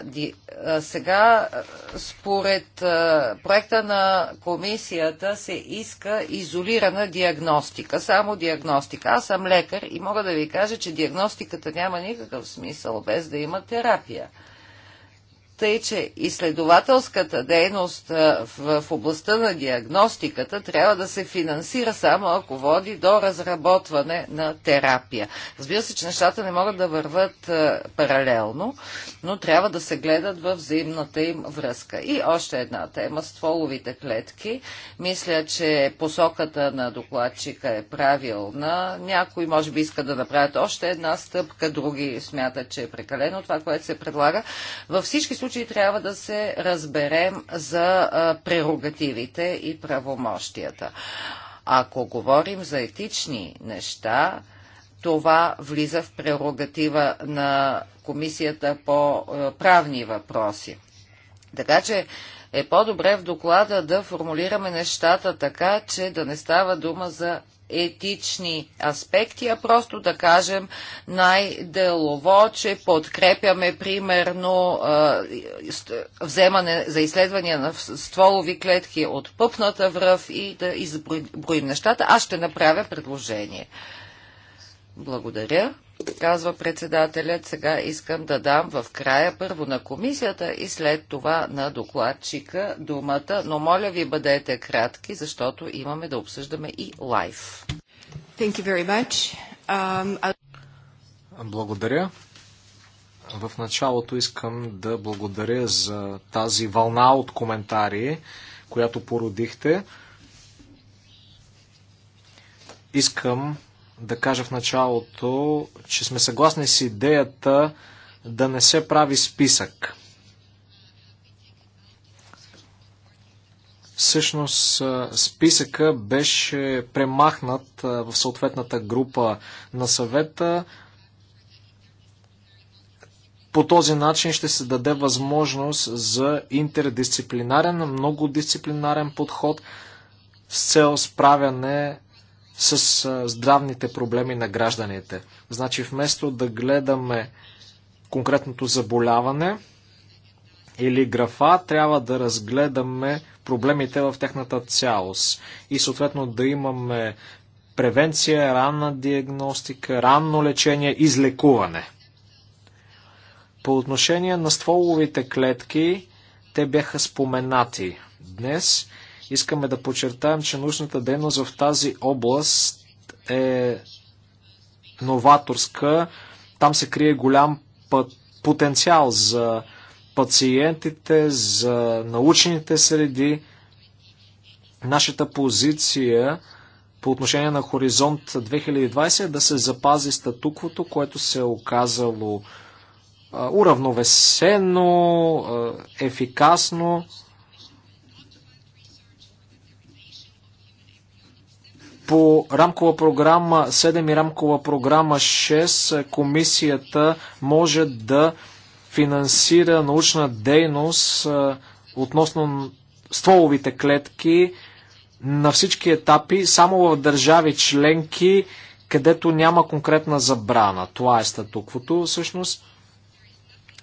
Сега, според проекта на комисията, се иска изолирана диагностика. Само диагностика. Аз съм лекар и мога да ви кажа, че диагностиката няма никакъв смисъл без да има терапия. Тъй, че изследователската дейност в областта на диагностиката трябва да се финансира само ако води до разработване на терапия. Разбира се, че нещата не могат да върват паралелно, но трябва да се гледат в взаимната им връзка. И още една тема – стволовите клетки. Мисля, че посоката на докладчика е правилна. Някои може би иска да направят още една стъпка, други смятат, че е прекалено това, което се предлага. Във всички случай трябва да се разберем за прерогативите и правомощията. Ако говорим за етични неща, това влиза в прерогатива на Комисията по правни въпроси. Така че е по-добре в доклада да формулираме нещата така, че да не става дума за етични аспекти, а просто да кажем най-делово, че подкрепяме примерно вземане за изследвания на стволови клетки от пъпната връв и да изброим нещата. Аз ще направя предложение. Благодаря казва председателят, сега искам да дам в края първо на комисията и след това на докладчика думата, но моля ви бъдете кратки, защото имаме да обсъждаме и лайф. Um, благодаря. В началото искам да благодаря за тази вълна от коментари, която породихте. Искам да кажа в началото, че сме съгласни с идеята да не се прави списък. Всъщност списъка беше премахнат в съответната група на съвета. По този начин ще се даде възможност за интердисциплинарен, многодисциплинарен подход с цел справяне с здравните проблеми на гражданите. Значи вместо да гледаме конкретното заболяване или графа, трябва да разгледаме проблемите в техната цялост и съответно да имаме превенция, ранна диагностика, ранно лечение, излекуване. По отношение на стволовите клетки, те бяха споменати днес – Искаме да подчертаем, че научната дейност в тази област е новаторска. Там се крие голям път, потенциал за пациентите, за научните среди. Нашата позиция по отношение на Хоризонт 2020 е да се запази статуквото, което се е оказало уравновесено, ефикасно. По рамкова програма 7 и рамкова програма 6 е, комисията може да финансира научна дейност е, относно стволовите клетки на всички етапи, само в държави членки, където няма конкретна забрана. Това е статуквото всъщност.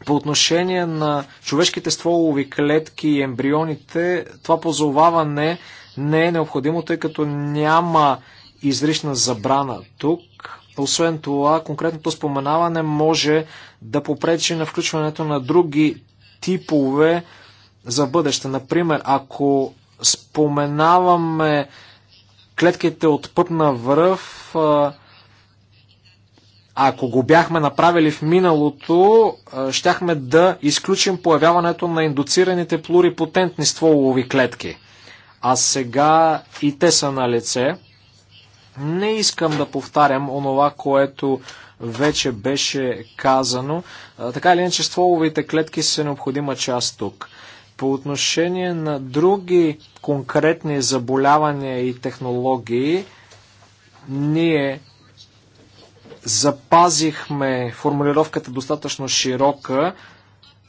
По отношение на човешките стволови клетки и ембрионите, това позоваване не е необходимо, тъй като няма изрична забрана тук. Освен това, конкретното споменаване може да попречи на включването на други типове за бъдеще. Например, ако споменаваме клетките от път на връв, ако го бяхме направили в миналото, щяхме да изключим появяването на индуцираните плурипотентни стволови клетки а сега и те са на лице. Не искам да повтарям онова, което вече беше казано. Така или иначе, стволовите клетки са необходима част тук. По отношение на други конкретни заболявания и технологии, ние запазихме формулировката достатъчно широка,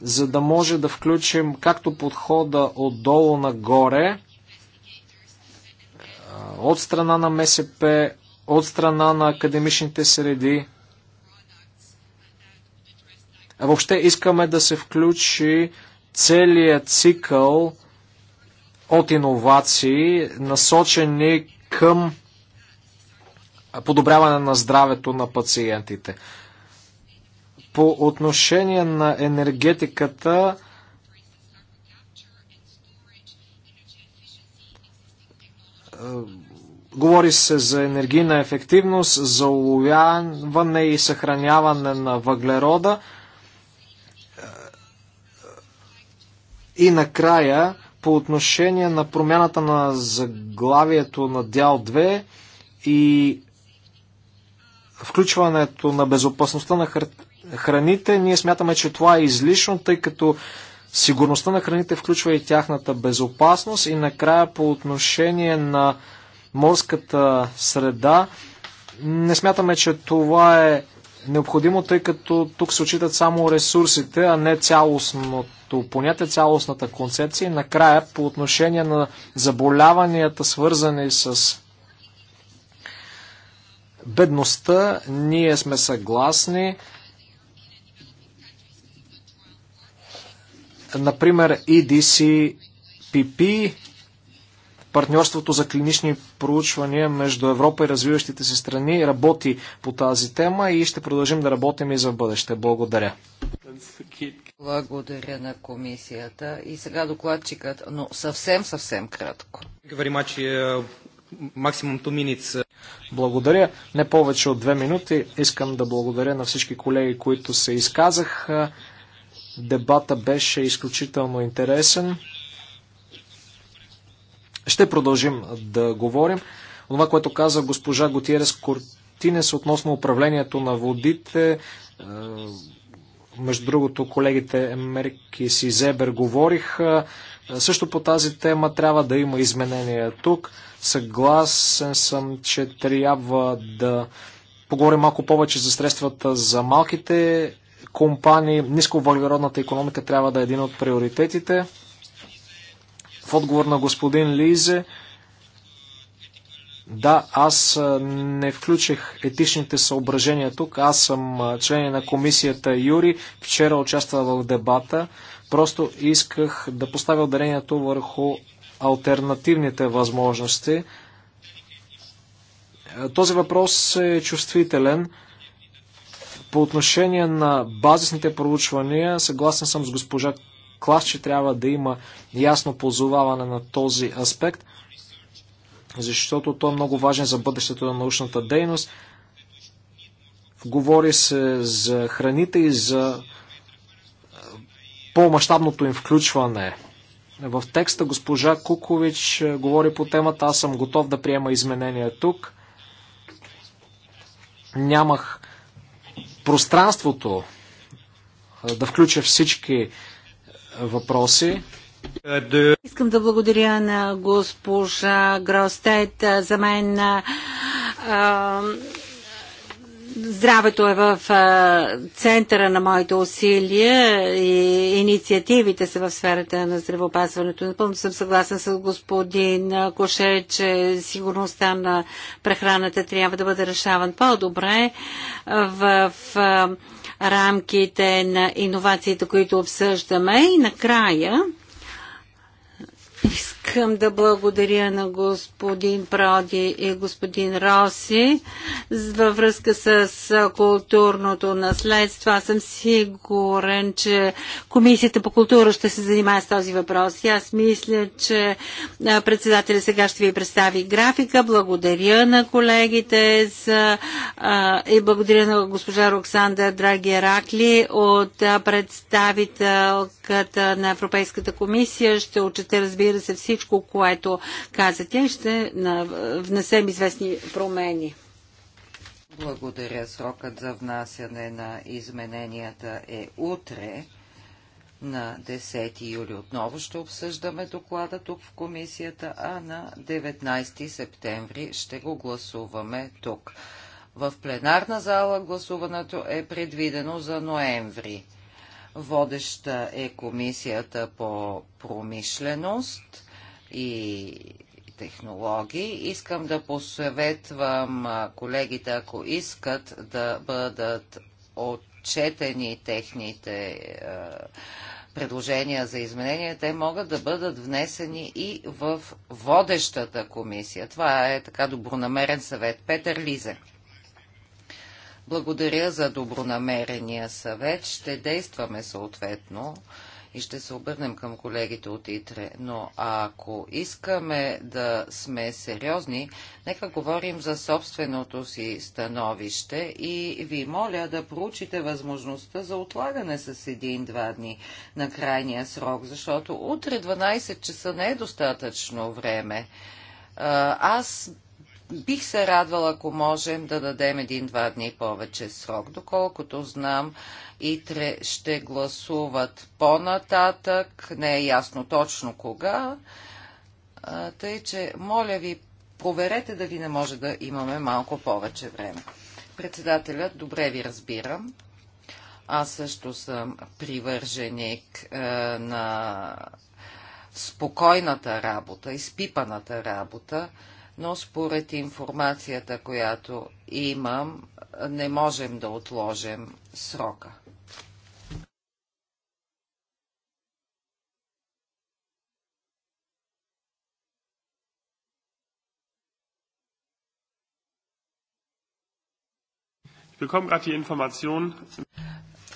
за да може да включим както подхода отдолу нагоре, от страна на МСП, от страна на академичните среди. Въобще искаме да се включи целият цикъл от иновации, насочени към подобряване на здравето на пациентите. По отношение на енергетиката, Говори се за енергийна ефективност, за уловяване и съхраняване на въглерода. И накрая, по отношение на промяната на заглавието на дял 2 и включването на безопасността на храните, ние смятаме, че това е излишно, тъй като Сигурността на храните включва и тяхната безопасност и накрая по отношение на морската среда. Не смятаме, че това е необходимо, тъй като тук се отчитат само ресурсите, а не цялостното понятие, цялостната концепция. И накрая, по отношение на заболяванията, свързани с бедността, ние сме съгласни. Например, EDCPP, партньорството за клинични проучвания между Европа и развиващите се страни работи по тази тема и ще продължим да работим и за бъдеще. Благодаря. Благодаря на комисията. И сега докладчикът, но съвсем, съвсем кратко. Максимум uh, Благодаря. Не повече от две минути. Искам да благодаря на всички колеги, които се изказаха. Дебата беше изключително интересен. Ще продължим да говорим. Това, което каза госпожа Готиерес Кортинес относно управлението на водите, е, между другото, колегите Мерки и Зебер говориха. Е, също по тази тема трябва да има изменения тук. Съгласен съм, че трябва да поговорим малко повече за средствата за малките компании. Нисковъглеродната економика трябва да е един от приоритетите. В отговор на господин Лизе, да, аз не включих етичните съображения тук. Аз съм член на комисията Юри. Вчера участвах в дебата. Просто исках да поставя ударението върху альтернативните възможности. Този въпрос е чувствителен. По отношение на базисните проучвания, съгласен съм с госпожа Клас, че трябва да има ясно позоваване на този аспект, защото то е много важен за бъдещето на научната дейност. Говори се за храните и за е, по-масштабното им включване. В текста госпожа Кукович е, говори по темата, аз съм готов да приема изменения тук. Нямах пространството да включа всички въпроси. Искам да благодаря на госпожа Гростет за мен Здравето е в центъра на моите усилия и инициативите са в сферата на здравеопазването. Напълно съм съгласен с господин Коше, че сигурността на прехраната трябва да бъде решаван по-добре в рамките на иновациите, които обсъждаме. И накрая искам да благодаря на господин Проди и господин Роси във връзка с културното наследство. Аз съм сигурен, че Комисията по култура ще се занимае с този въпрос. И аз мисля, че председателя сега ще ви представи графика. Благодаря на колегите за, и благодаря на госпожа Роксанда Ракли от представителката на Европейската комисия. Ще учете, разбира се, всички всичко, което каза тя ще внесем известни промени. Благодаря. Срокът за внасяне на измененията е утре на 10 юли отново ще обсъждаме доклада тук в комисията, а на 19 септември ще го гласуваме тук. В пленарна зала гласуването е предвидено за ноември. Водеща е комисията по промишленост и технологии. Искам да посъветвам колегите, ако искат да бъдат отчетени техните предложения за изменения, те могат да бъдат внесени и в водещата комисия. Това е така добронамерен съвет. Петър Лизе. Благодаря за добронамерения съвет. Ще действаме съответно и ще се обърнем към колегите от ИТРЕ. Но ако искаме да сме сериозни, нека говорим за собственото си становище и ви моля да проучите възможността за отлагане с един-два дни на крайния срок, защото утре 12 часа не е достатъчно време. Аз Бих се радвала, ако можем да дадем един-два дни повече срок. Доколкото знам, ИТРЕ ще гласуват по-нататък, не е ясно точно кога. А, тъй, че моля ви, проверете дали не може да имаме малко повече време. Председателят, добре ви разбирам. Аз също съм привърженик е, на спокойната работа, изпипаната работа но според информацията, която имам, не можем да отложим срока.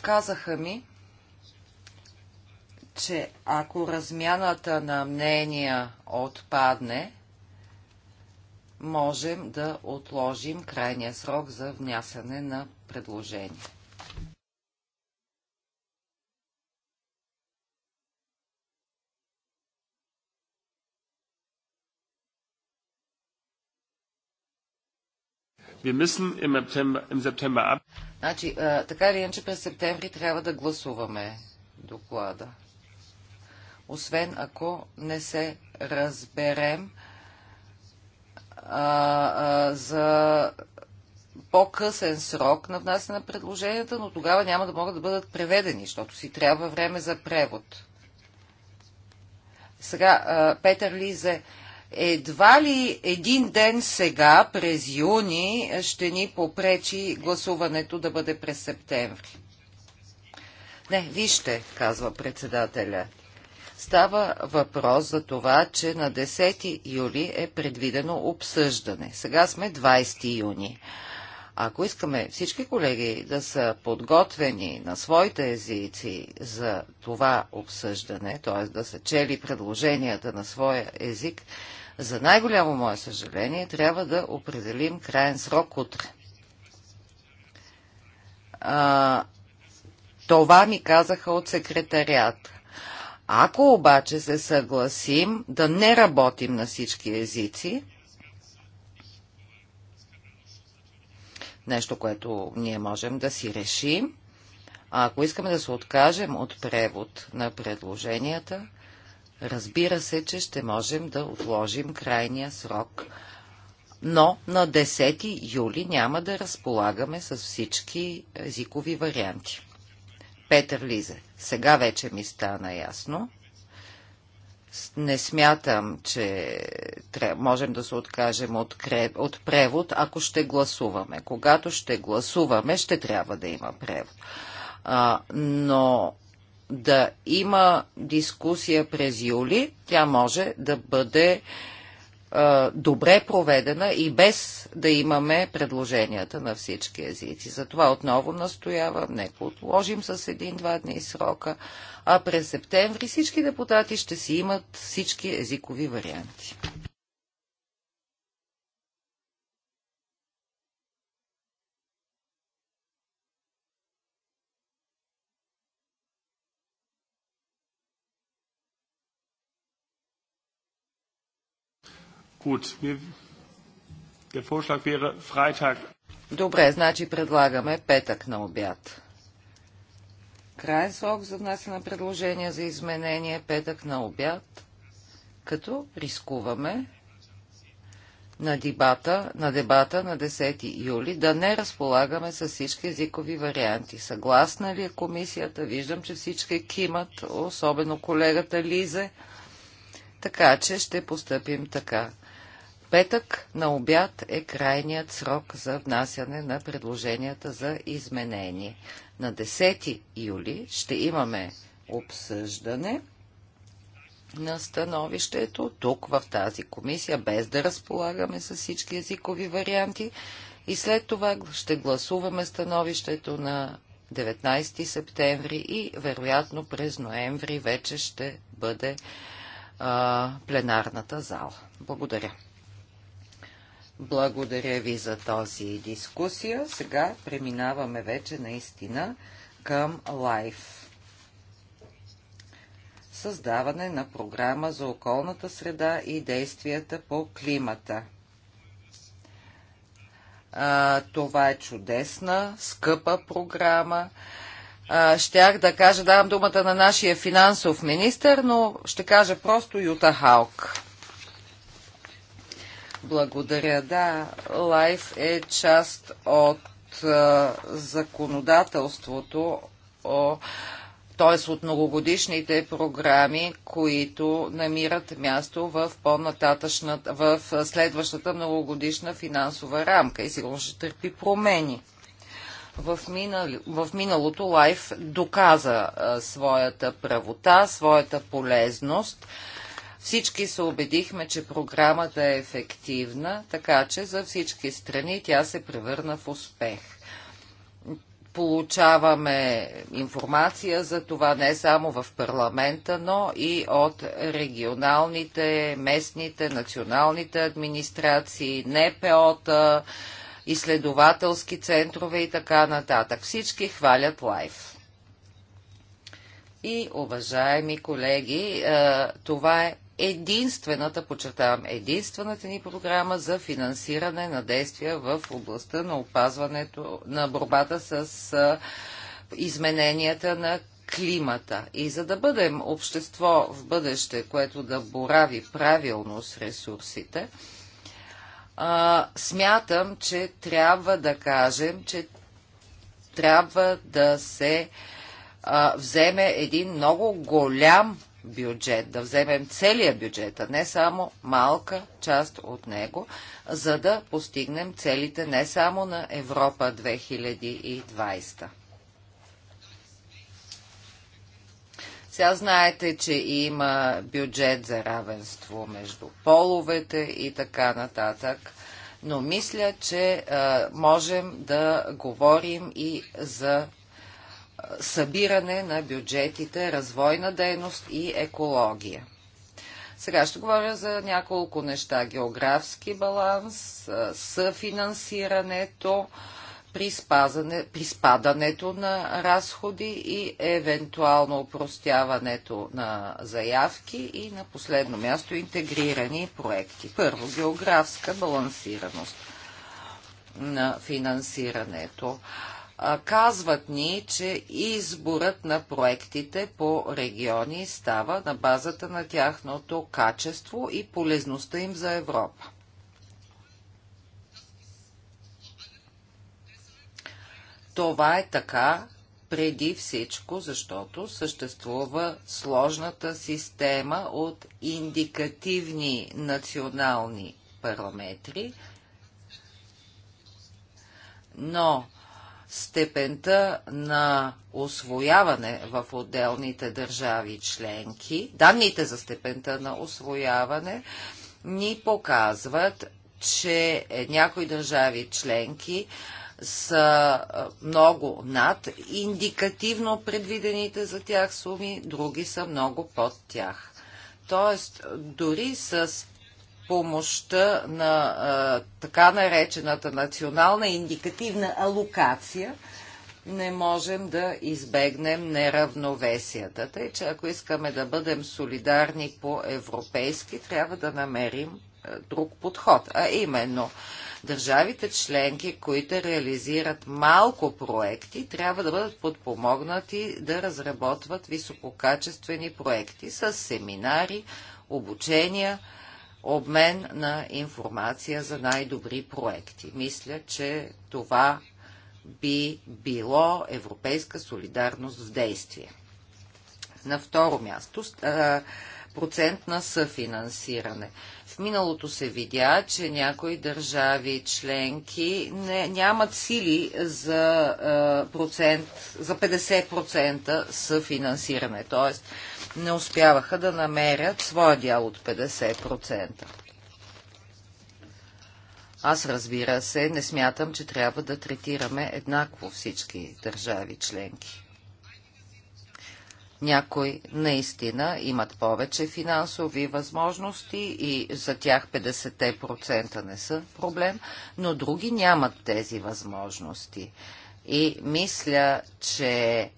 Казаха ми, че ако размяната на мнения отпадне, можем да отложим крайния срок за внясане на предложение. Значи, така или иначе през септември трябва да гласуваме доклада. Освен ако не се разберем а, а, за по-късен срок на внасяне на предложенията, но тогава няма да могат да бъдат преведени, защото си трябва време за превод. Сега, а, Петър Лизе, едва ли един ден сега, през юни, ще ни попречи гласуването да бъде през септември. Не, вижте, казва председателя. Става въпрос за това, че на 10 юли е предвидено обсъждане. Сега сме 20 юни. Ако искаме всички колеги да са подготвени на своите езици за това обсъждане, т.е. да са чели предложенията на своя език, за най-голямо мое съжаление трябва да определим крайен срок утре. А, това ми казаха от секретарията. Ако обаче се съгласим да не работим на всички езици, нещо, което ние можем да си решим, а ако искаме да се откажем от превод на предложенията, разбира се, че ще можем да отложим крайния срок. Но на 10 юли няма да разполагаме с всички езикови варианти. Петър Лизе. Сега вече ми стана ясно. Не смятам, че можем да се откажем от, креп, от превод, ако ще гласуваме. Когато ще гласуваме, ще трябва да има превод. А, но да има дискусия през юли, тя може да бъде а, добре проведена и без да имаме предложенията на всички езици. Затова отново настоявам, нека отложим с един-два дни срока, а през септември всички депутати ще си имат всички езикови варианти. Gut, mir, der Vorschlag wäre Freitag. Добре, значи предлагаме петък на обяд. Крайен срок за внасяне на предложения за изменение е петък на обяд, като рискуваме на дебата, на дебата на 10 юли да не разполагаме с всички езикови варианти. Съгласна ли е комисията? Виждам, че всички кимат, особено колегата Лизе. Така че ще постъпим така петък на обяд е крайният срок за внасяне на предложенията за изменение. На 10 юли ще имаме обсъждане на становището тук в тази комисия, без да разполагаме с всички езикови варианти. И след това ще гласуваме становището на 19 септември и вероятно през ноември вече ще бъде а, пленарната зала. Благодаря. Благодаря ви за този дискусия. Сега преминаваме вече наистина към лайф. Създаване на програма за околната среда и действията по климата. А, това е чудесна, скъпа програма. А, щях да кажа, давам думата на нашия финансов министр, но ще кажа просто Юта Халк. Благодаря. Да, Лайф е част от а, законодателството, т.е. от многогодишните програми, които намират място в, по-нататъчната, в следващата многогодишна финансова рамка и сигурно ще търпи промени. В, минали, в миналото Лайф доказа а, своята правота, своята полезност. А, всички се убедихме, че програмата е ефективна, така че за всички страни тя се превърна в успех. Получаваме информация за това не само в парламента, но и от регионалните, местните, националните администрации, НПО-та, изследователски центрове и така нататък. Всички хвалят лайф. И, уважаеми колеги, е, това е единствената, подчертавам, единствената ни програма за финансиране на действия в областта на опазването, на борбата с измененията на климата. И за да бъдем общество в бъдеще, което да борави правилно с ресурсите, а, смятам, че трябва да кажем, че трябва да се а, вземе един много голям бюджет, да вземем целия бюджет, а не само малка част от него, за да постигнем целите не само на Европа 2020. Сега знаете, че има бюджет за равенство между половете и така нататък, но мисля, че а, можем да говорим и за събиране на бюджетите, развойна дейност и екология. Сега ще говоря за няколко неща. Географски баланс, съфинансирането, при, спадането на разходи и евентуално упростяването на заявки и на последно място интегрирани проекти. Първо, географска балансираност на финансирането. Казват ни, че изборът на проектите по региони става на базата на тяхното качество и полезността им за Европа. Това е така преди всичко, защото съществува сложната система от индикативни национални параметри, но степента на освояване в отделните държави членки, данните за степента на освояване ни показват, че е, някои държави членки са е, много над индикативно предвидените за тях суми, други са много под тях. Тоест, дори с помощта на а, така наречената национална индикативна алокация, не можем да избегнем неравновесията. Тъй, че ако искаме да бъдем солидарни по-европейски, трябва да намерим друг подход, а именно държавите членки, които реализират малко проекти, трябва да бъдат подпомогнати да разработват висококачествени проекти с семинари, обучения, обмен на информация за най-добри проекти. Мисля, че това би било европейска солидарност в действие. На второ място процент на съфинансиране. В миналото се видя, че някои държави членки не, нямат сили за, процент, за 50% съфинансиране. Тоест, не успяваха да намерят своя дял от 50%. Аз разбира се, не смятам, че трябва да третираме еднакво всички държави членки. Някои наистина имат повече финансови възможности и за тях 50% не са проблем, но други нямат тези възможности. И мисля, че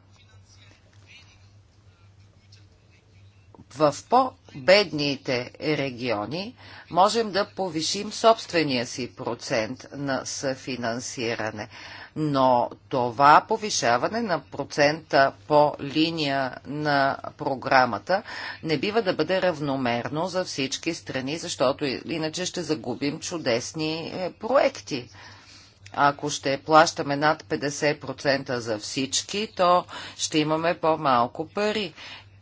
в по-бедните региони можем да повишим собствения си процент на съфинансиране. Но това повишаване на процента по линия на програмата не бива да бъде равномерно за всички страни, защото иначе ще загубим чудесни е, проекти. Ако ще плащаме над 50% за всички, то ще имаме по-малко пари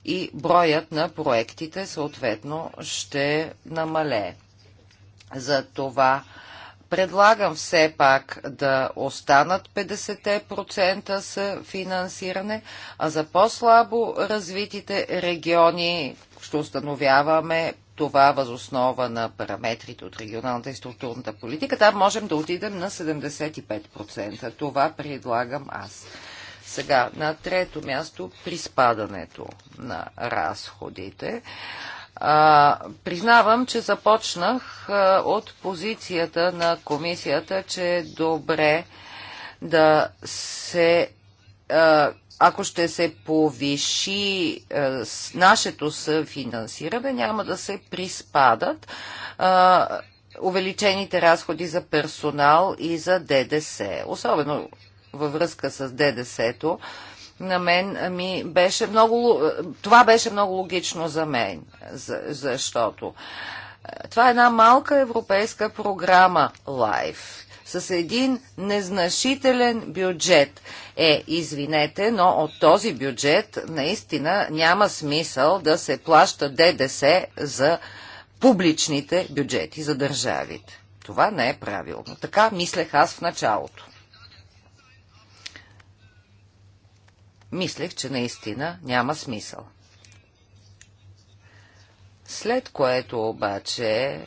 и броят на проектите съответно ще намалее. За това предлагам все пак да останат 50% с финансиране, а за по-слабо развитите региони ще установяваме това възоснова на параметрите от регионалната и структурната политика. Там можем да отидем на 75%. Това предлагам аз. Сега, на трето място, при спадането на разходите. А, признавам, че започнах а, от позицията на комисията, че е добре да се. А, ако ще се повиши а, с нашето съфинансиране, няма да се приспадат а, увеличените разходи за персонал и за ДДС. Особено във връзка с ДДС-то, на мен ми беше много... Това беше много логично за мен, защото е, това е една малка европейска програма LIFE с един незначителен бюджет. Е, извинете, но от този бюджет наистина няма смисъл да се плаща ДДС за публичните бюджети за държавите. Това не е правилно. Така мислех аз в началото. мислех, че наистина няма смисъл. След което обаче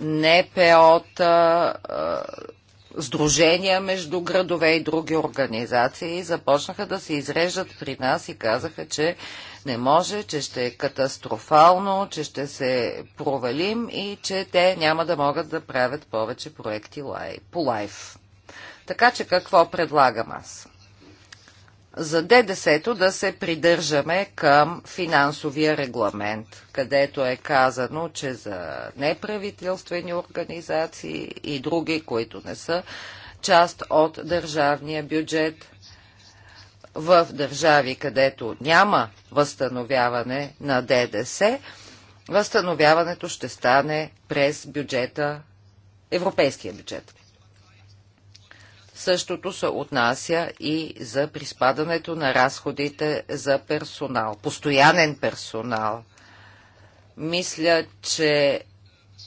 НПО-та, сдружения между градове и други организации започнаха да се изреждат при нас и казаха, че не може, че ще е катастрофално, че ще се провалим и че те няма да могат да правят повече проекти по лайф. Така че какво предлагам аз? за ДДС-то да се придържаме към финансовия регламент, където е казано, че за неправителствени организации и други, които не са част от държавния бюджет, в държави, където няма възстановяване на ДДС, възстановяването ще стане през бюджета, европейския бюджет. Същото се отнася и за приспадането на разходите за персонал, постоянен персонал. Мисля, че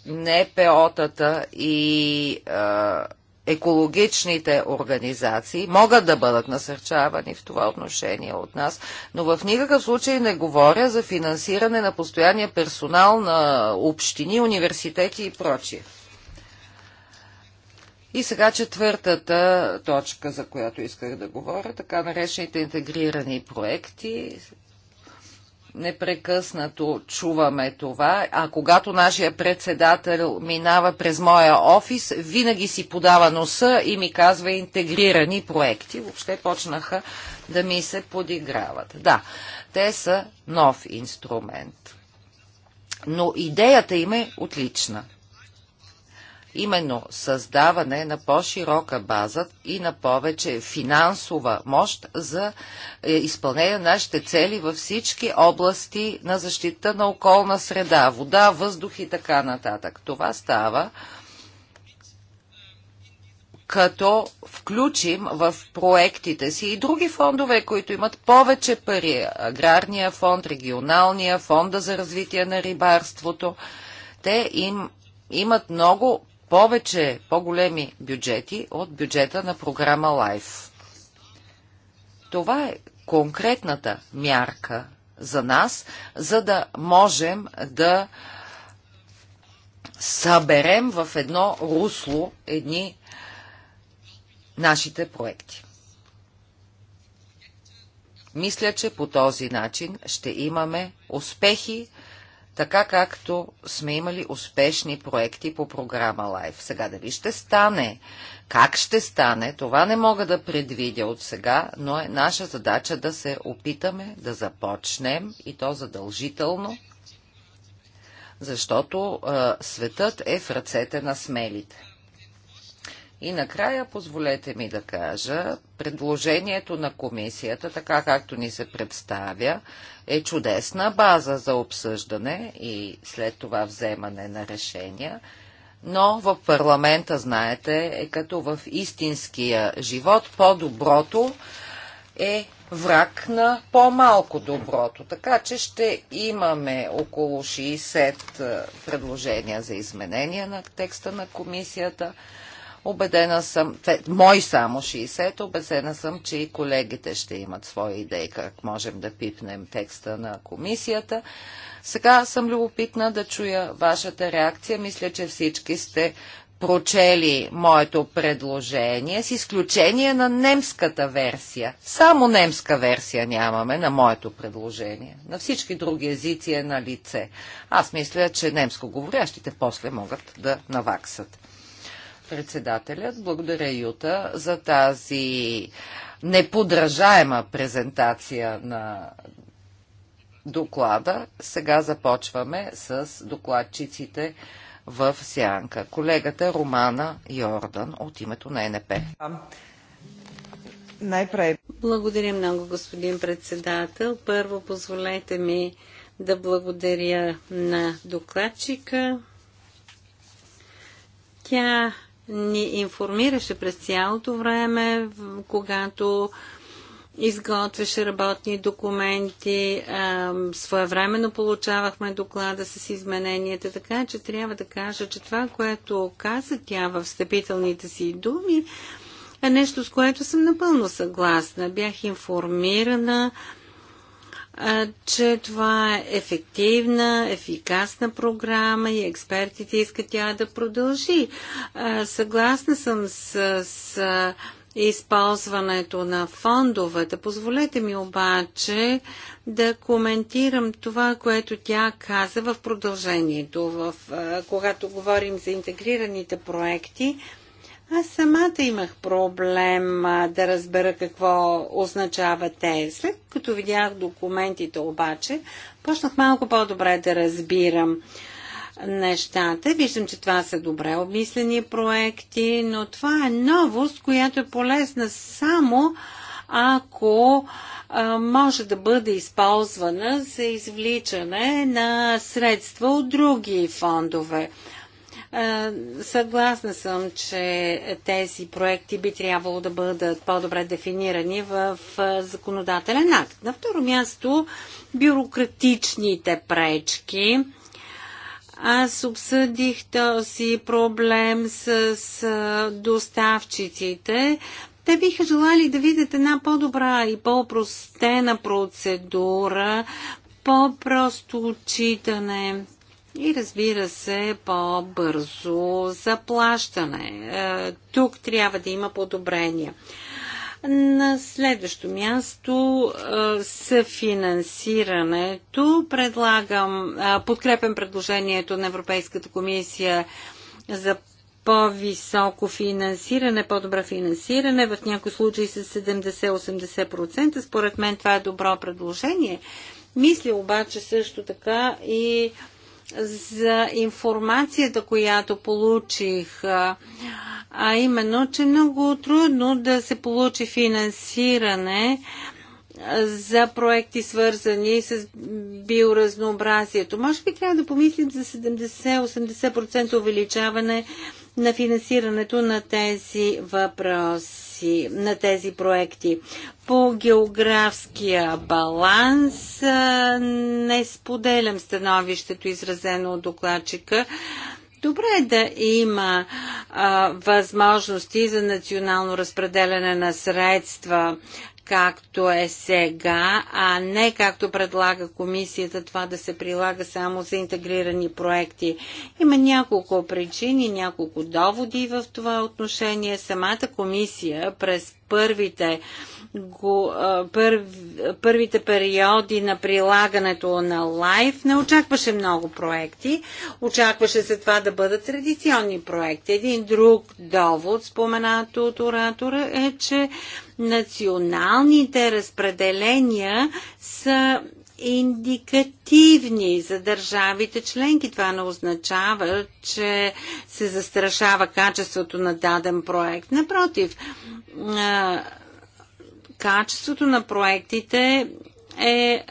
НПО-тата и а, екологичните организации могат да бъдат насърчавани в това отношение от нас, но в никакъв случай не говоря за финансиране на постоянния персонал на общини, университети и прочие. И сега четвъртата точка, за която исках да говоря, така наречените интегрирани проекти. Непрекъснато чуваме това, а когато нашия председател минава през моя офис, винаги си подава носа и ми казва интегрирани проекти. Въобще почнаха да ми се подиграват. Да, те са нов инструмент. Но идеята им е отлична именно създаване на по-широка база и на повече финансова мощ за е, изпълнение на нашите цели във всички области на защита на околна среда, вода, въздух и така нататък. Това става като включим в проектите си и други фондове, които имат повече пари. Аграрния фонд, регионалния, фонда за развитие на рибарството. Те им имат много повече, по-големи бюджети от бюджета на програма Лайф. Това е конкретната мярка за нас, за да можем да съберем в едно русло едни нашите проекти. Мисля, че по този начин ще имаме успехи така както сме имали успешни проекти по програма Лайф. Сега дали ще стане, как ще стане, това не мога да предвидя от сега, но е наша задача да се опитаме да започнем и то задължително, защото е, светът е в ръцете на смелите. И накрая позволете ми да кажа, предложението на комисията, така както ни се представя, е чудесна база за обсъждане и след това вземане на решения, но в парламента, знаете, е като в истинския живот, по-доброто е враг на по-малко доброто. Така че ще имаме около 60 предложения за изменения на текста на комисията. Обедена съм, мой само 60, обедена съм, че и колегите ще имат свои идеи как можем да пипнем текста на комисията. Сега съм любопитна да чуя вашата реакция. Мисля, че всички сте прочели моето предложение, с изключение на немската версия. Само немска версия нямаме на моето предложение. На всички други езици е на лице. Аз мисля, че немско говорящите после могат да наваксат. Председателят, благодаря Юта за тази неподражаема презентация на доклада. Сега започваме с докладчиците в Сянка. Колегата Романа Йордан от името на НП. Благодаря много, господин председател. Първо позволете ми да благодаря на докладчика. Тя ни информираше през цялото време, когато изготвяше работни документи, своевременно получавахме доклада с измененията, така че трябва да кажа, че това, което каза тя в встъпителните си думи, е нещо, с което съм напълно съгласна. Бях информирана, че това е ефективна, ефикасна програма и експертите искат тя да продължи. Съгласна съм с, с използването на фондовете. Позволете ми обаче да коментирам това, което тя каза в продължението. В, когато говорим за интегрираните проекти, аз самата имах проблем а, да разбера какво означава те. След като видях документите обаче, почнах малко по-добре да разбирам нещата. Виждам, че това са добре обмислени проекти, но това е новост, която е полезна само ако а, може да бъде използвана за извличане на средства от други фондове. Съгласна съм, че тези проекти би трябвало да бъдат по-добре дефинирани в законодателен акт. На второ място, бюрократичните пречки. Аз обсъдих този проблем с, доставчиците. Те биха желали да видят една по-добра и по-простена процедура, по-просто отчитане и разбира се, по-бързо заплащане. Е, тук трябва да има подобрения. На следващо място е, съфинансирането. Предлагам, е, подкрепям предложението на Европейската комисия за по-високо финансиране, по-добро финансиране, в някои случаи с 70-80%. Според мен това е добро предложение. Мисля обаче също така и за информацията, която получих, а именно, че много трудно да се получи финансиране за проекти свързани с биоразнообразието. Може би трябва да помислим за 70-80% увеличаване на финансирането на тези въпроси тези, на тези проекти. По географския баланс не споделям становището, изразено от докладчика. Добре е да има а, възможности за национално разпределяне на средства както е сега, а не както предлага комисията това да се прилага само за интегрирани проекти. Има няколко причини, няколко доводи в това отношение. Самата комисия през първите, го, пър, първите периоди на прилагането на лайф не очакваше много проекти. Очакваше се това да бъдат традиционни проекти. Един друг довод, споменато от оратора, е, че националните разпределения са индикативни за държавите членки. Това не означава, че се застрашава качеството на даден проект. Напротив, качеството на проектите е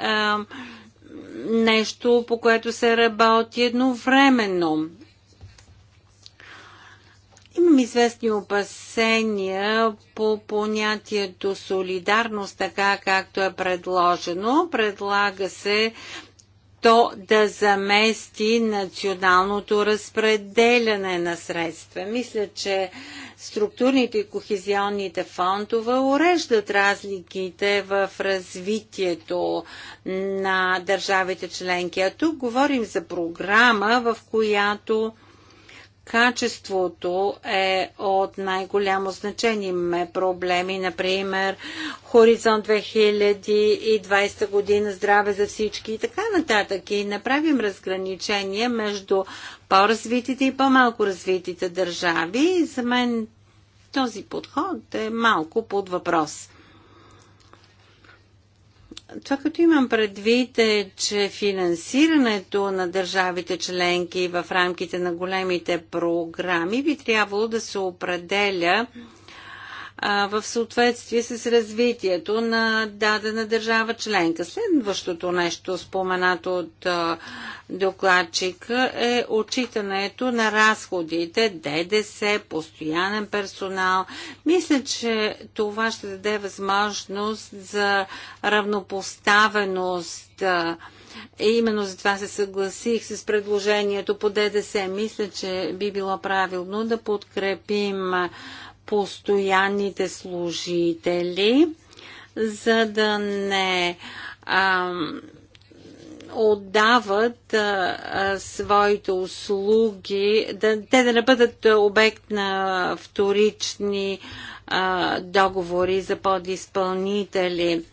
нещо, по което се работи едновременно. Имам известни опасения по понятието солидарност, така както е предложено. Предлага се то да замести националното разпределяне на средства. Мисля, че структурните и кохезионните фондове уреждат разликите в развитието на държавите членки. А тук говорим за програма, в която качеството е от най-голямо значение. Имаме проблеми, например, Хоризонт 2020 година, здраве за всички и така нататък. И направим разграничение между по-развитите и по-малко развитите държави. За мен този подход е малко под въпрос. Това, като имам предвид е, че финансирането на държавите членки в рамките на големите програми би трябвало да се определя в съответствие с развитието на дадена държава членка. Следващото нещо, споменато от докладчика, е отчитането на разходите, ДДС, постоянен персонал. Мисля, че това ще даде възможност за равнопоставеност и именно за това се съгласих с предложението по ДДС. Мисля, че би било правилно да подкрепим постоянните служители, за да не а, отдават а, а, своите услуги, да, те да не бъдат обект на вторични а, договори за подизпълнители.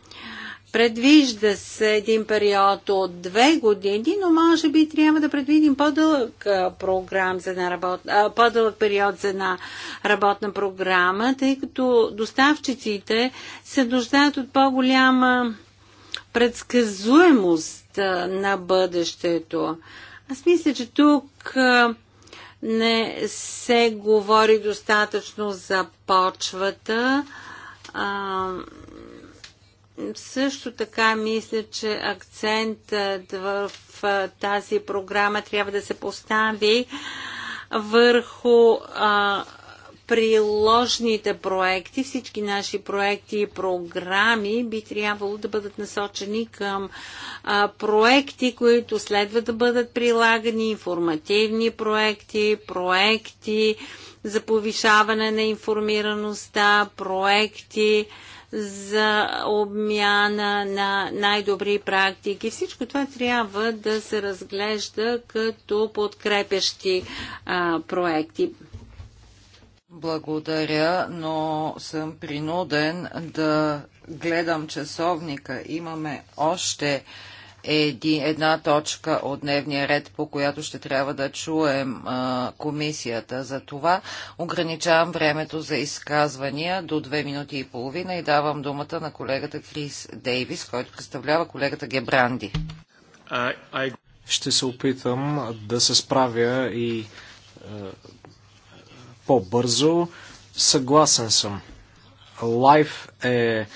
Предвижда се един период от две години, но може би трябва да предвидим по-дълъг програм за една работ... по период за една работна програма, тъй като доставчиците се нуждаят от по-голяма предсказуемост на бъдещето. Аз мисля, че тук не се говори достатъчно за почвата. Също така мисля, че акцентът в тази програма трябва да се постави върху а, приложните проекти. Всички наши проекти и програми би трябвало да бъдат насочени към а, проекти, които следва да бъдат прилагани, информативни проекти, проекти за повишаване на информираността, проекти а, за обмяна на най-добри практики. Всичко това трябва да се разглежда като подкрепящи а, проекти. Благодаря, но съм принуден да гледам часовника. Имаме още една точка от дневния ред, по която ще трябва да чуем а, комисията. За това ограничавам времето за изказвания до две минути и половина и давам думата на колегата Крис Дейвис, който представлява колегата Гебранди. Ще се опитам да се справя и е, по-бързо. Съгласен съм. Лайф е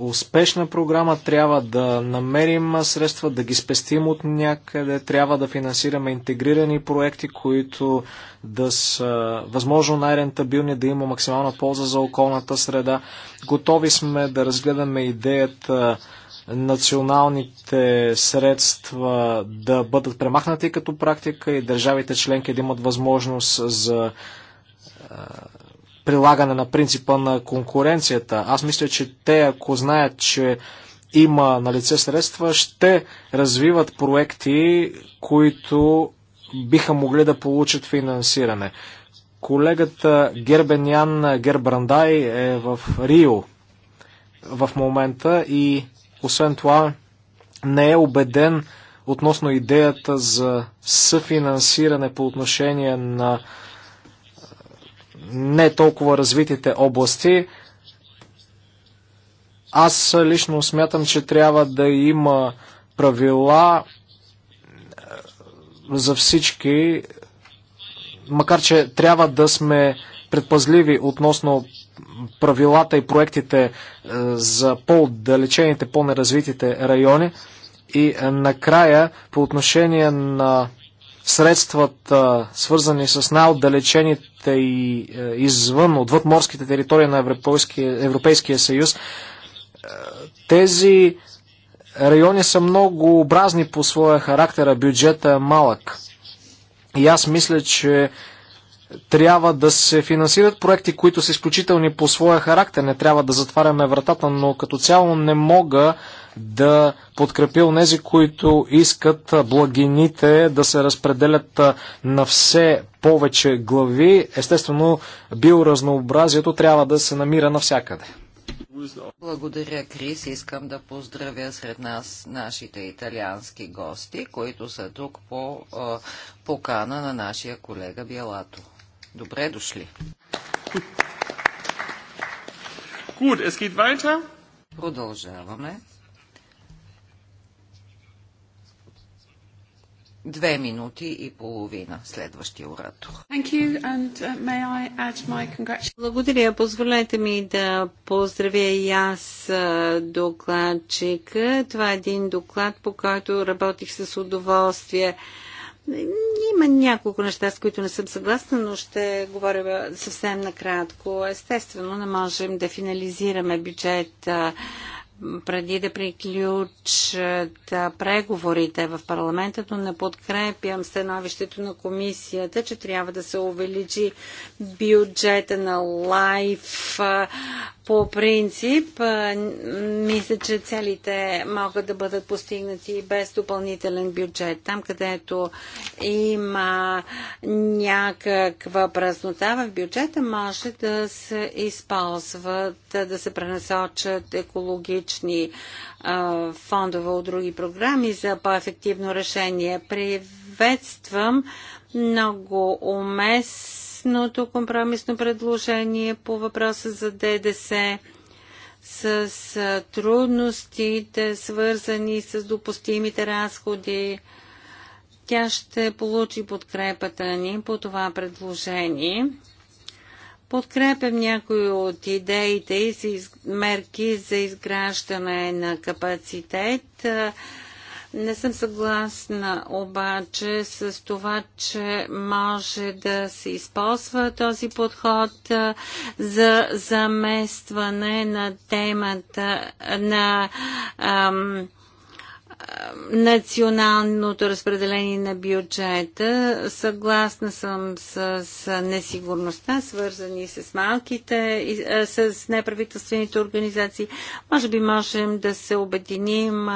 успешна програма, трябва да намерим средства, да ги спестим от някъде, трябва да финансираме интегрирани проекти, които да са възможно най-рентабилни, да има максимална полза за околната среда. Готови сме да разгледаме идеята националните средства да бъдат премахнати като практика и държавите членки да имат възможност за прилагане на принципа на конкуренцията. Аз мисля, че те, ако знаят, че има на лице средства, ще развиват проекти, които биха могли да получат финансиране. Колегата Гербенян Гербрандай е в Рио в момента и освен това не е убеден относно идеята за съфинансиране по отношение на не толкова развитите области. Аз лично смятам, че трябва да има правила е, за всички, макар че трябва да сме предпазливи относно правилата и проектите е, за по-отдалечените, по-неразвитите райони. И е, накрая, по отношение на средствата, свързани с най-отдалечените и е, извън, отвъд морските територии на Европейския, Европейския съюз, е, тези райони са много образни по своя характер, а бюджета е малък. И аз мисля, че трябва да се финансират проекти, които са изключителни по своя характер. Не трябва да затваряме вратата, но като цяло не мога да подкрепи онези, които искат благините да се разпределят на все повече глави. Естествено, биоразнообразието трябва да се намира навсякъде. Благодаря, Крис. Искам да поздравя сред нас нашите италиански гости, които са тук по покана на нашия колега Биалато. Добре дошли! Продължаваме. две минути и половина следващия оратор. Uh, Благодаря. Позволете ми да поздравя и аз докладчика. Това е един доклад, по който работих с удоволствие. Има няколко неща, с които не съм съгласна, но ще говоря съвсем накратко. Естествено, не можем да финализираме бюджет преди да приключат преговорите в парламента, но не подкрепям становището на комисията, че трябва да се увеличи бюджета на лайф по принцип, мисля, че целите могат да бъдат постигнати без допълнителен бюджет. Там, където има някаква празнота в бюджета, може да се използват, да се пренасочат екологични фондове от други програми за по-ефективно решение. Приветствам много умес устното компромисно предложение по въпроса за ДДС с трудностите, свързани с допустимите разходи. Тя ще получи подкрепата ни по това предложение. Подкрепям някои от идеите и мерки за изграждане на капацитет не съм съгласна обаче с това, че може да се използва този подход за заместване на темата на ам, националното разпределение на бюджета. Съгласна съм с, с несигурността, свързани с малките, с неправителствените организации. Може би можем да се обединим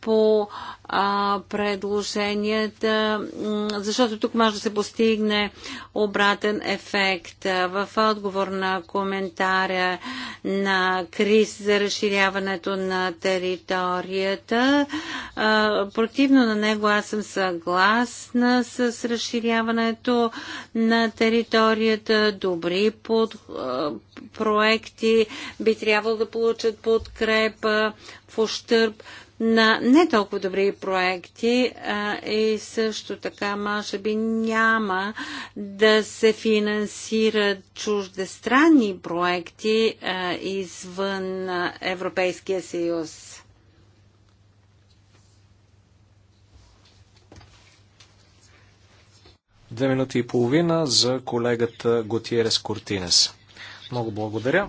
по а, предложенията, защото тук може да се постигне обратен ефект. В отговор на коментаря на Крис за разширяването на територията, а, противно на него аз съм съгласна с разширяването на територията. Добри под, а, проекти би трябвало да получат подкрепа в ощърп на не толкова добри проекти а, и също така може би няма да се финансират чуждестранни проекти а, извън Европейския съюз. Две минути и половина за колегата Готиерес Кортинес. Много благодаря.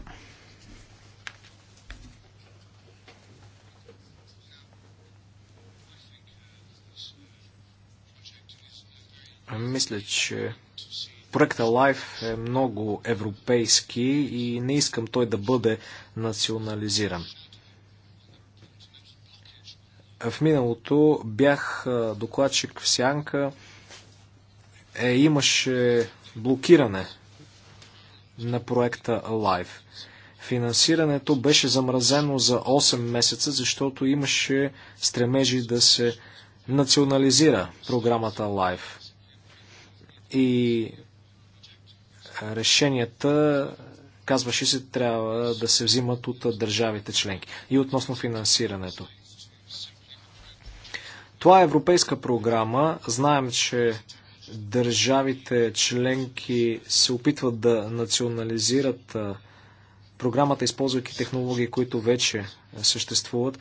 мисля, че проекта Life е много европейски и не искам той да бъде национализиран. В миналото бях докладчик в Сянка. Е, имаше блокиране на проекта Life. Финансирането беше замразено за 8 месеца, защото имаше стремежи да се национализира програмата Life и решенията, казваше се, трябва да се взимат от държавите членки и относно финансирането. Това е европейска програма. Знаем, че държавите членки се опитват да национализират програмата, използвайки технологии, които вече съществуват.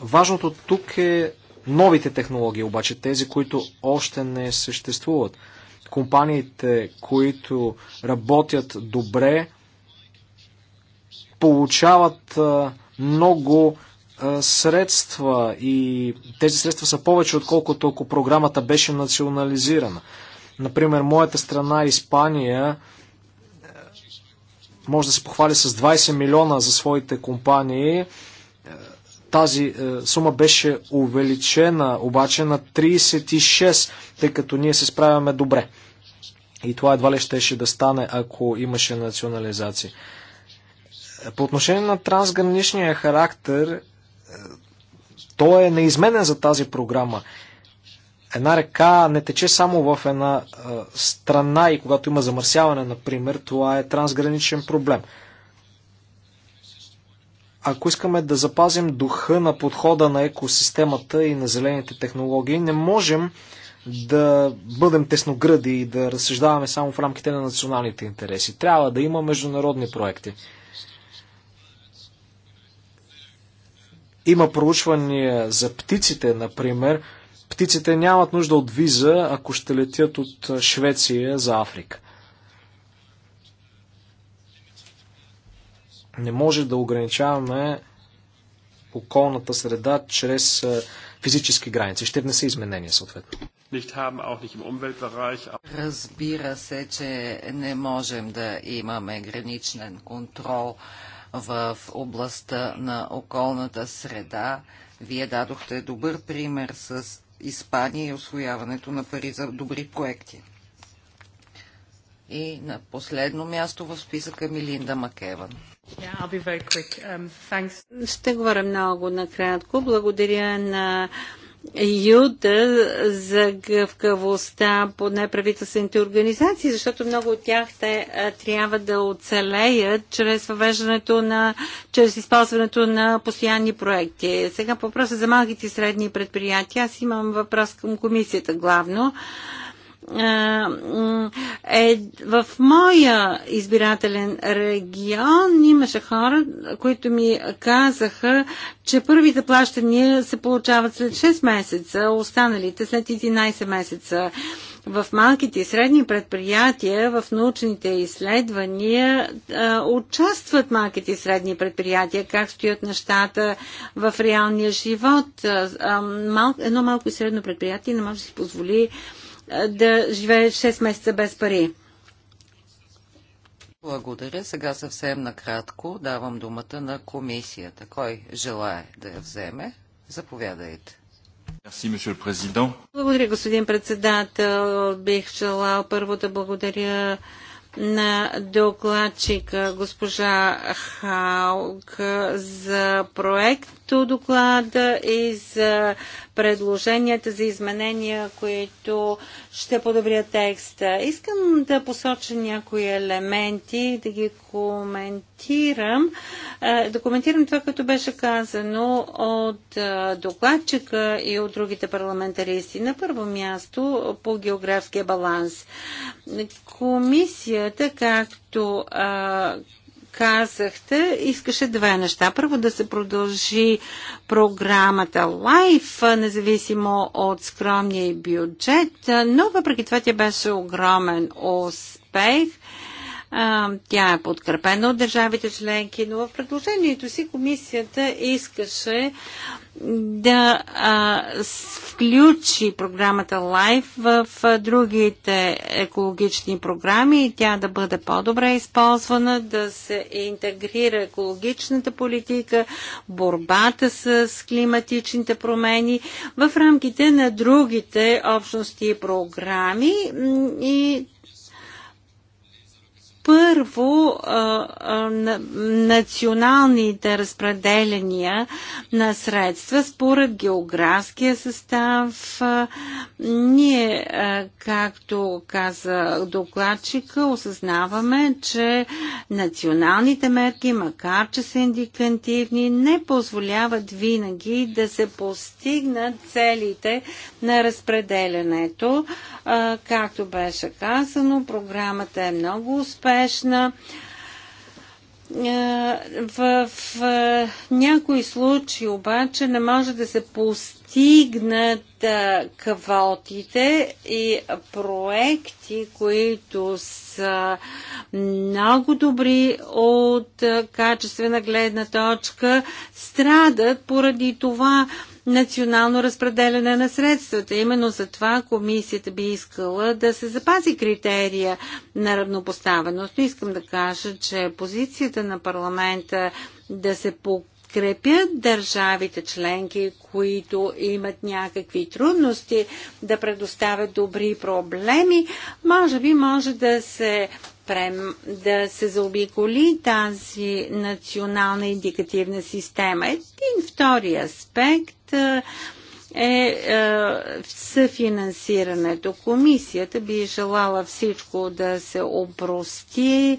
Важното тук е новите технологии, обаче тези, които още не съществуват. Компаниите, които работят добре, получават много средства и тези средства са повече, отколкото ако програмата беше национализирана. Например, моята страна Испания може да се похвали с 20 милиона за своите компании, тази е, сума беше увеличена обаче на 36, тъй като ние се справяме добре. И това едва ли щеше да стане, ако имаше национализация. Е, по отношение на трансграничния характер, е, той е неизменен за тази програма. Една река не тече само в една страна и когато има замърсяване, например, това е трансграничен проблем ако искаме да запазим духа на подхода на екосистемата и на зелените технологии, не можем да бъдем тесногради и да разсъждаваме само в рамките на националните интереси. Трябва да има международни проекти. Има проучвания за птиците, например. Птиците нямат нужда от виза, ако ще летят от Швеция за Африка. Не може да ограничаваме околната среда чрез е, физически граници. Ще внесе изменения съответно. Разбира се, че не можем да имаме граничен контрол в областта на околната среда. Вие дадохте добър пример с Испания и освояването на пари за добри проекти. И на последно място в списъка Милинда Макеван. Yeah, um, Ще говоря много накратко. Благодаря на Юда за гъвкавостта по неправителствените организации, защото много от тях те трябва да оцелеят чрез въвеждането на, чрез използването на постоянни проекти. Сега по въпроса за малките и средни предприятия, аз имам въпрос към комисията главно. А, е, в моя избирателен регион имаше хора, които ми казаха, че първите плащания се получават след 6 месеца, останалите след 11 месеца. В малките и средни предприятия, в научните изследвания участват малките и средни предприятия, как стоят нещата в реалния живот. едно малко и средно предприятие не може да си позволи да живее 6 месеца без пари. Благодаря. Сега съвсем накратко давам думата на комисията. Кой желая да я вземе? Заповядайте. Благодаря, господин председател. Бих желал първо да благодаря на докладчика госпожа Хаук за проекто доклада и за предложенията за изменения, които ще подобрят текста. Искам да посоча някои елементи, да ги коментирам, е, да коментирам това, което беше казано от е, докладчика и от другите парламентаристи. На първо място по географския баланс. Комисията, както е, казахте, искаше две неща. Първо да се продължи програмата ЛАЙФ, независимо от скромния бюджет, но въпреки това тя беше огромен успех тя е подкрепена от държавите членки, но в предложението си комисията искаше да включи програмата LIFE в другите екологични програми и тя да бъде по-добре използвана, да се интегрира екологичната политика, борбата с климатичните промени в рамките на другите общности и програми и първо националните разпределения на средства според географския състав. ние, както каза докладчика, осъзнаваме, че националните мерки, макар че са индикативни, не позволяват винаги да се постигнат целите на разпределянето. Както беше казано, програмата е много успешна успешна. Е, в, в е, някои случаи обаче не може да се постигнат е, квотите и проекти, които са много добри от качествена гледна точка, страдат поради това, национално разпределяне на средствата. Именно за това комисията би искала да се запази критерия на равнопоставеност. искам да кажа, че позицията на парламента да се по подкрепят държавите членки, които имат някакви трудности да предоставят добри проблеми, може би може да се спрем да се заобиколи тази национална индикативна система. Един втори аспект е, е, е съфинансирането. Комисията би желала всичко да се опрости, е,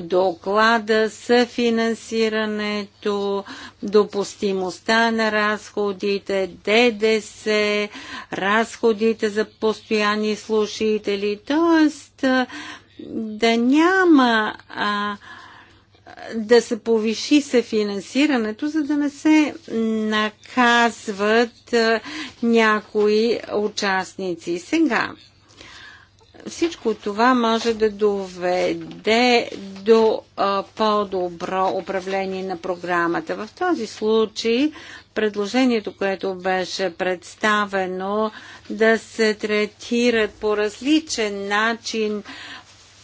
доклада, съфинансирането, допустимостта на разходите, ДДС, разходите за постоянни слушатели, т.е да няма а, да се повиши съфинансирането, за да не се наказват а, някои участници. Сега, всичко това може да доведе до по-добро управление на програмата. В този случай предложението, което беше представено да се третират по различен начин а,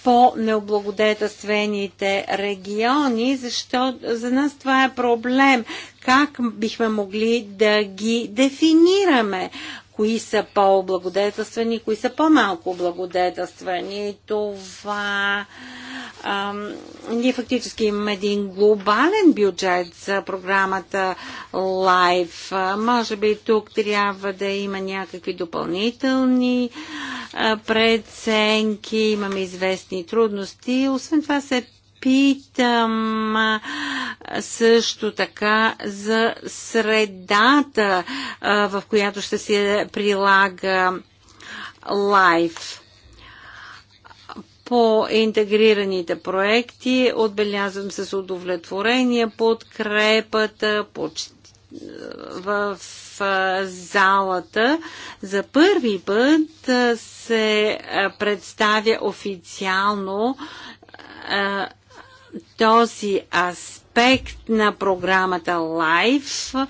по-необлагодетелствените региони, защото за нас това е проблем. Как бихме могли да ги дефинираме? кои са по-облагодетелствани, кои са по-малко облагодетелствени? Това ние фактически имаме един глобален бюджет за програмата Life. Може би тук трябва да има някакви допълнителни преценки, имаме известни трудности. Освен това се питам също така за средата, в която ще се прилага лайф по интегрираните проекти. Отбелязвам с удовлетворение подкрепата почти в залата за първи път се представя официално този аспект аспект на програмата LIFE,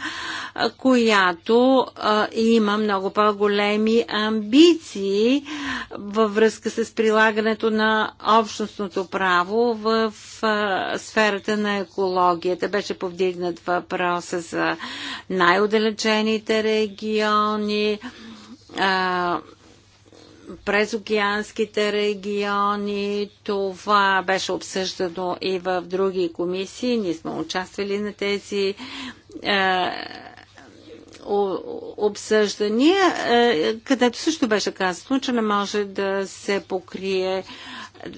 която а, има много по-големи амбиции във връзка с прилагането на общностното право в а, сферата на екологията. Беше повдигнат въпроса за най-удалечените региони. А, през океанските региони. Това беше обсъждано и в други комисии. Ние сме участвали на тези е, обсъждания, е, където също беше казано, че не може да се покрие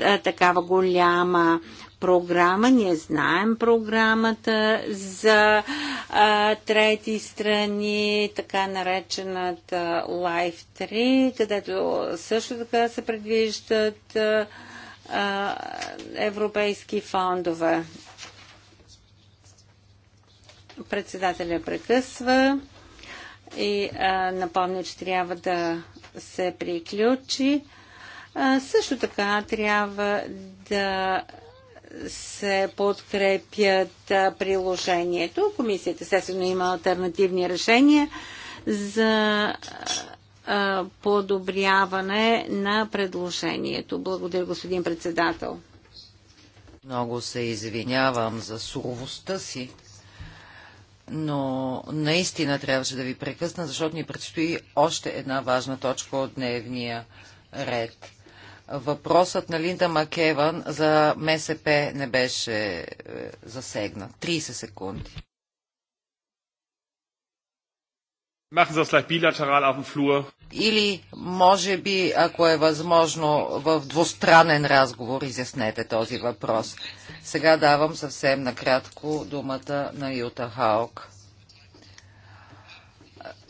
е, такава голяма програма, ние знаем програмата за а, трети страни, така наречената Life 3, където също така се предвиждат а, а, европейски фондове. Председателя прекъсва и а, напомня, че трябва да се приключи. А, също така трябва да се подкрепят приложението. Комисията естествено има альтернативни решения за подобряване на предложението. Благодаря, господин председател. Много се извинявам за суровостта си, но наистина трябваше да ви прекъсна, защото ни предстои още една важна точка от дневния ред въпросът на Линда Макеван за МСП не беше е, засегнат. 30 секунди. Или, може би, ако е възможно, в двустранен разговор изяснете този въпрос. Сега давам съвсем накратко думата на Юта Хаук.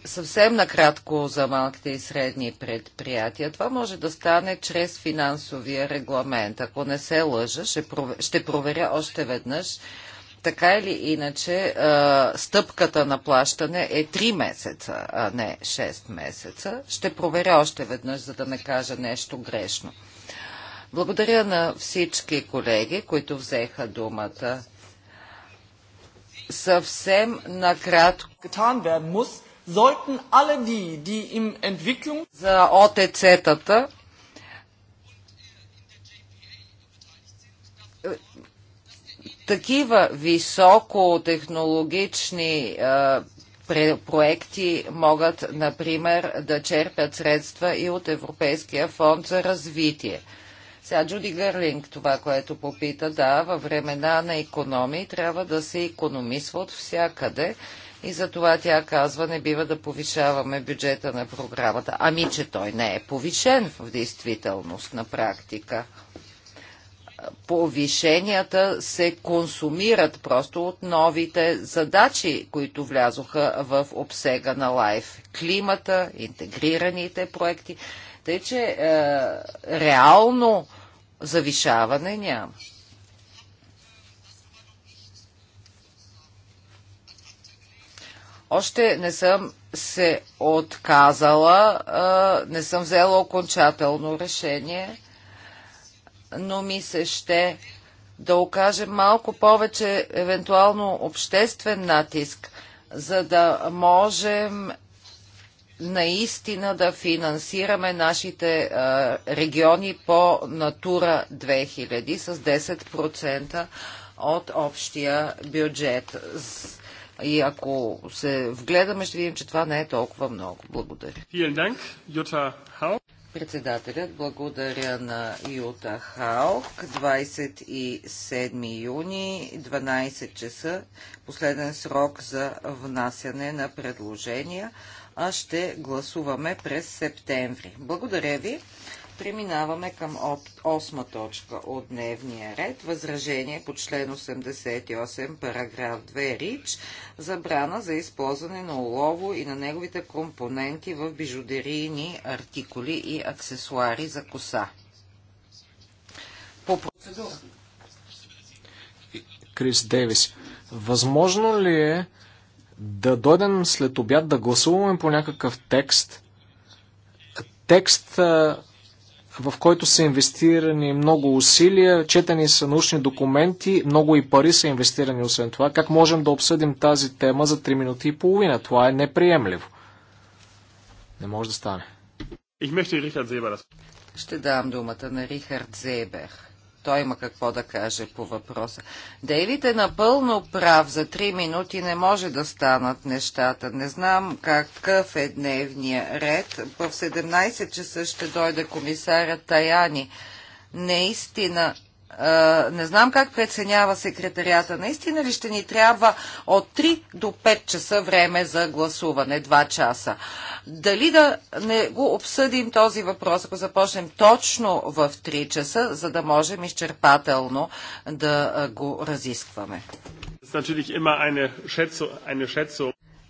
Съвсем накратко за малките и средни предприятия. Това може да стане чрез финансовия регламент. Ако не се лъжа, ще, ще проверя още веднъж. Така или иначе, стъпката на плащане е 3 месеца, а не 6 месеца. Ще проверя още веднъж, за да не кажа нещо грешно. Благодаря на всички колеги, които взеха думата. Съвсем накратко sollten alle die, die im Entwicklung за отц е, такива високотехнологични е, проекти могат, например, да черпят средства и от Европейския фонд за развитие. Сега Джуди Гърлинг, това, което попита, да, във времена на економии трябва да се економисва от всякъде и затова тя казва, не бива да повишаваме бюджета на програмата. Ами, че той не е повишен в действителност на практика. Повишенията се консумират просто от новите задачи, които влязоха в обсега на лайф. Климата, интегрираните проекти. Тъй, че е, реално завишаване няма. Още не съм се отказала, не съм взела окончателно решение, но ми се ще да окажем малко повече евентуално обществен натиск, за да можем наистина да финансираме нашите региони по Натура 2000 с 10% от общия бюджет. И ако се вгледаме, ще видим, че това не е толкова много. Благодаря. Председателят благодаря на Юта Халк. 27 юни, 12 часа, последен срок за внасяне на предложения, а ще гласуваме през септември. Благодаря ви. Преминаваме към 8 точка от дневния ред. Възражение по член 88, параграф 2 РИЧ. Забрана за използване на олово и на неговите компоненти в бижудерийни артикули и аксесуари за коса. По процедура. Крис Дейвис. Възможно ли е да дойдем след обяд да гласуваме по някакъв текст – текст, в който са инвестирани много усилия, четени са научни документи, много и пари са инвестирани освен това. Как можем да обсъдим тази тема за 3 минути и половина? Това е неприемливо. Не може да стане. Ще дам думата на Рихард Зейбер. Той има какво да каже по въпроса. Дейвид е напълно прав. За три минути не може да станат нещата. Не знам какъв е дневния ред. В 17 часа ще дойде комисарят Таяни. Наистина не знам как преценява секретарията. Наистина ли ще ни трябва от 3 до 5 часа време за гласуване, 2 часа? Дали да не го обсъдим този въпрос, ако започнем точно в 3 часа, за да можем изчерпателно да го разискваме?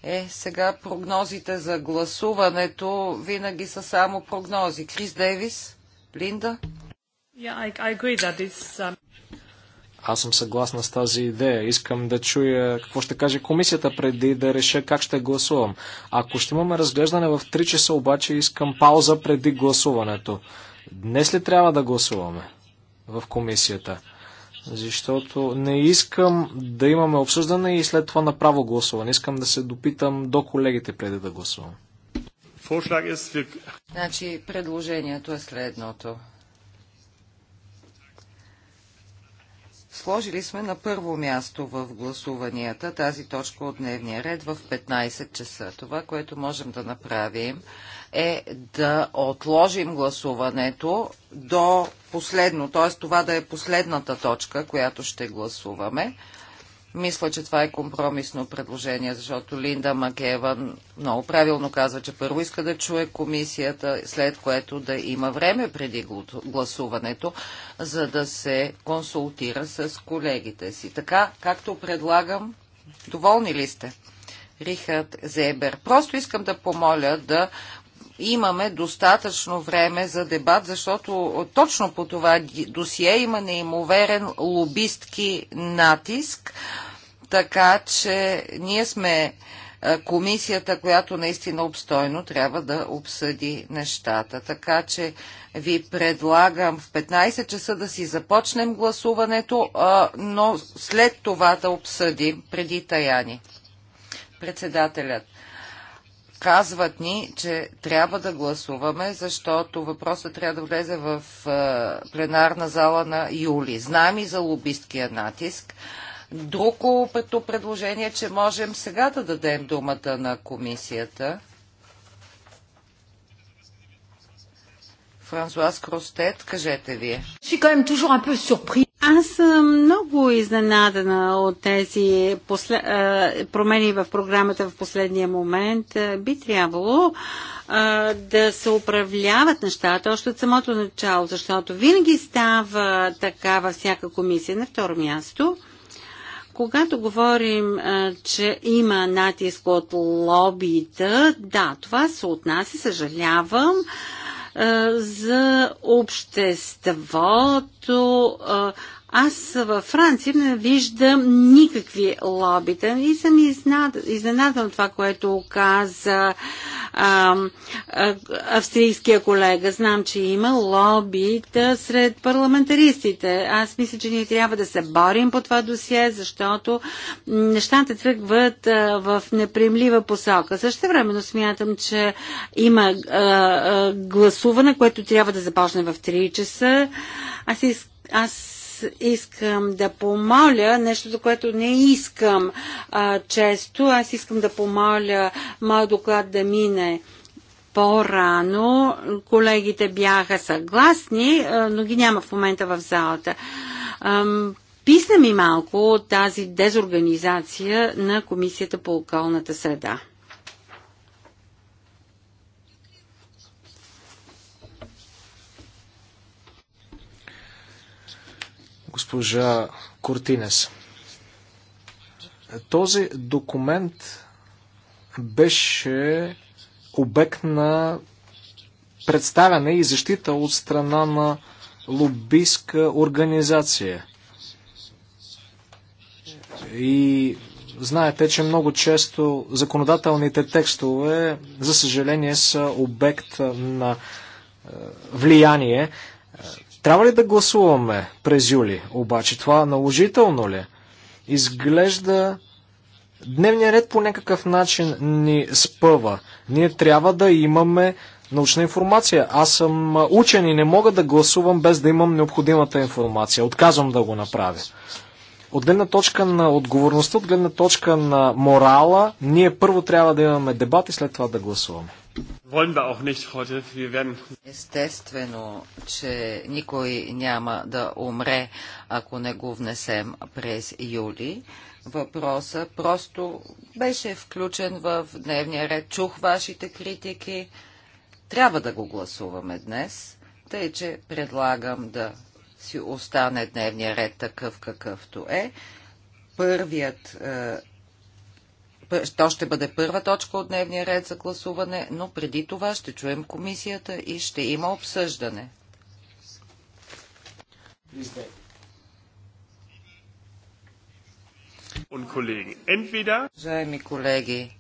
Е, сега прогнозите за гласуването винаги са само прогнози. Крис Дейвис, Линда? Um, Аз съм съгласна с тази идея. Искам да чуя какво ще каже комисията преди да реша как ще гласувам. Ако ще имаме разглеждане в 3 часа, обаче искам пауза преди гласуването. Днес ли трябва да гласуваме в комисията? Защото не искам да имаме обсъждане и след това направо гласуване. Искам да се допитам до колегите преди да гласувам. Значи предложението е следното. Сложили сме на първо място в гласуванията тази точка от дневния ред в 15 часа. Това, което можем да направим е да отложим гласуването до последно, т.е. това да е последната точка, която ще гласуваме. Мисля, че това е компромисно предложение, защото Линда Макеван много правилно казва, че първо иска да чуе комисията, след което да има време преди гласуването, за да се консултира с колегите си. Така, както предлагам, доволни ли сте? Рихард Зебер. Просто искам да помоля да имаме достатъчно време за дебат, защото точно по това досие има неимоверен лобистки натиск, така че ние сме е, комисията, която наистина обстойно трябва да обсъди нещата. Така че ви предлагам в 15 часа да си започнем гласуването, е, но след това да обсъдим преди таяни. Председателят Казват ни, че трябва да гласуваме, защото въпросът трябва да влезе в пленарна зала на юли. Знаем и за лобисткия натиск. Друго предложение, че можем сега да дадем думата на комисията Франсуаз Кростет, кажете вие. Аз съм много изненадана от тези после... промени в програмата в последния момент. Би трябвало да се управляват нещата още от самото начало, защото винаги става така във всяка комисия. На второ място, когато говорим, че има натиск от лобита, да, това се отнася, съжалявам, за обществото, аз във Франция не виждам никакви лобита и съм изненадан това, което каза а, австрийския колега. Знам, че има лобита сред парламентаристите. Аз мисля, че ние трябва да се борим по това досие, защото нещата тръгват в неприемлива посока. Също времено смятам, че има а, а, гласуване, което трябва да започне в 3 часа. Аз, аз аз искам да помоля нещо, за което не искам а, често. Аз искам да помоля моят доклад да мине по-рано. Колегите бяха съгласни, но ги няма в момента в залата. Писна ми малко от тази дезорганизация на Комисията по околната среда. госпожа Кортинес. Този документ беше обект на представяне и защита от страна на лобистка организация. И знаете, че много често законодателните текстове, за съжаление, са обект на е, влияние трябва ли да гласуваме през юли? Обаче това наложително ли? Изглежда дневният ред по някакъв начин ни спъва. Ние трябва да имаме научна информация. Аз съм учен и не мога да гласувам без да имам необходимата информация. Отказвам да го направя. От гледна точка на отговорността, от гледна точка на морала, ние първо трябва да имаме дебат и след това да гласуваме. Естествено, че никой няма да умре, ако не го внесем през юли. Въпроса просто беше включен в дневния ред. Чух вашите критики. Трябва да го гласуваме днес, тъй че предлагам да си остане дневния ред такъв какъвто е. Първият е, то ще бъде първа точка от дневния ред за гласуване, но преди това ще чуем комисията и ще има обсъждане. Уважаеми колеги,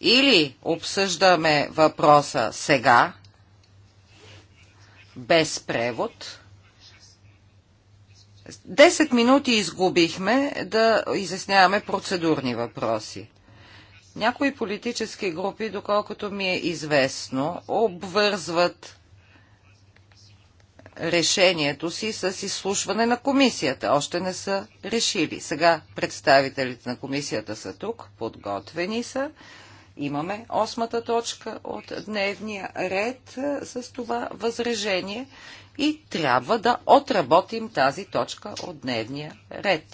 или обсъждаме въпроса сега, без превод. Десет минути изгубихме да изясняваме процедурни въпроси. Някои политически групи, доколкото ми е известно, обвързват решението си с изслушване на комисията. Още не са решили. Сега представителите на комисията са тук, подготвени са. Имаме осмата точка от дневния ред с това възражение и трябва да отработим тази точка от дневния ред.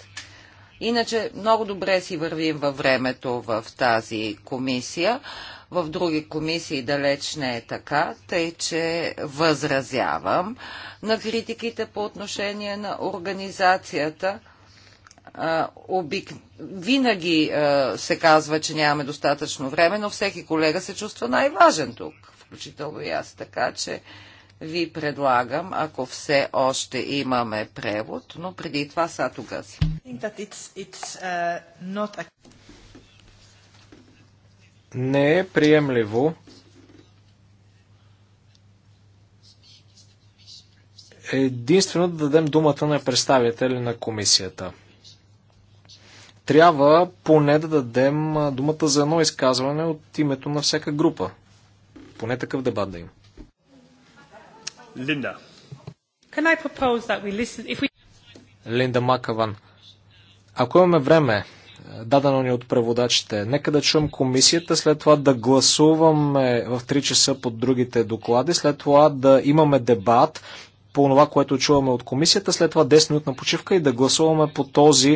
Иначе много добре си вървим във времето в тази комисия. В други комисии далеч не е така, тъй че възразявам на критиките по отношение на организацията. Обик... Винаги се казва, че нямаме достатъчно време, но всеки колега се чувства най-важен тук, включително и аз, така че ви предлагам, ако все още имаме превод, но преди това са тук си. Не е приемливо единствено да дадем думата на представители на комисията. Трябва поне да дадем думата за едно изказване от името на всяка група. Поне такъв дебат да има. Linda. Can I propose that we listen if we... Линда Макаван. Ако имаме време, дадено ни от преводачите, нека да чуем комисията, след това да гласуваме в 3 часа под другите доклади, след това да имаме дебат по това, което чуваме от комисията, след това 10 минутна почивка и да гласуваме по този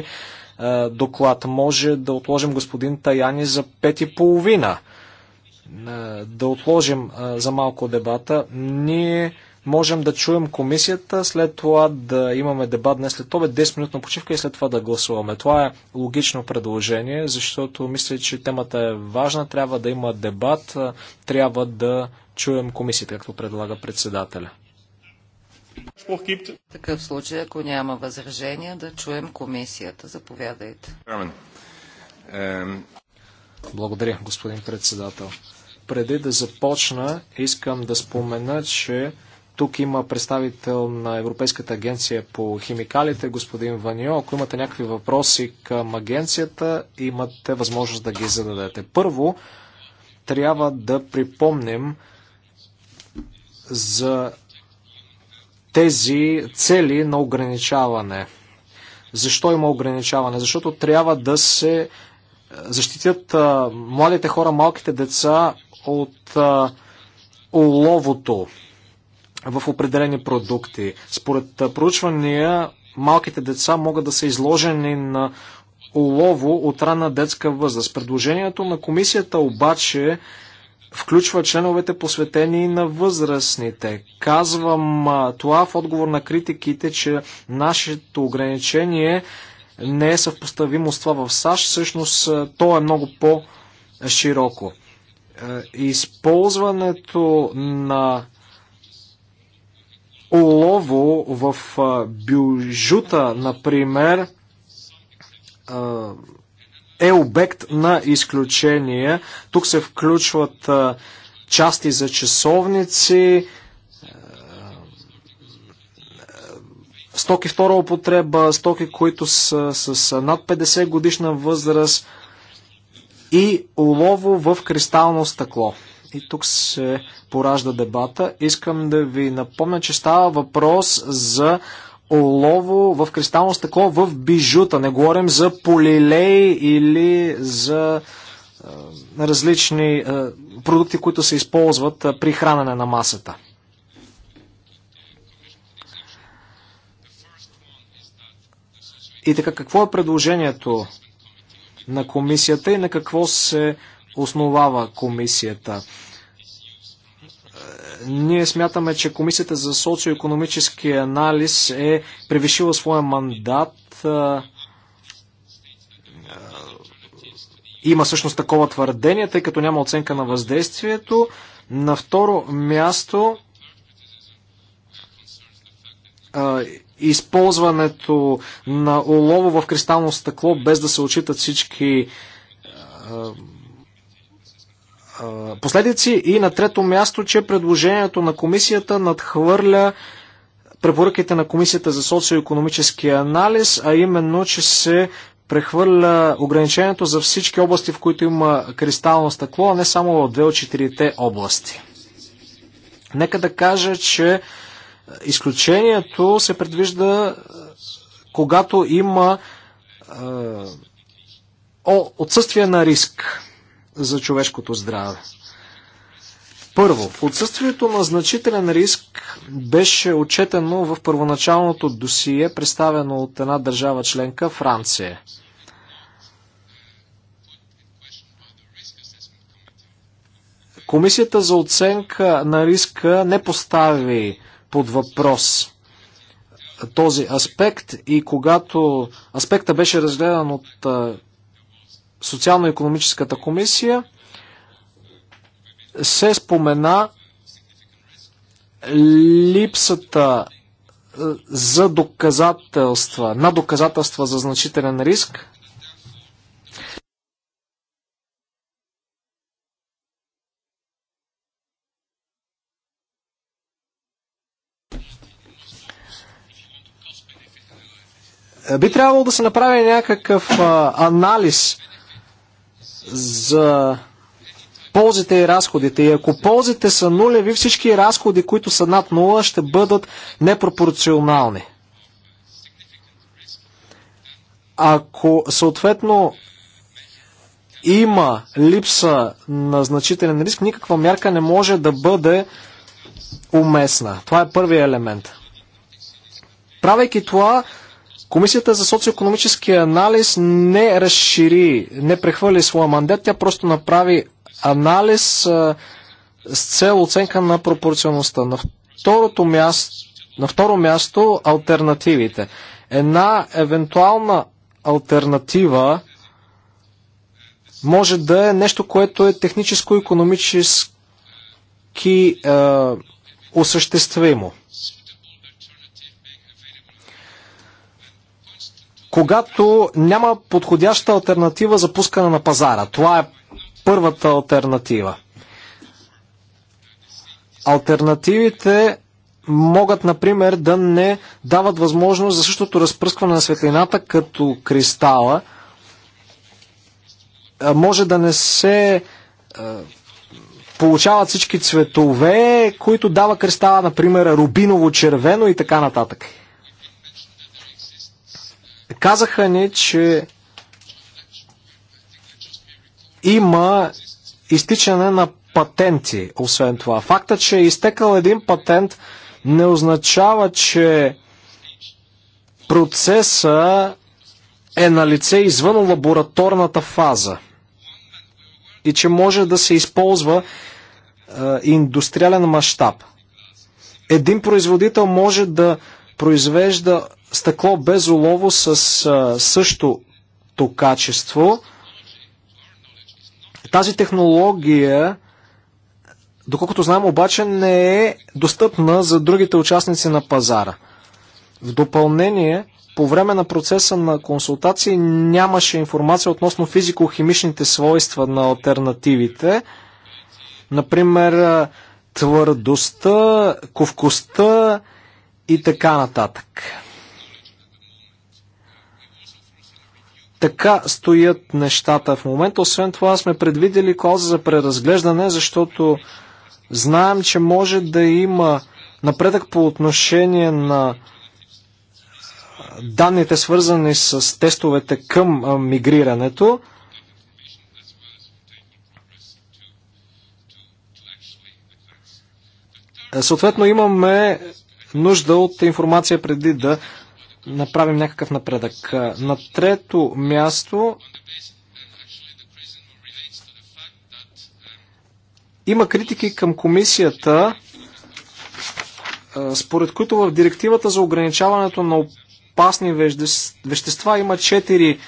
е, доклад. Може да отложим господин Таяни за 5 и половина. Е, да отложим е, за малко дебата. Ние можем да чуем комисията, след това да имаме дебат днес след обед, 10-минутна почивка и след това да гласуваме. Това е логично предложение, защото мисля, че темата е важна, трябва да има дебат, трябва да чуем комисията, както предлага председателя. В такъв случай, ако няма възражения, да чуем комисията. Заповядайте. Благодаря, господин председател. Преди да започна, искам да спомена, че тук има представител на Европейската агенция по химикалите, господин Ванио. Ако имате някакви въпроси към агенцията, имате възможност да ги зададете. Първо, трябва да припомним за тези цели на ограничаване. Защо има ограничаване? Защото трябва да се защитят а, младите хора, малките деца от а, уловото, в определени продукти. Според проучвания, малките деца могат да са изложени на улово от ранна детска възраст. Предложението на комисията обаче включва членовете посветени на възрастните. Казвам това в отговор на критиките, че нашето ограничение не е съвпоставимо с това в САЩ. Всъщност то е много по-широко. Използването на олово в бюжута, например, е обект на изключение. Тук се включват части за часовници, стоки втора употреба, стоки, които са с над 50 годишна възраст и олово в кристално стъкло и тук се поражда дебата. Искам да ви напомня, че става въпрос за олово в кристално стъкло в бижута. Не говорим за полилей или за а, е, различни а, е, продукти, които се използват а, е, при хранене на масата. И така, какво е предложението на комисията и на какво се основава комисията. Ние смятаме, че комисията за социо-економически анализ е превишила своя мандат. Има всъщност такова твърдение, тъй като няма оценка на въздействието. На второ място използването на олово в кристално стъкло, без да се отчитат всички последици и на трето място, че предложението на комисията надхвърля препоръките на комисията за социо-економически анализ, а именно, че се прехвърля ограничението за всички области, в които има кристално стъкло, а не само в две от четирите области. Нека да кажа, че изключението се предвижда когато има е, отсъствие на риск за човешкото здраве. Първо, отсъствието на значителен риск беше отчетено в първоначалното досие, представено от една държава членка Франция. Комисията за оценка на риска не постави под въпрос този аспект и когато аспекта беше разгледан от социално-економическата комисия се спомена липсата е, за доказателства, на доказателства за значителен риск. Е, би трябвало да се направи някакъв а, е, анализ за ползите и разходите. И ако ползите са нулеви, всички разходи, които са над нула, ще бъдат непропорционални. Ако съответно има липса на значителен риск, никаква мярка не може да бъде уместна. Това е първият елемент. Правейки това, Комисията за социоекономически анализ не разшири, не прехвърли своя мандат, тя просто направи анализ а, с цел оценка на пропорционалността. На, второто място, на второ място альтернативите. Една евентуална альтернатива може да е нещо, което е техническо-економически е, осъществимо. когато няма подходяща альтернатива за пускане на пазара. Това е първата альтернатива. Альтернативите могат, например, да не дават възможност за същото разпръскване на светлината като кристала. Може да не се получават всички цветове, които дава кристала, например, рубиново, червено и така нататък. Казаха ни, че има изтичане на патенти, освен това. Факта, че е изтекал един патент, не означава, че процеса е на лице извън лабораторната фаза и че може да се използва е, индустриален мащаб. Един производител може да произвежда стъкло без олово с а, същото качество. Тази технология, доколкото знам, обаче не е достъпна за другите участници на пазара. В допълнение, по време на процеса на консултации нямаше информация относно физико-химичните свойства на альтернативите. Например, твърдостта, ковкостта и така нататък. Така стоят нещата в момента. Освен това сме предвидели клауза за преразглеждане, защото знаем, че може да има напредък по отношение на данните свързани с тестовете към мигрирането. Е, съответно имаме нужда от информация преди да направим някакъв напредък. На трето място има критики към комисията, според които в директивата за ограничаването на опасни вещества има четири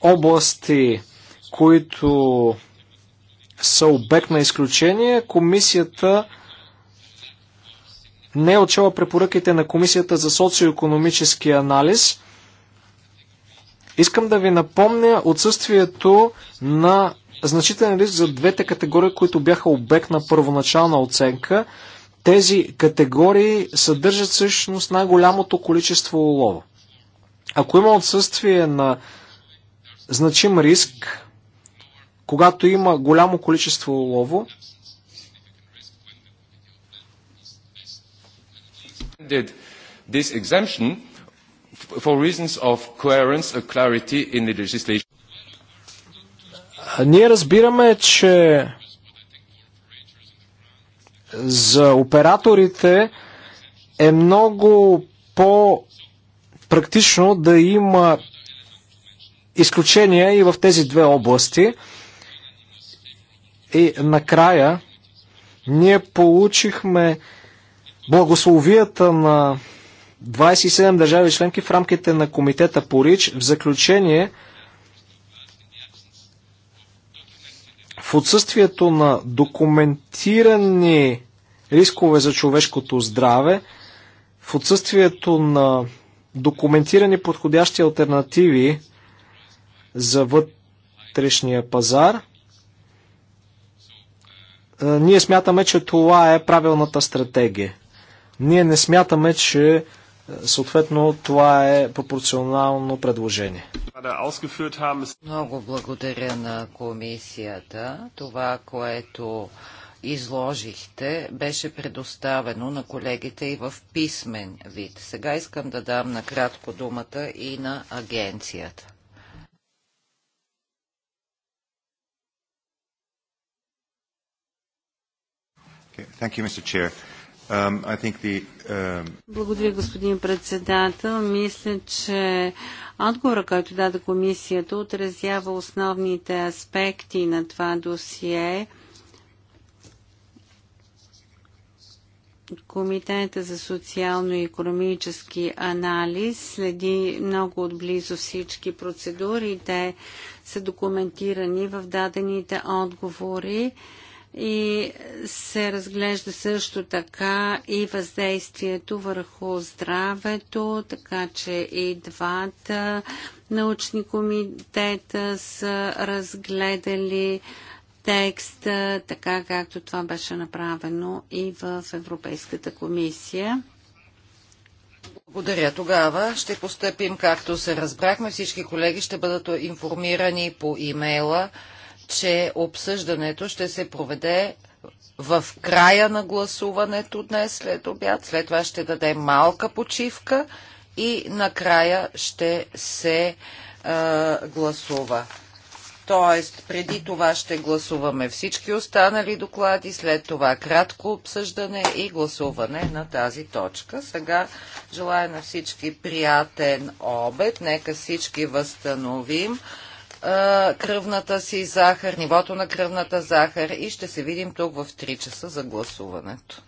области, които са обект на изключение. Комисията не е отчела препоръките на Комисията за социоекономически анализ. Искам да ви напомня отсъствието на значителен риск за двете категории, които бяха обект на първоначална оценка. Тези категории съдържат всъщност най-голямото количество улова. Ако има отсъствие на значим риск, когато има голямо количество улово, rejected this exemption for reasons of coherence or clarity in the legislation. Ние разбираме, че за операторите е много по-практично да има изключения и в тези две области. И накрая ние получихме благословията на 27 държави членки в рамките на комитета по РИЧ. В заключение, в отсъствието на документирани рискове за човешкото здраве, в отсъствието на документирани подходящи альтернативи за вътрешния пазар, е, ние смятаме, че това е правилната стратегия. Ние не смятаме, че е, съответно това е пропорционално предложение. Много благодаря на комисията. Това, което изложихте, беше предоставено на колегите и в писмен вид. Сега искам да дам накратко думата и на агенцията. Thank you, Mr. Chair. Um, um, Благодаря, господин председател. Мисля, че отговора, който даде комисията, отразява основните аспекти на това досие. Комитета за социално-економически и анализ следи много отблизо всички процедури. Те са документирани в дадените отговори и се разглежда също така и въздействието върху здравето, така че и двата научни комитета са разгледали текста, така както това беше направено и в Европейската комисия. Благодаря. Тогава ще постъпим както се разбрахме. Всички колеги ще бъдат информирани по имейла че обсъждането ще се проведе в края на гласуването днес след обяд. След това ще даде малка почивка и накрая ще се а, гласува. Тоест, преди това ще гласуваме всички останали доклади, след това кратко обсъждане и гласуване на тази точка. Сега желая на всички приятен обед. Нека всички възстановим кръвната си захар, нивото на кръвната захар и ще се видим тук в 3 часа за гласуването.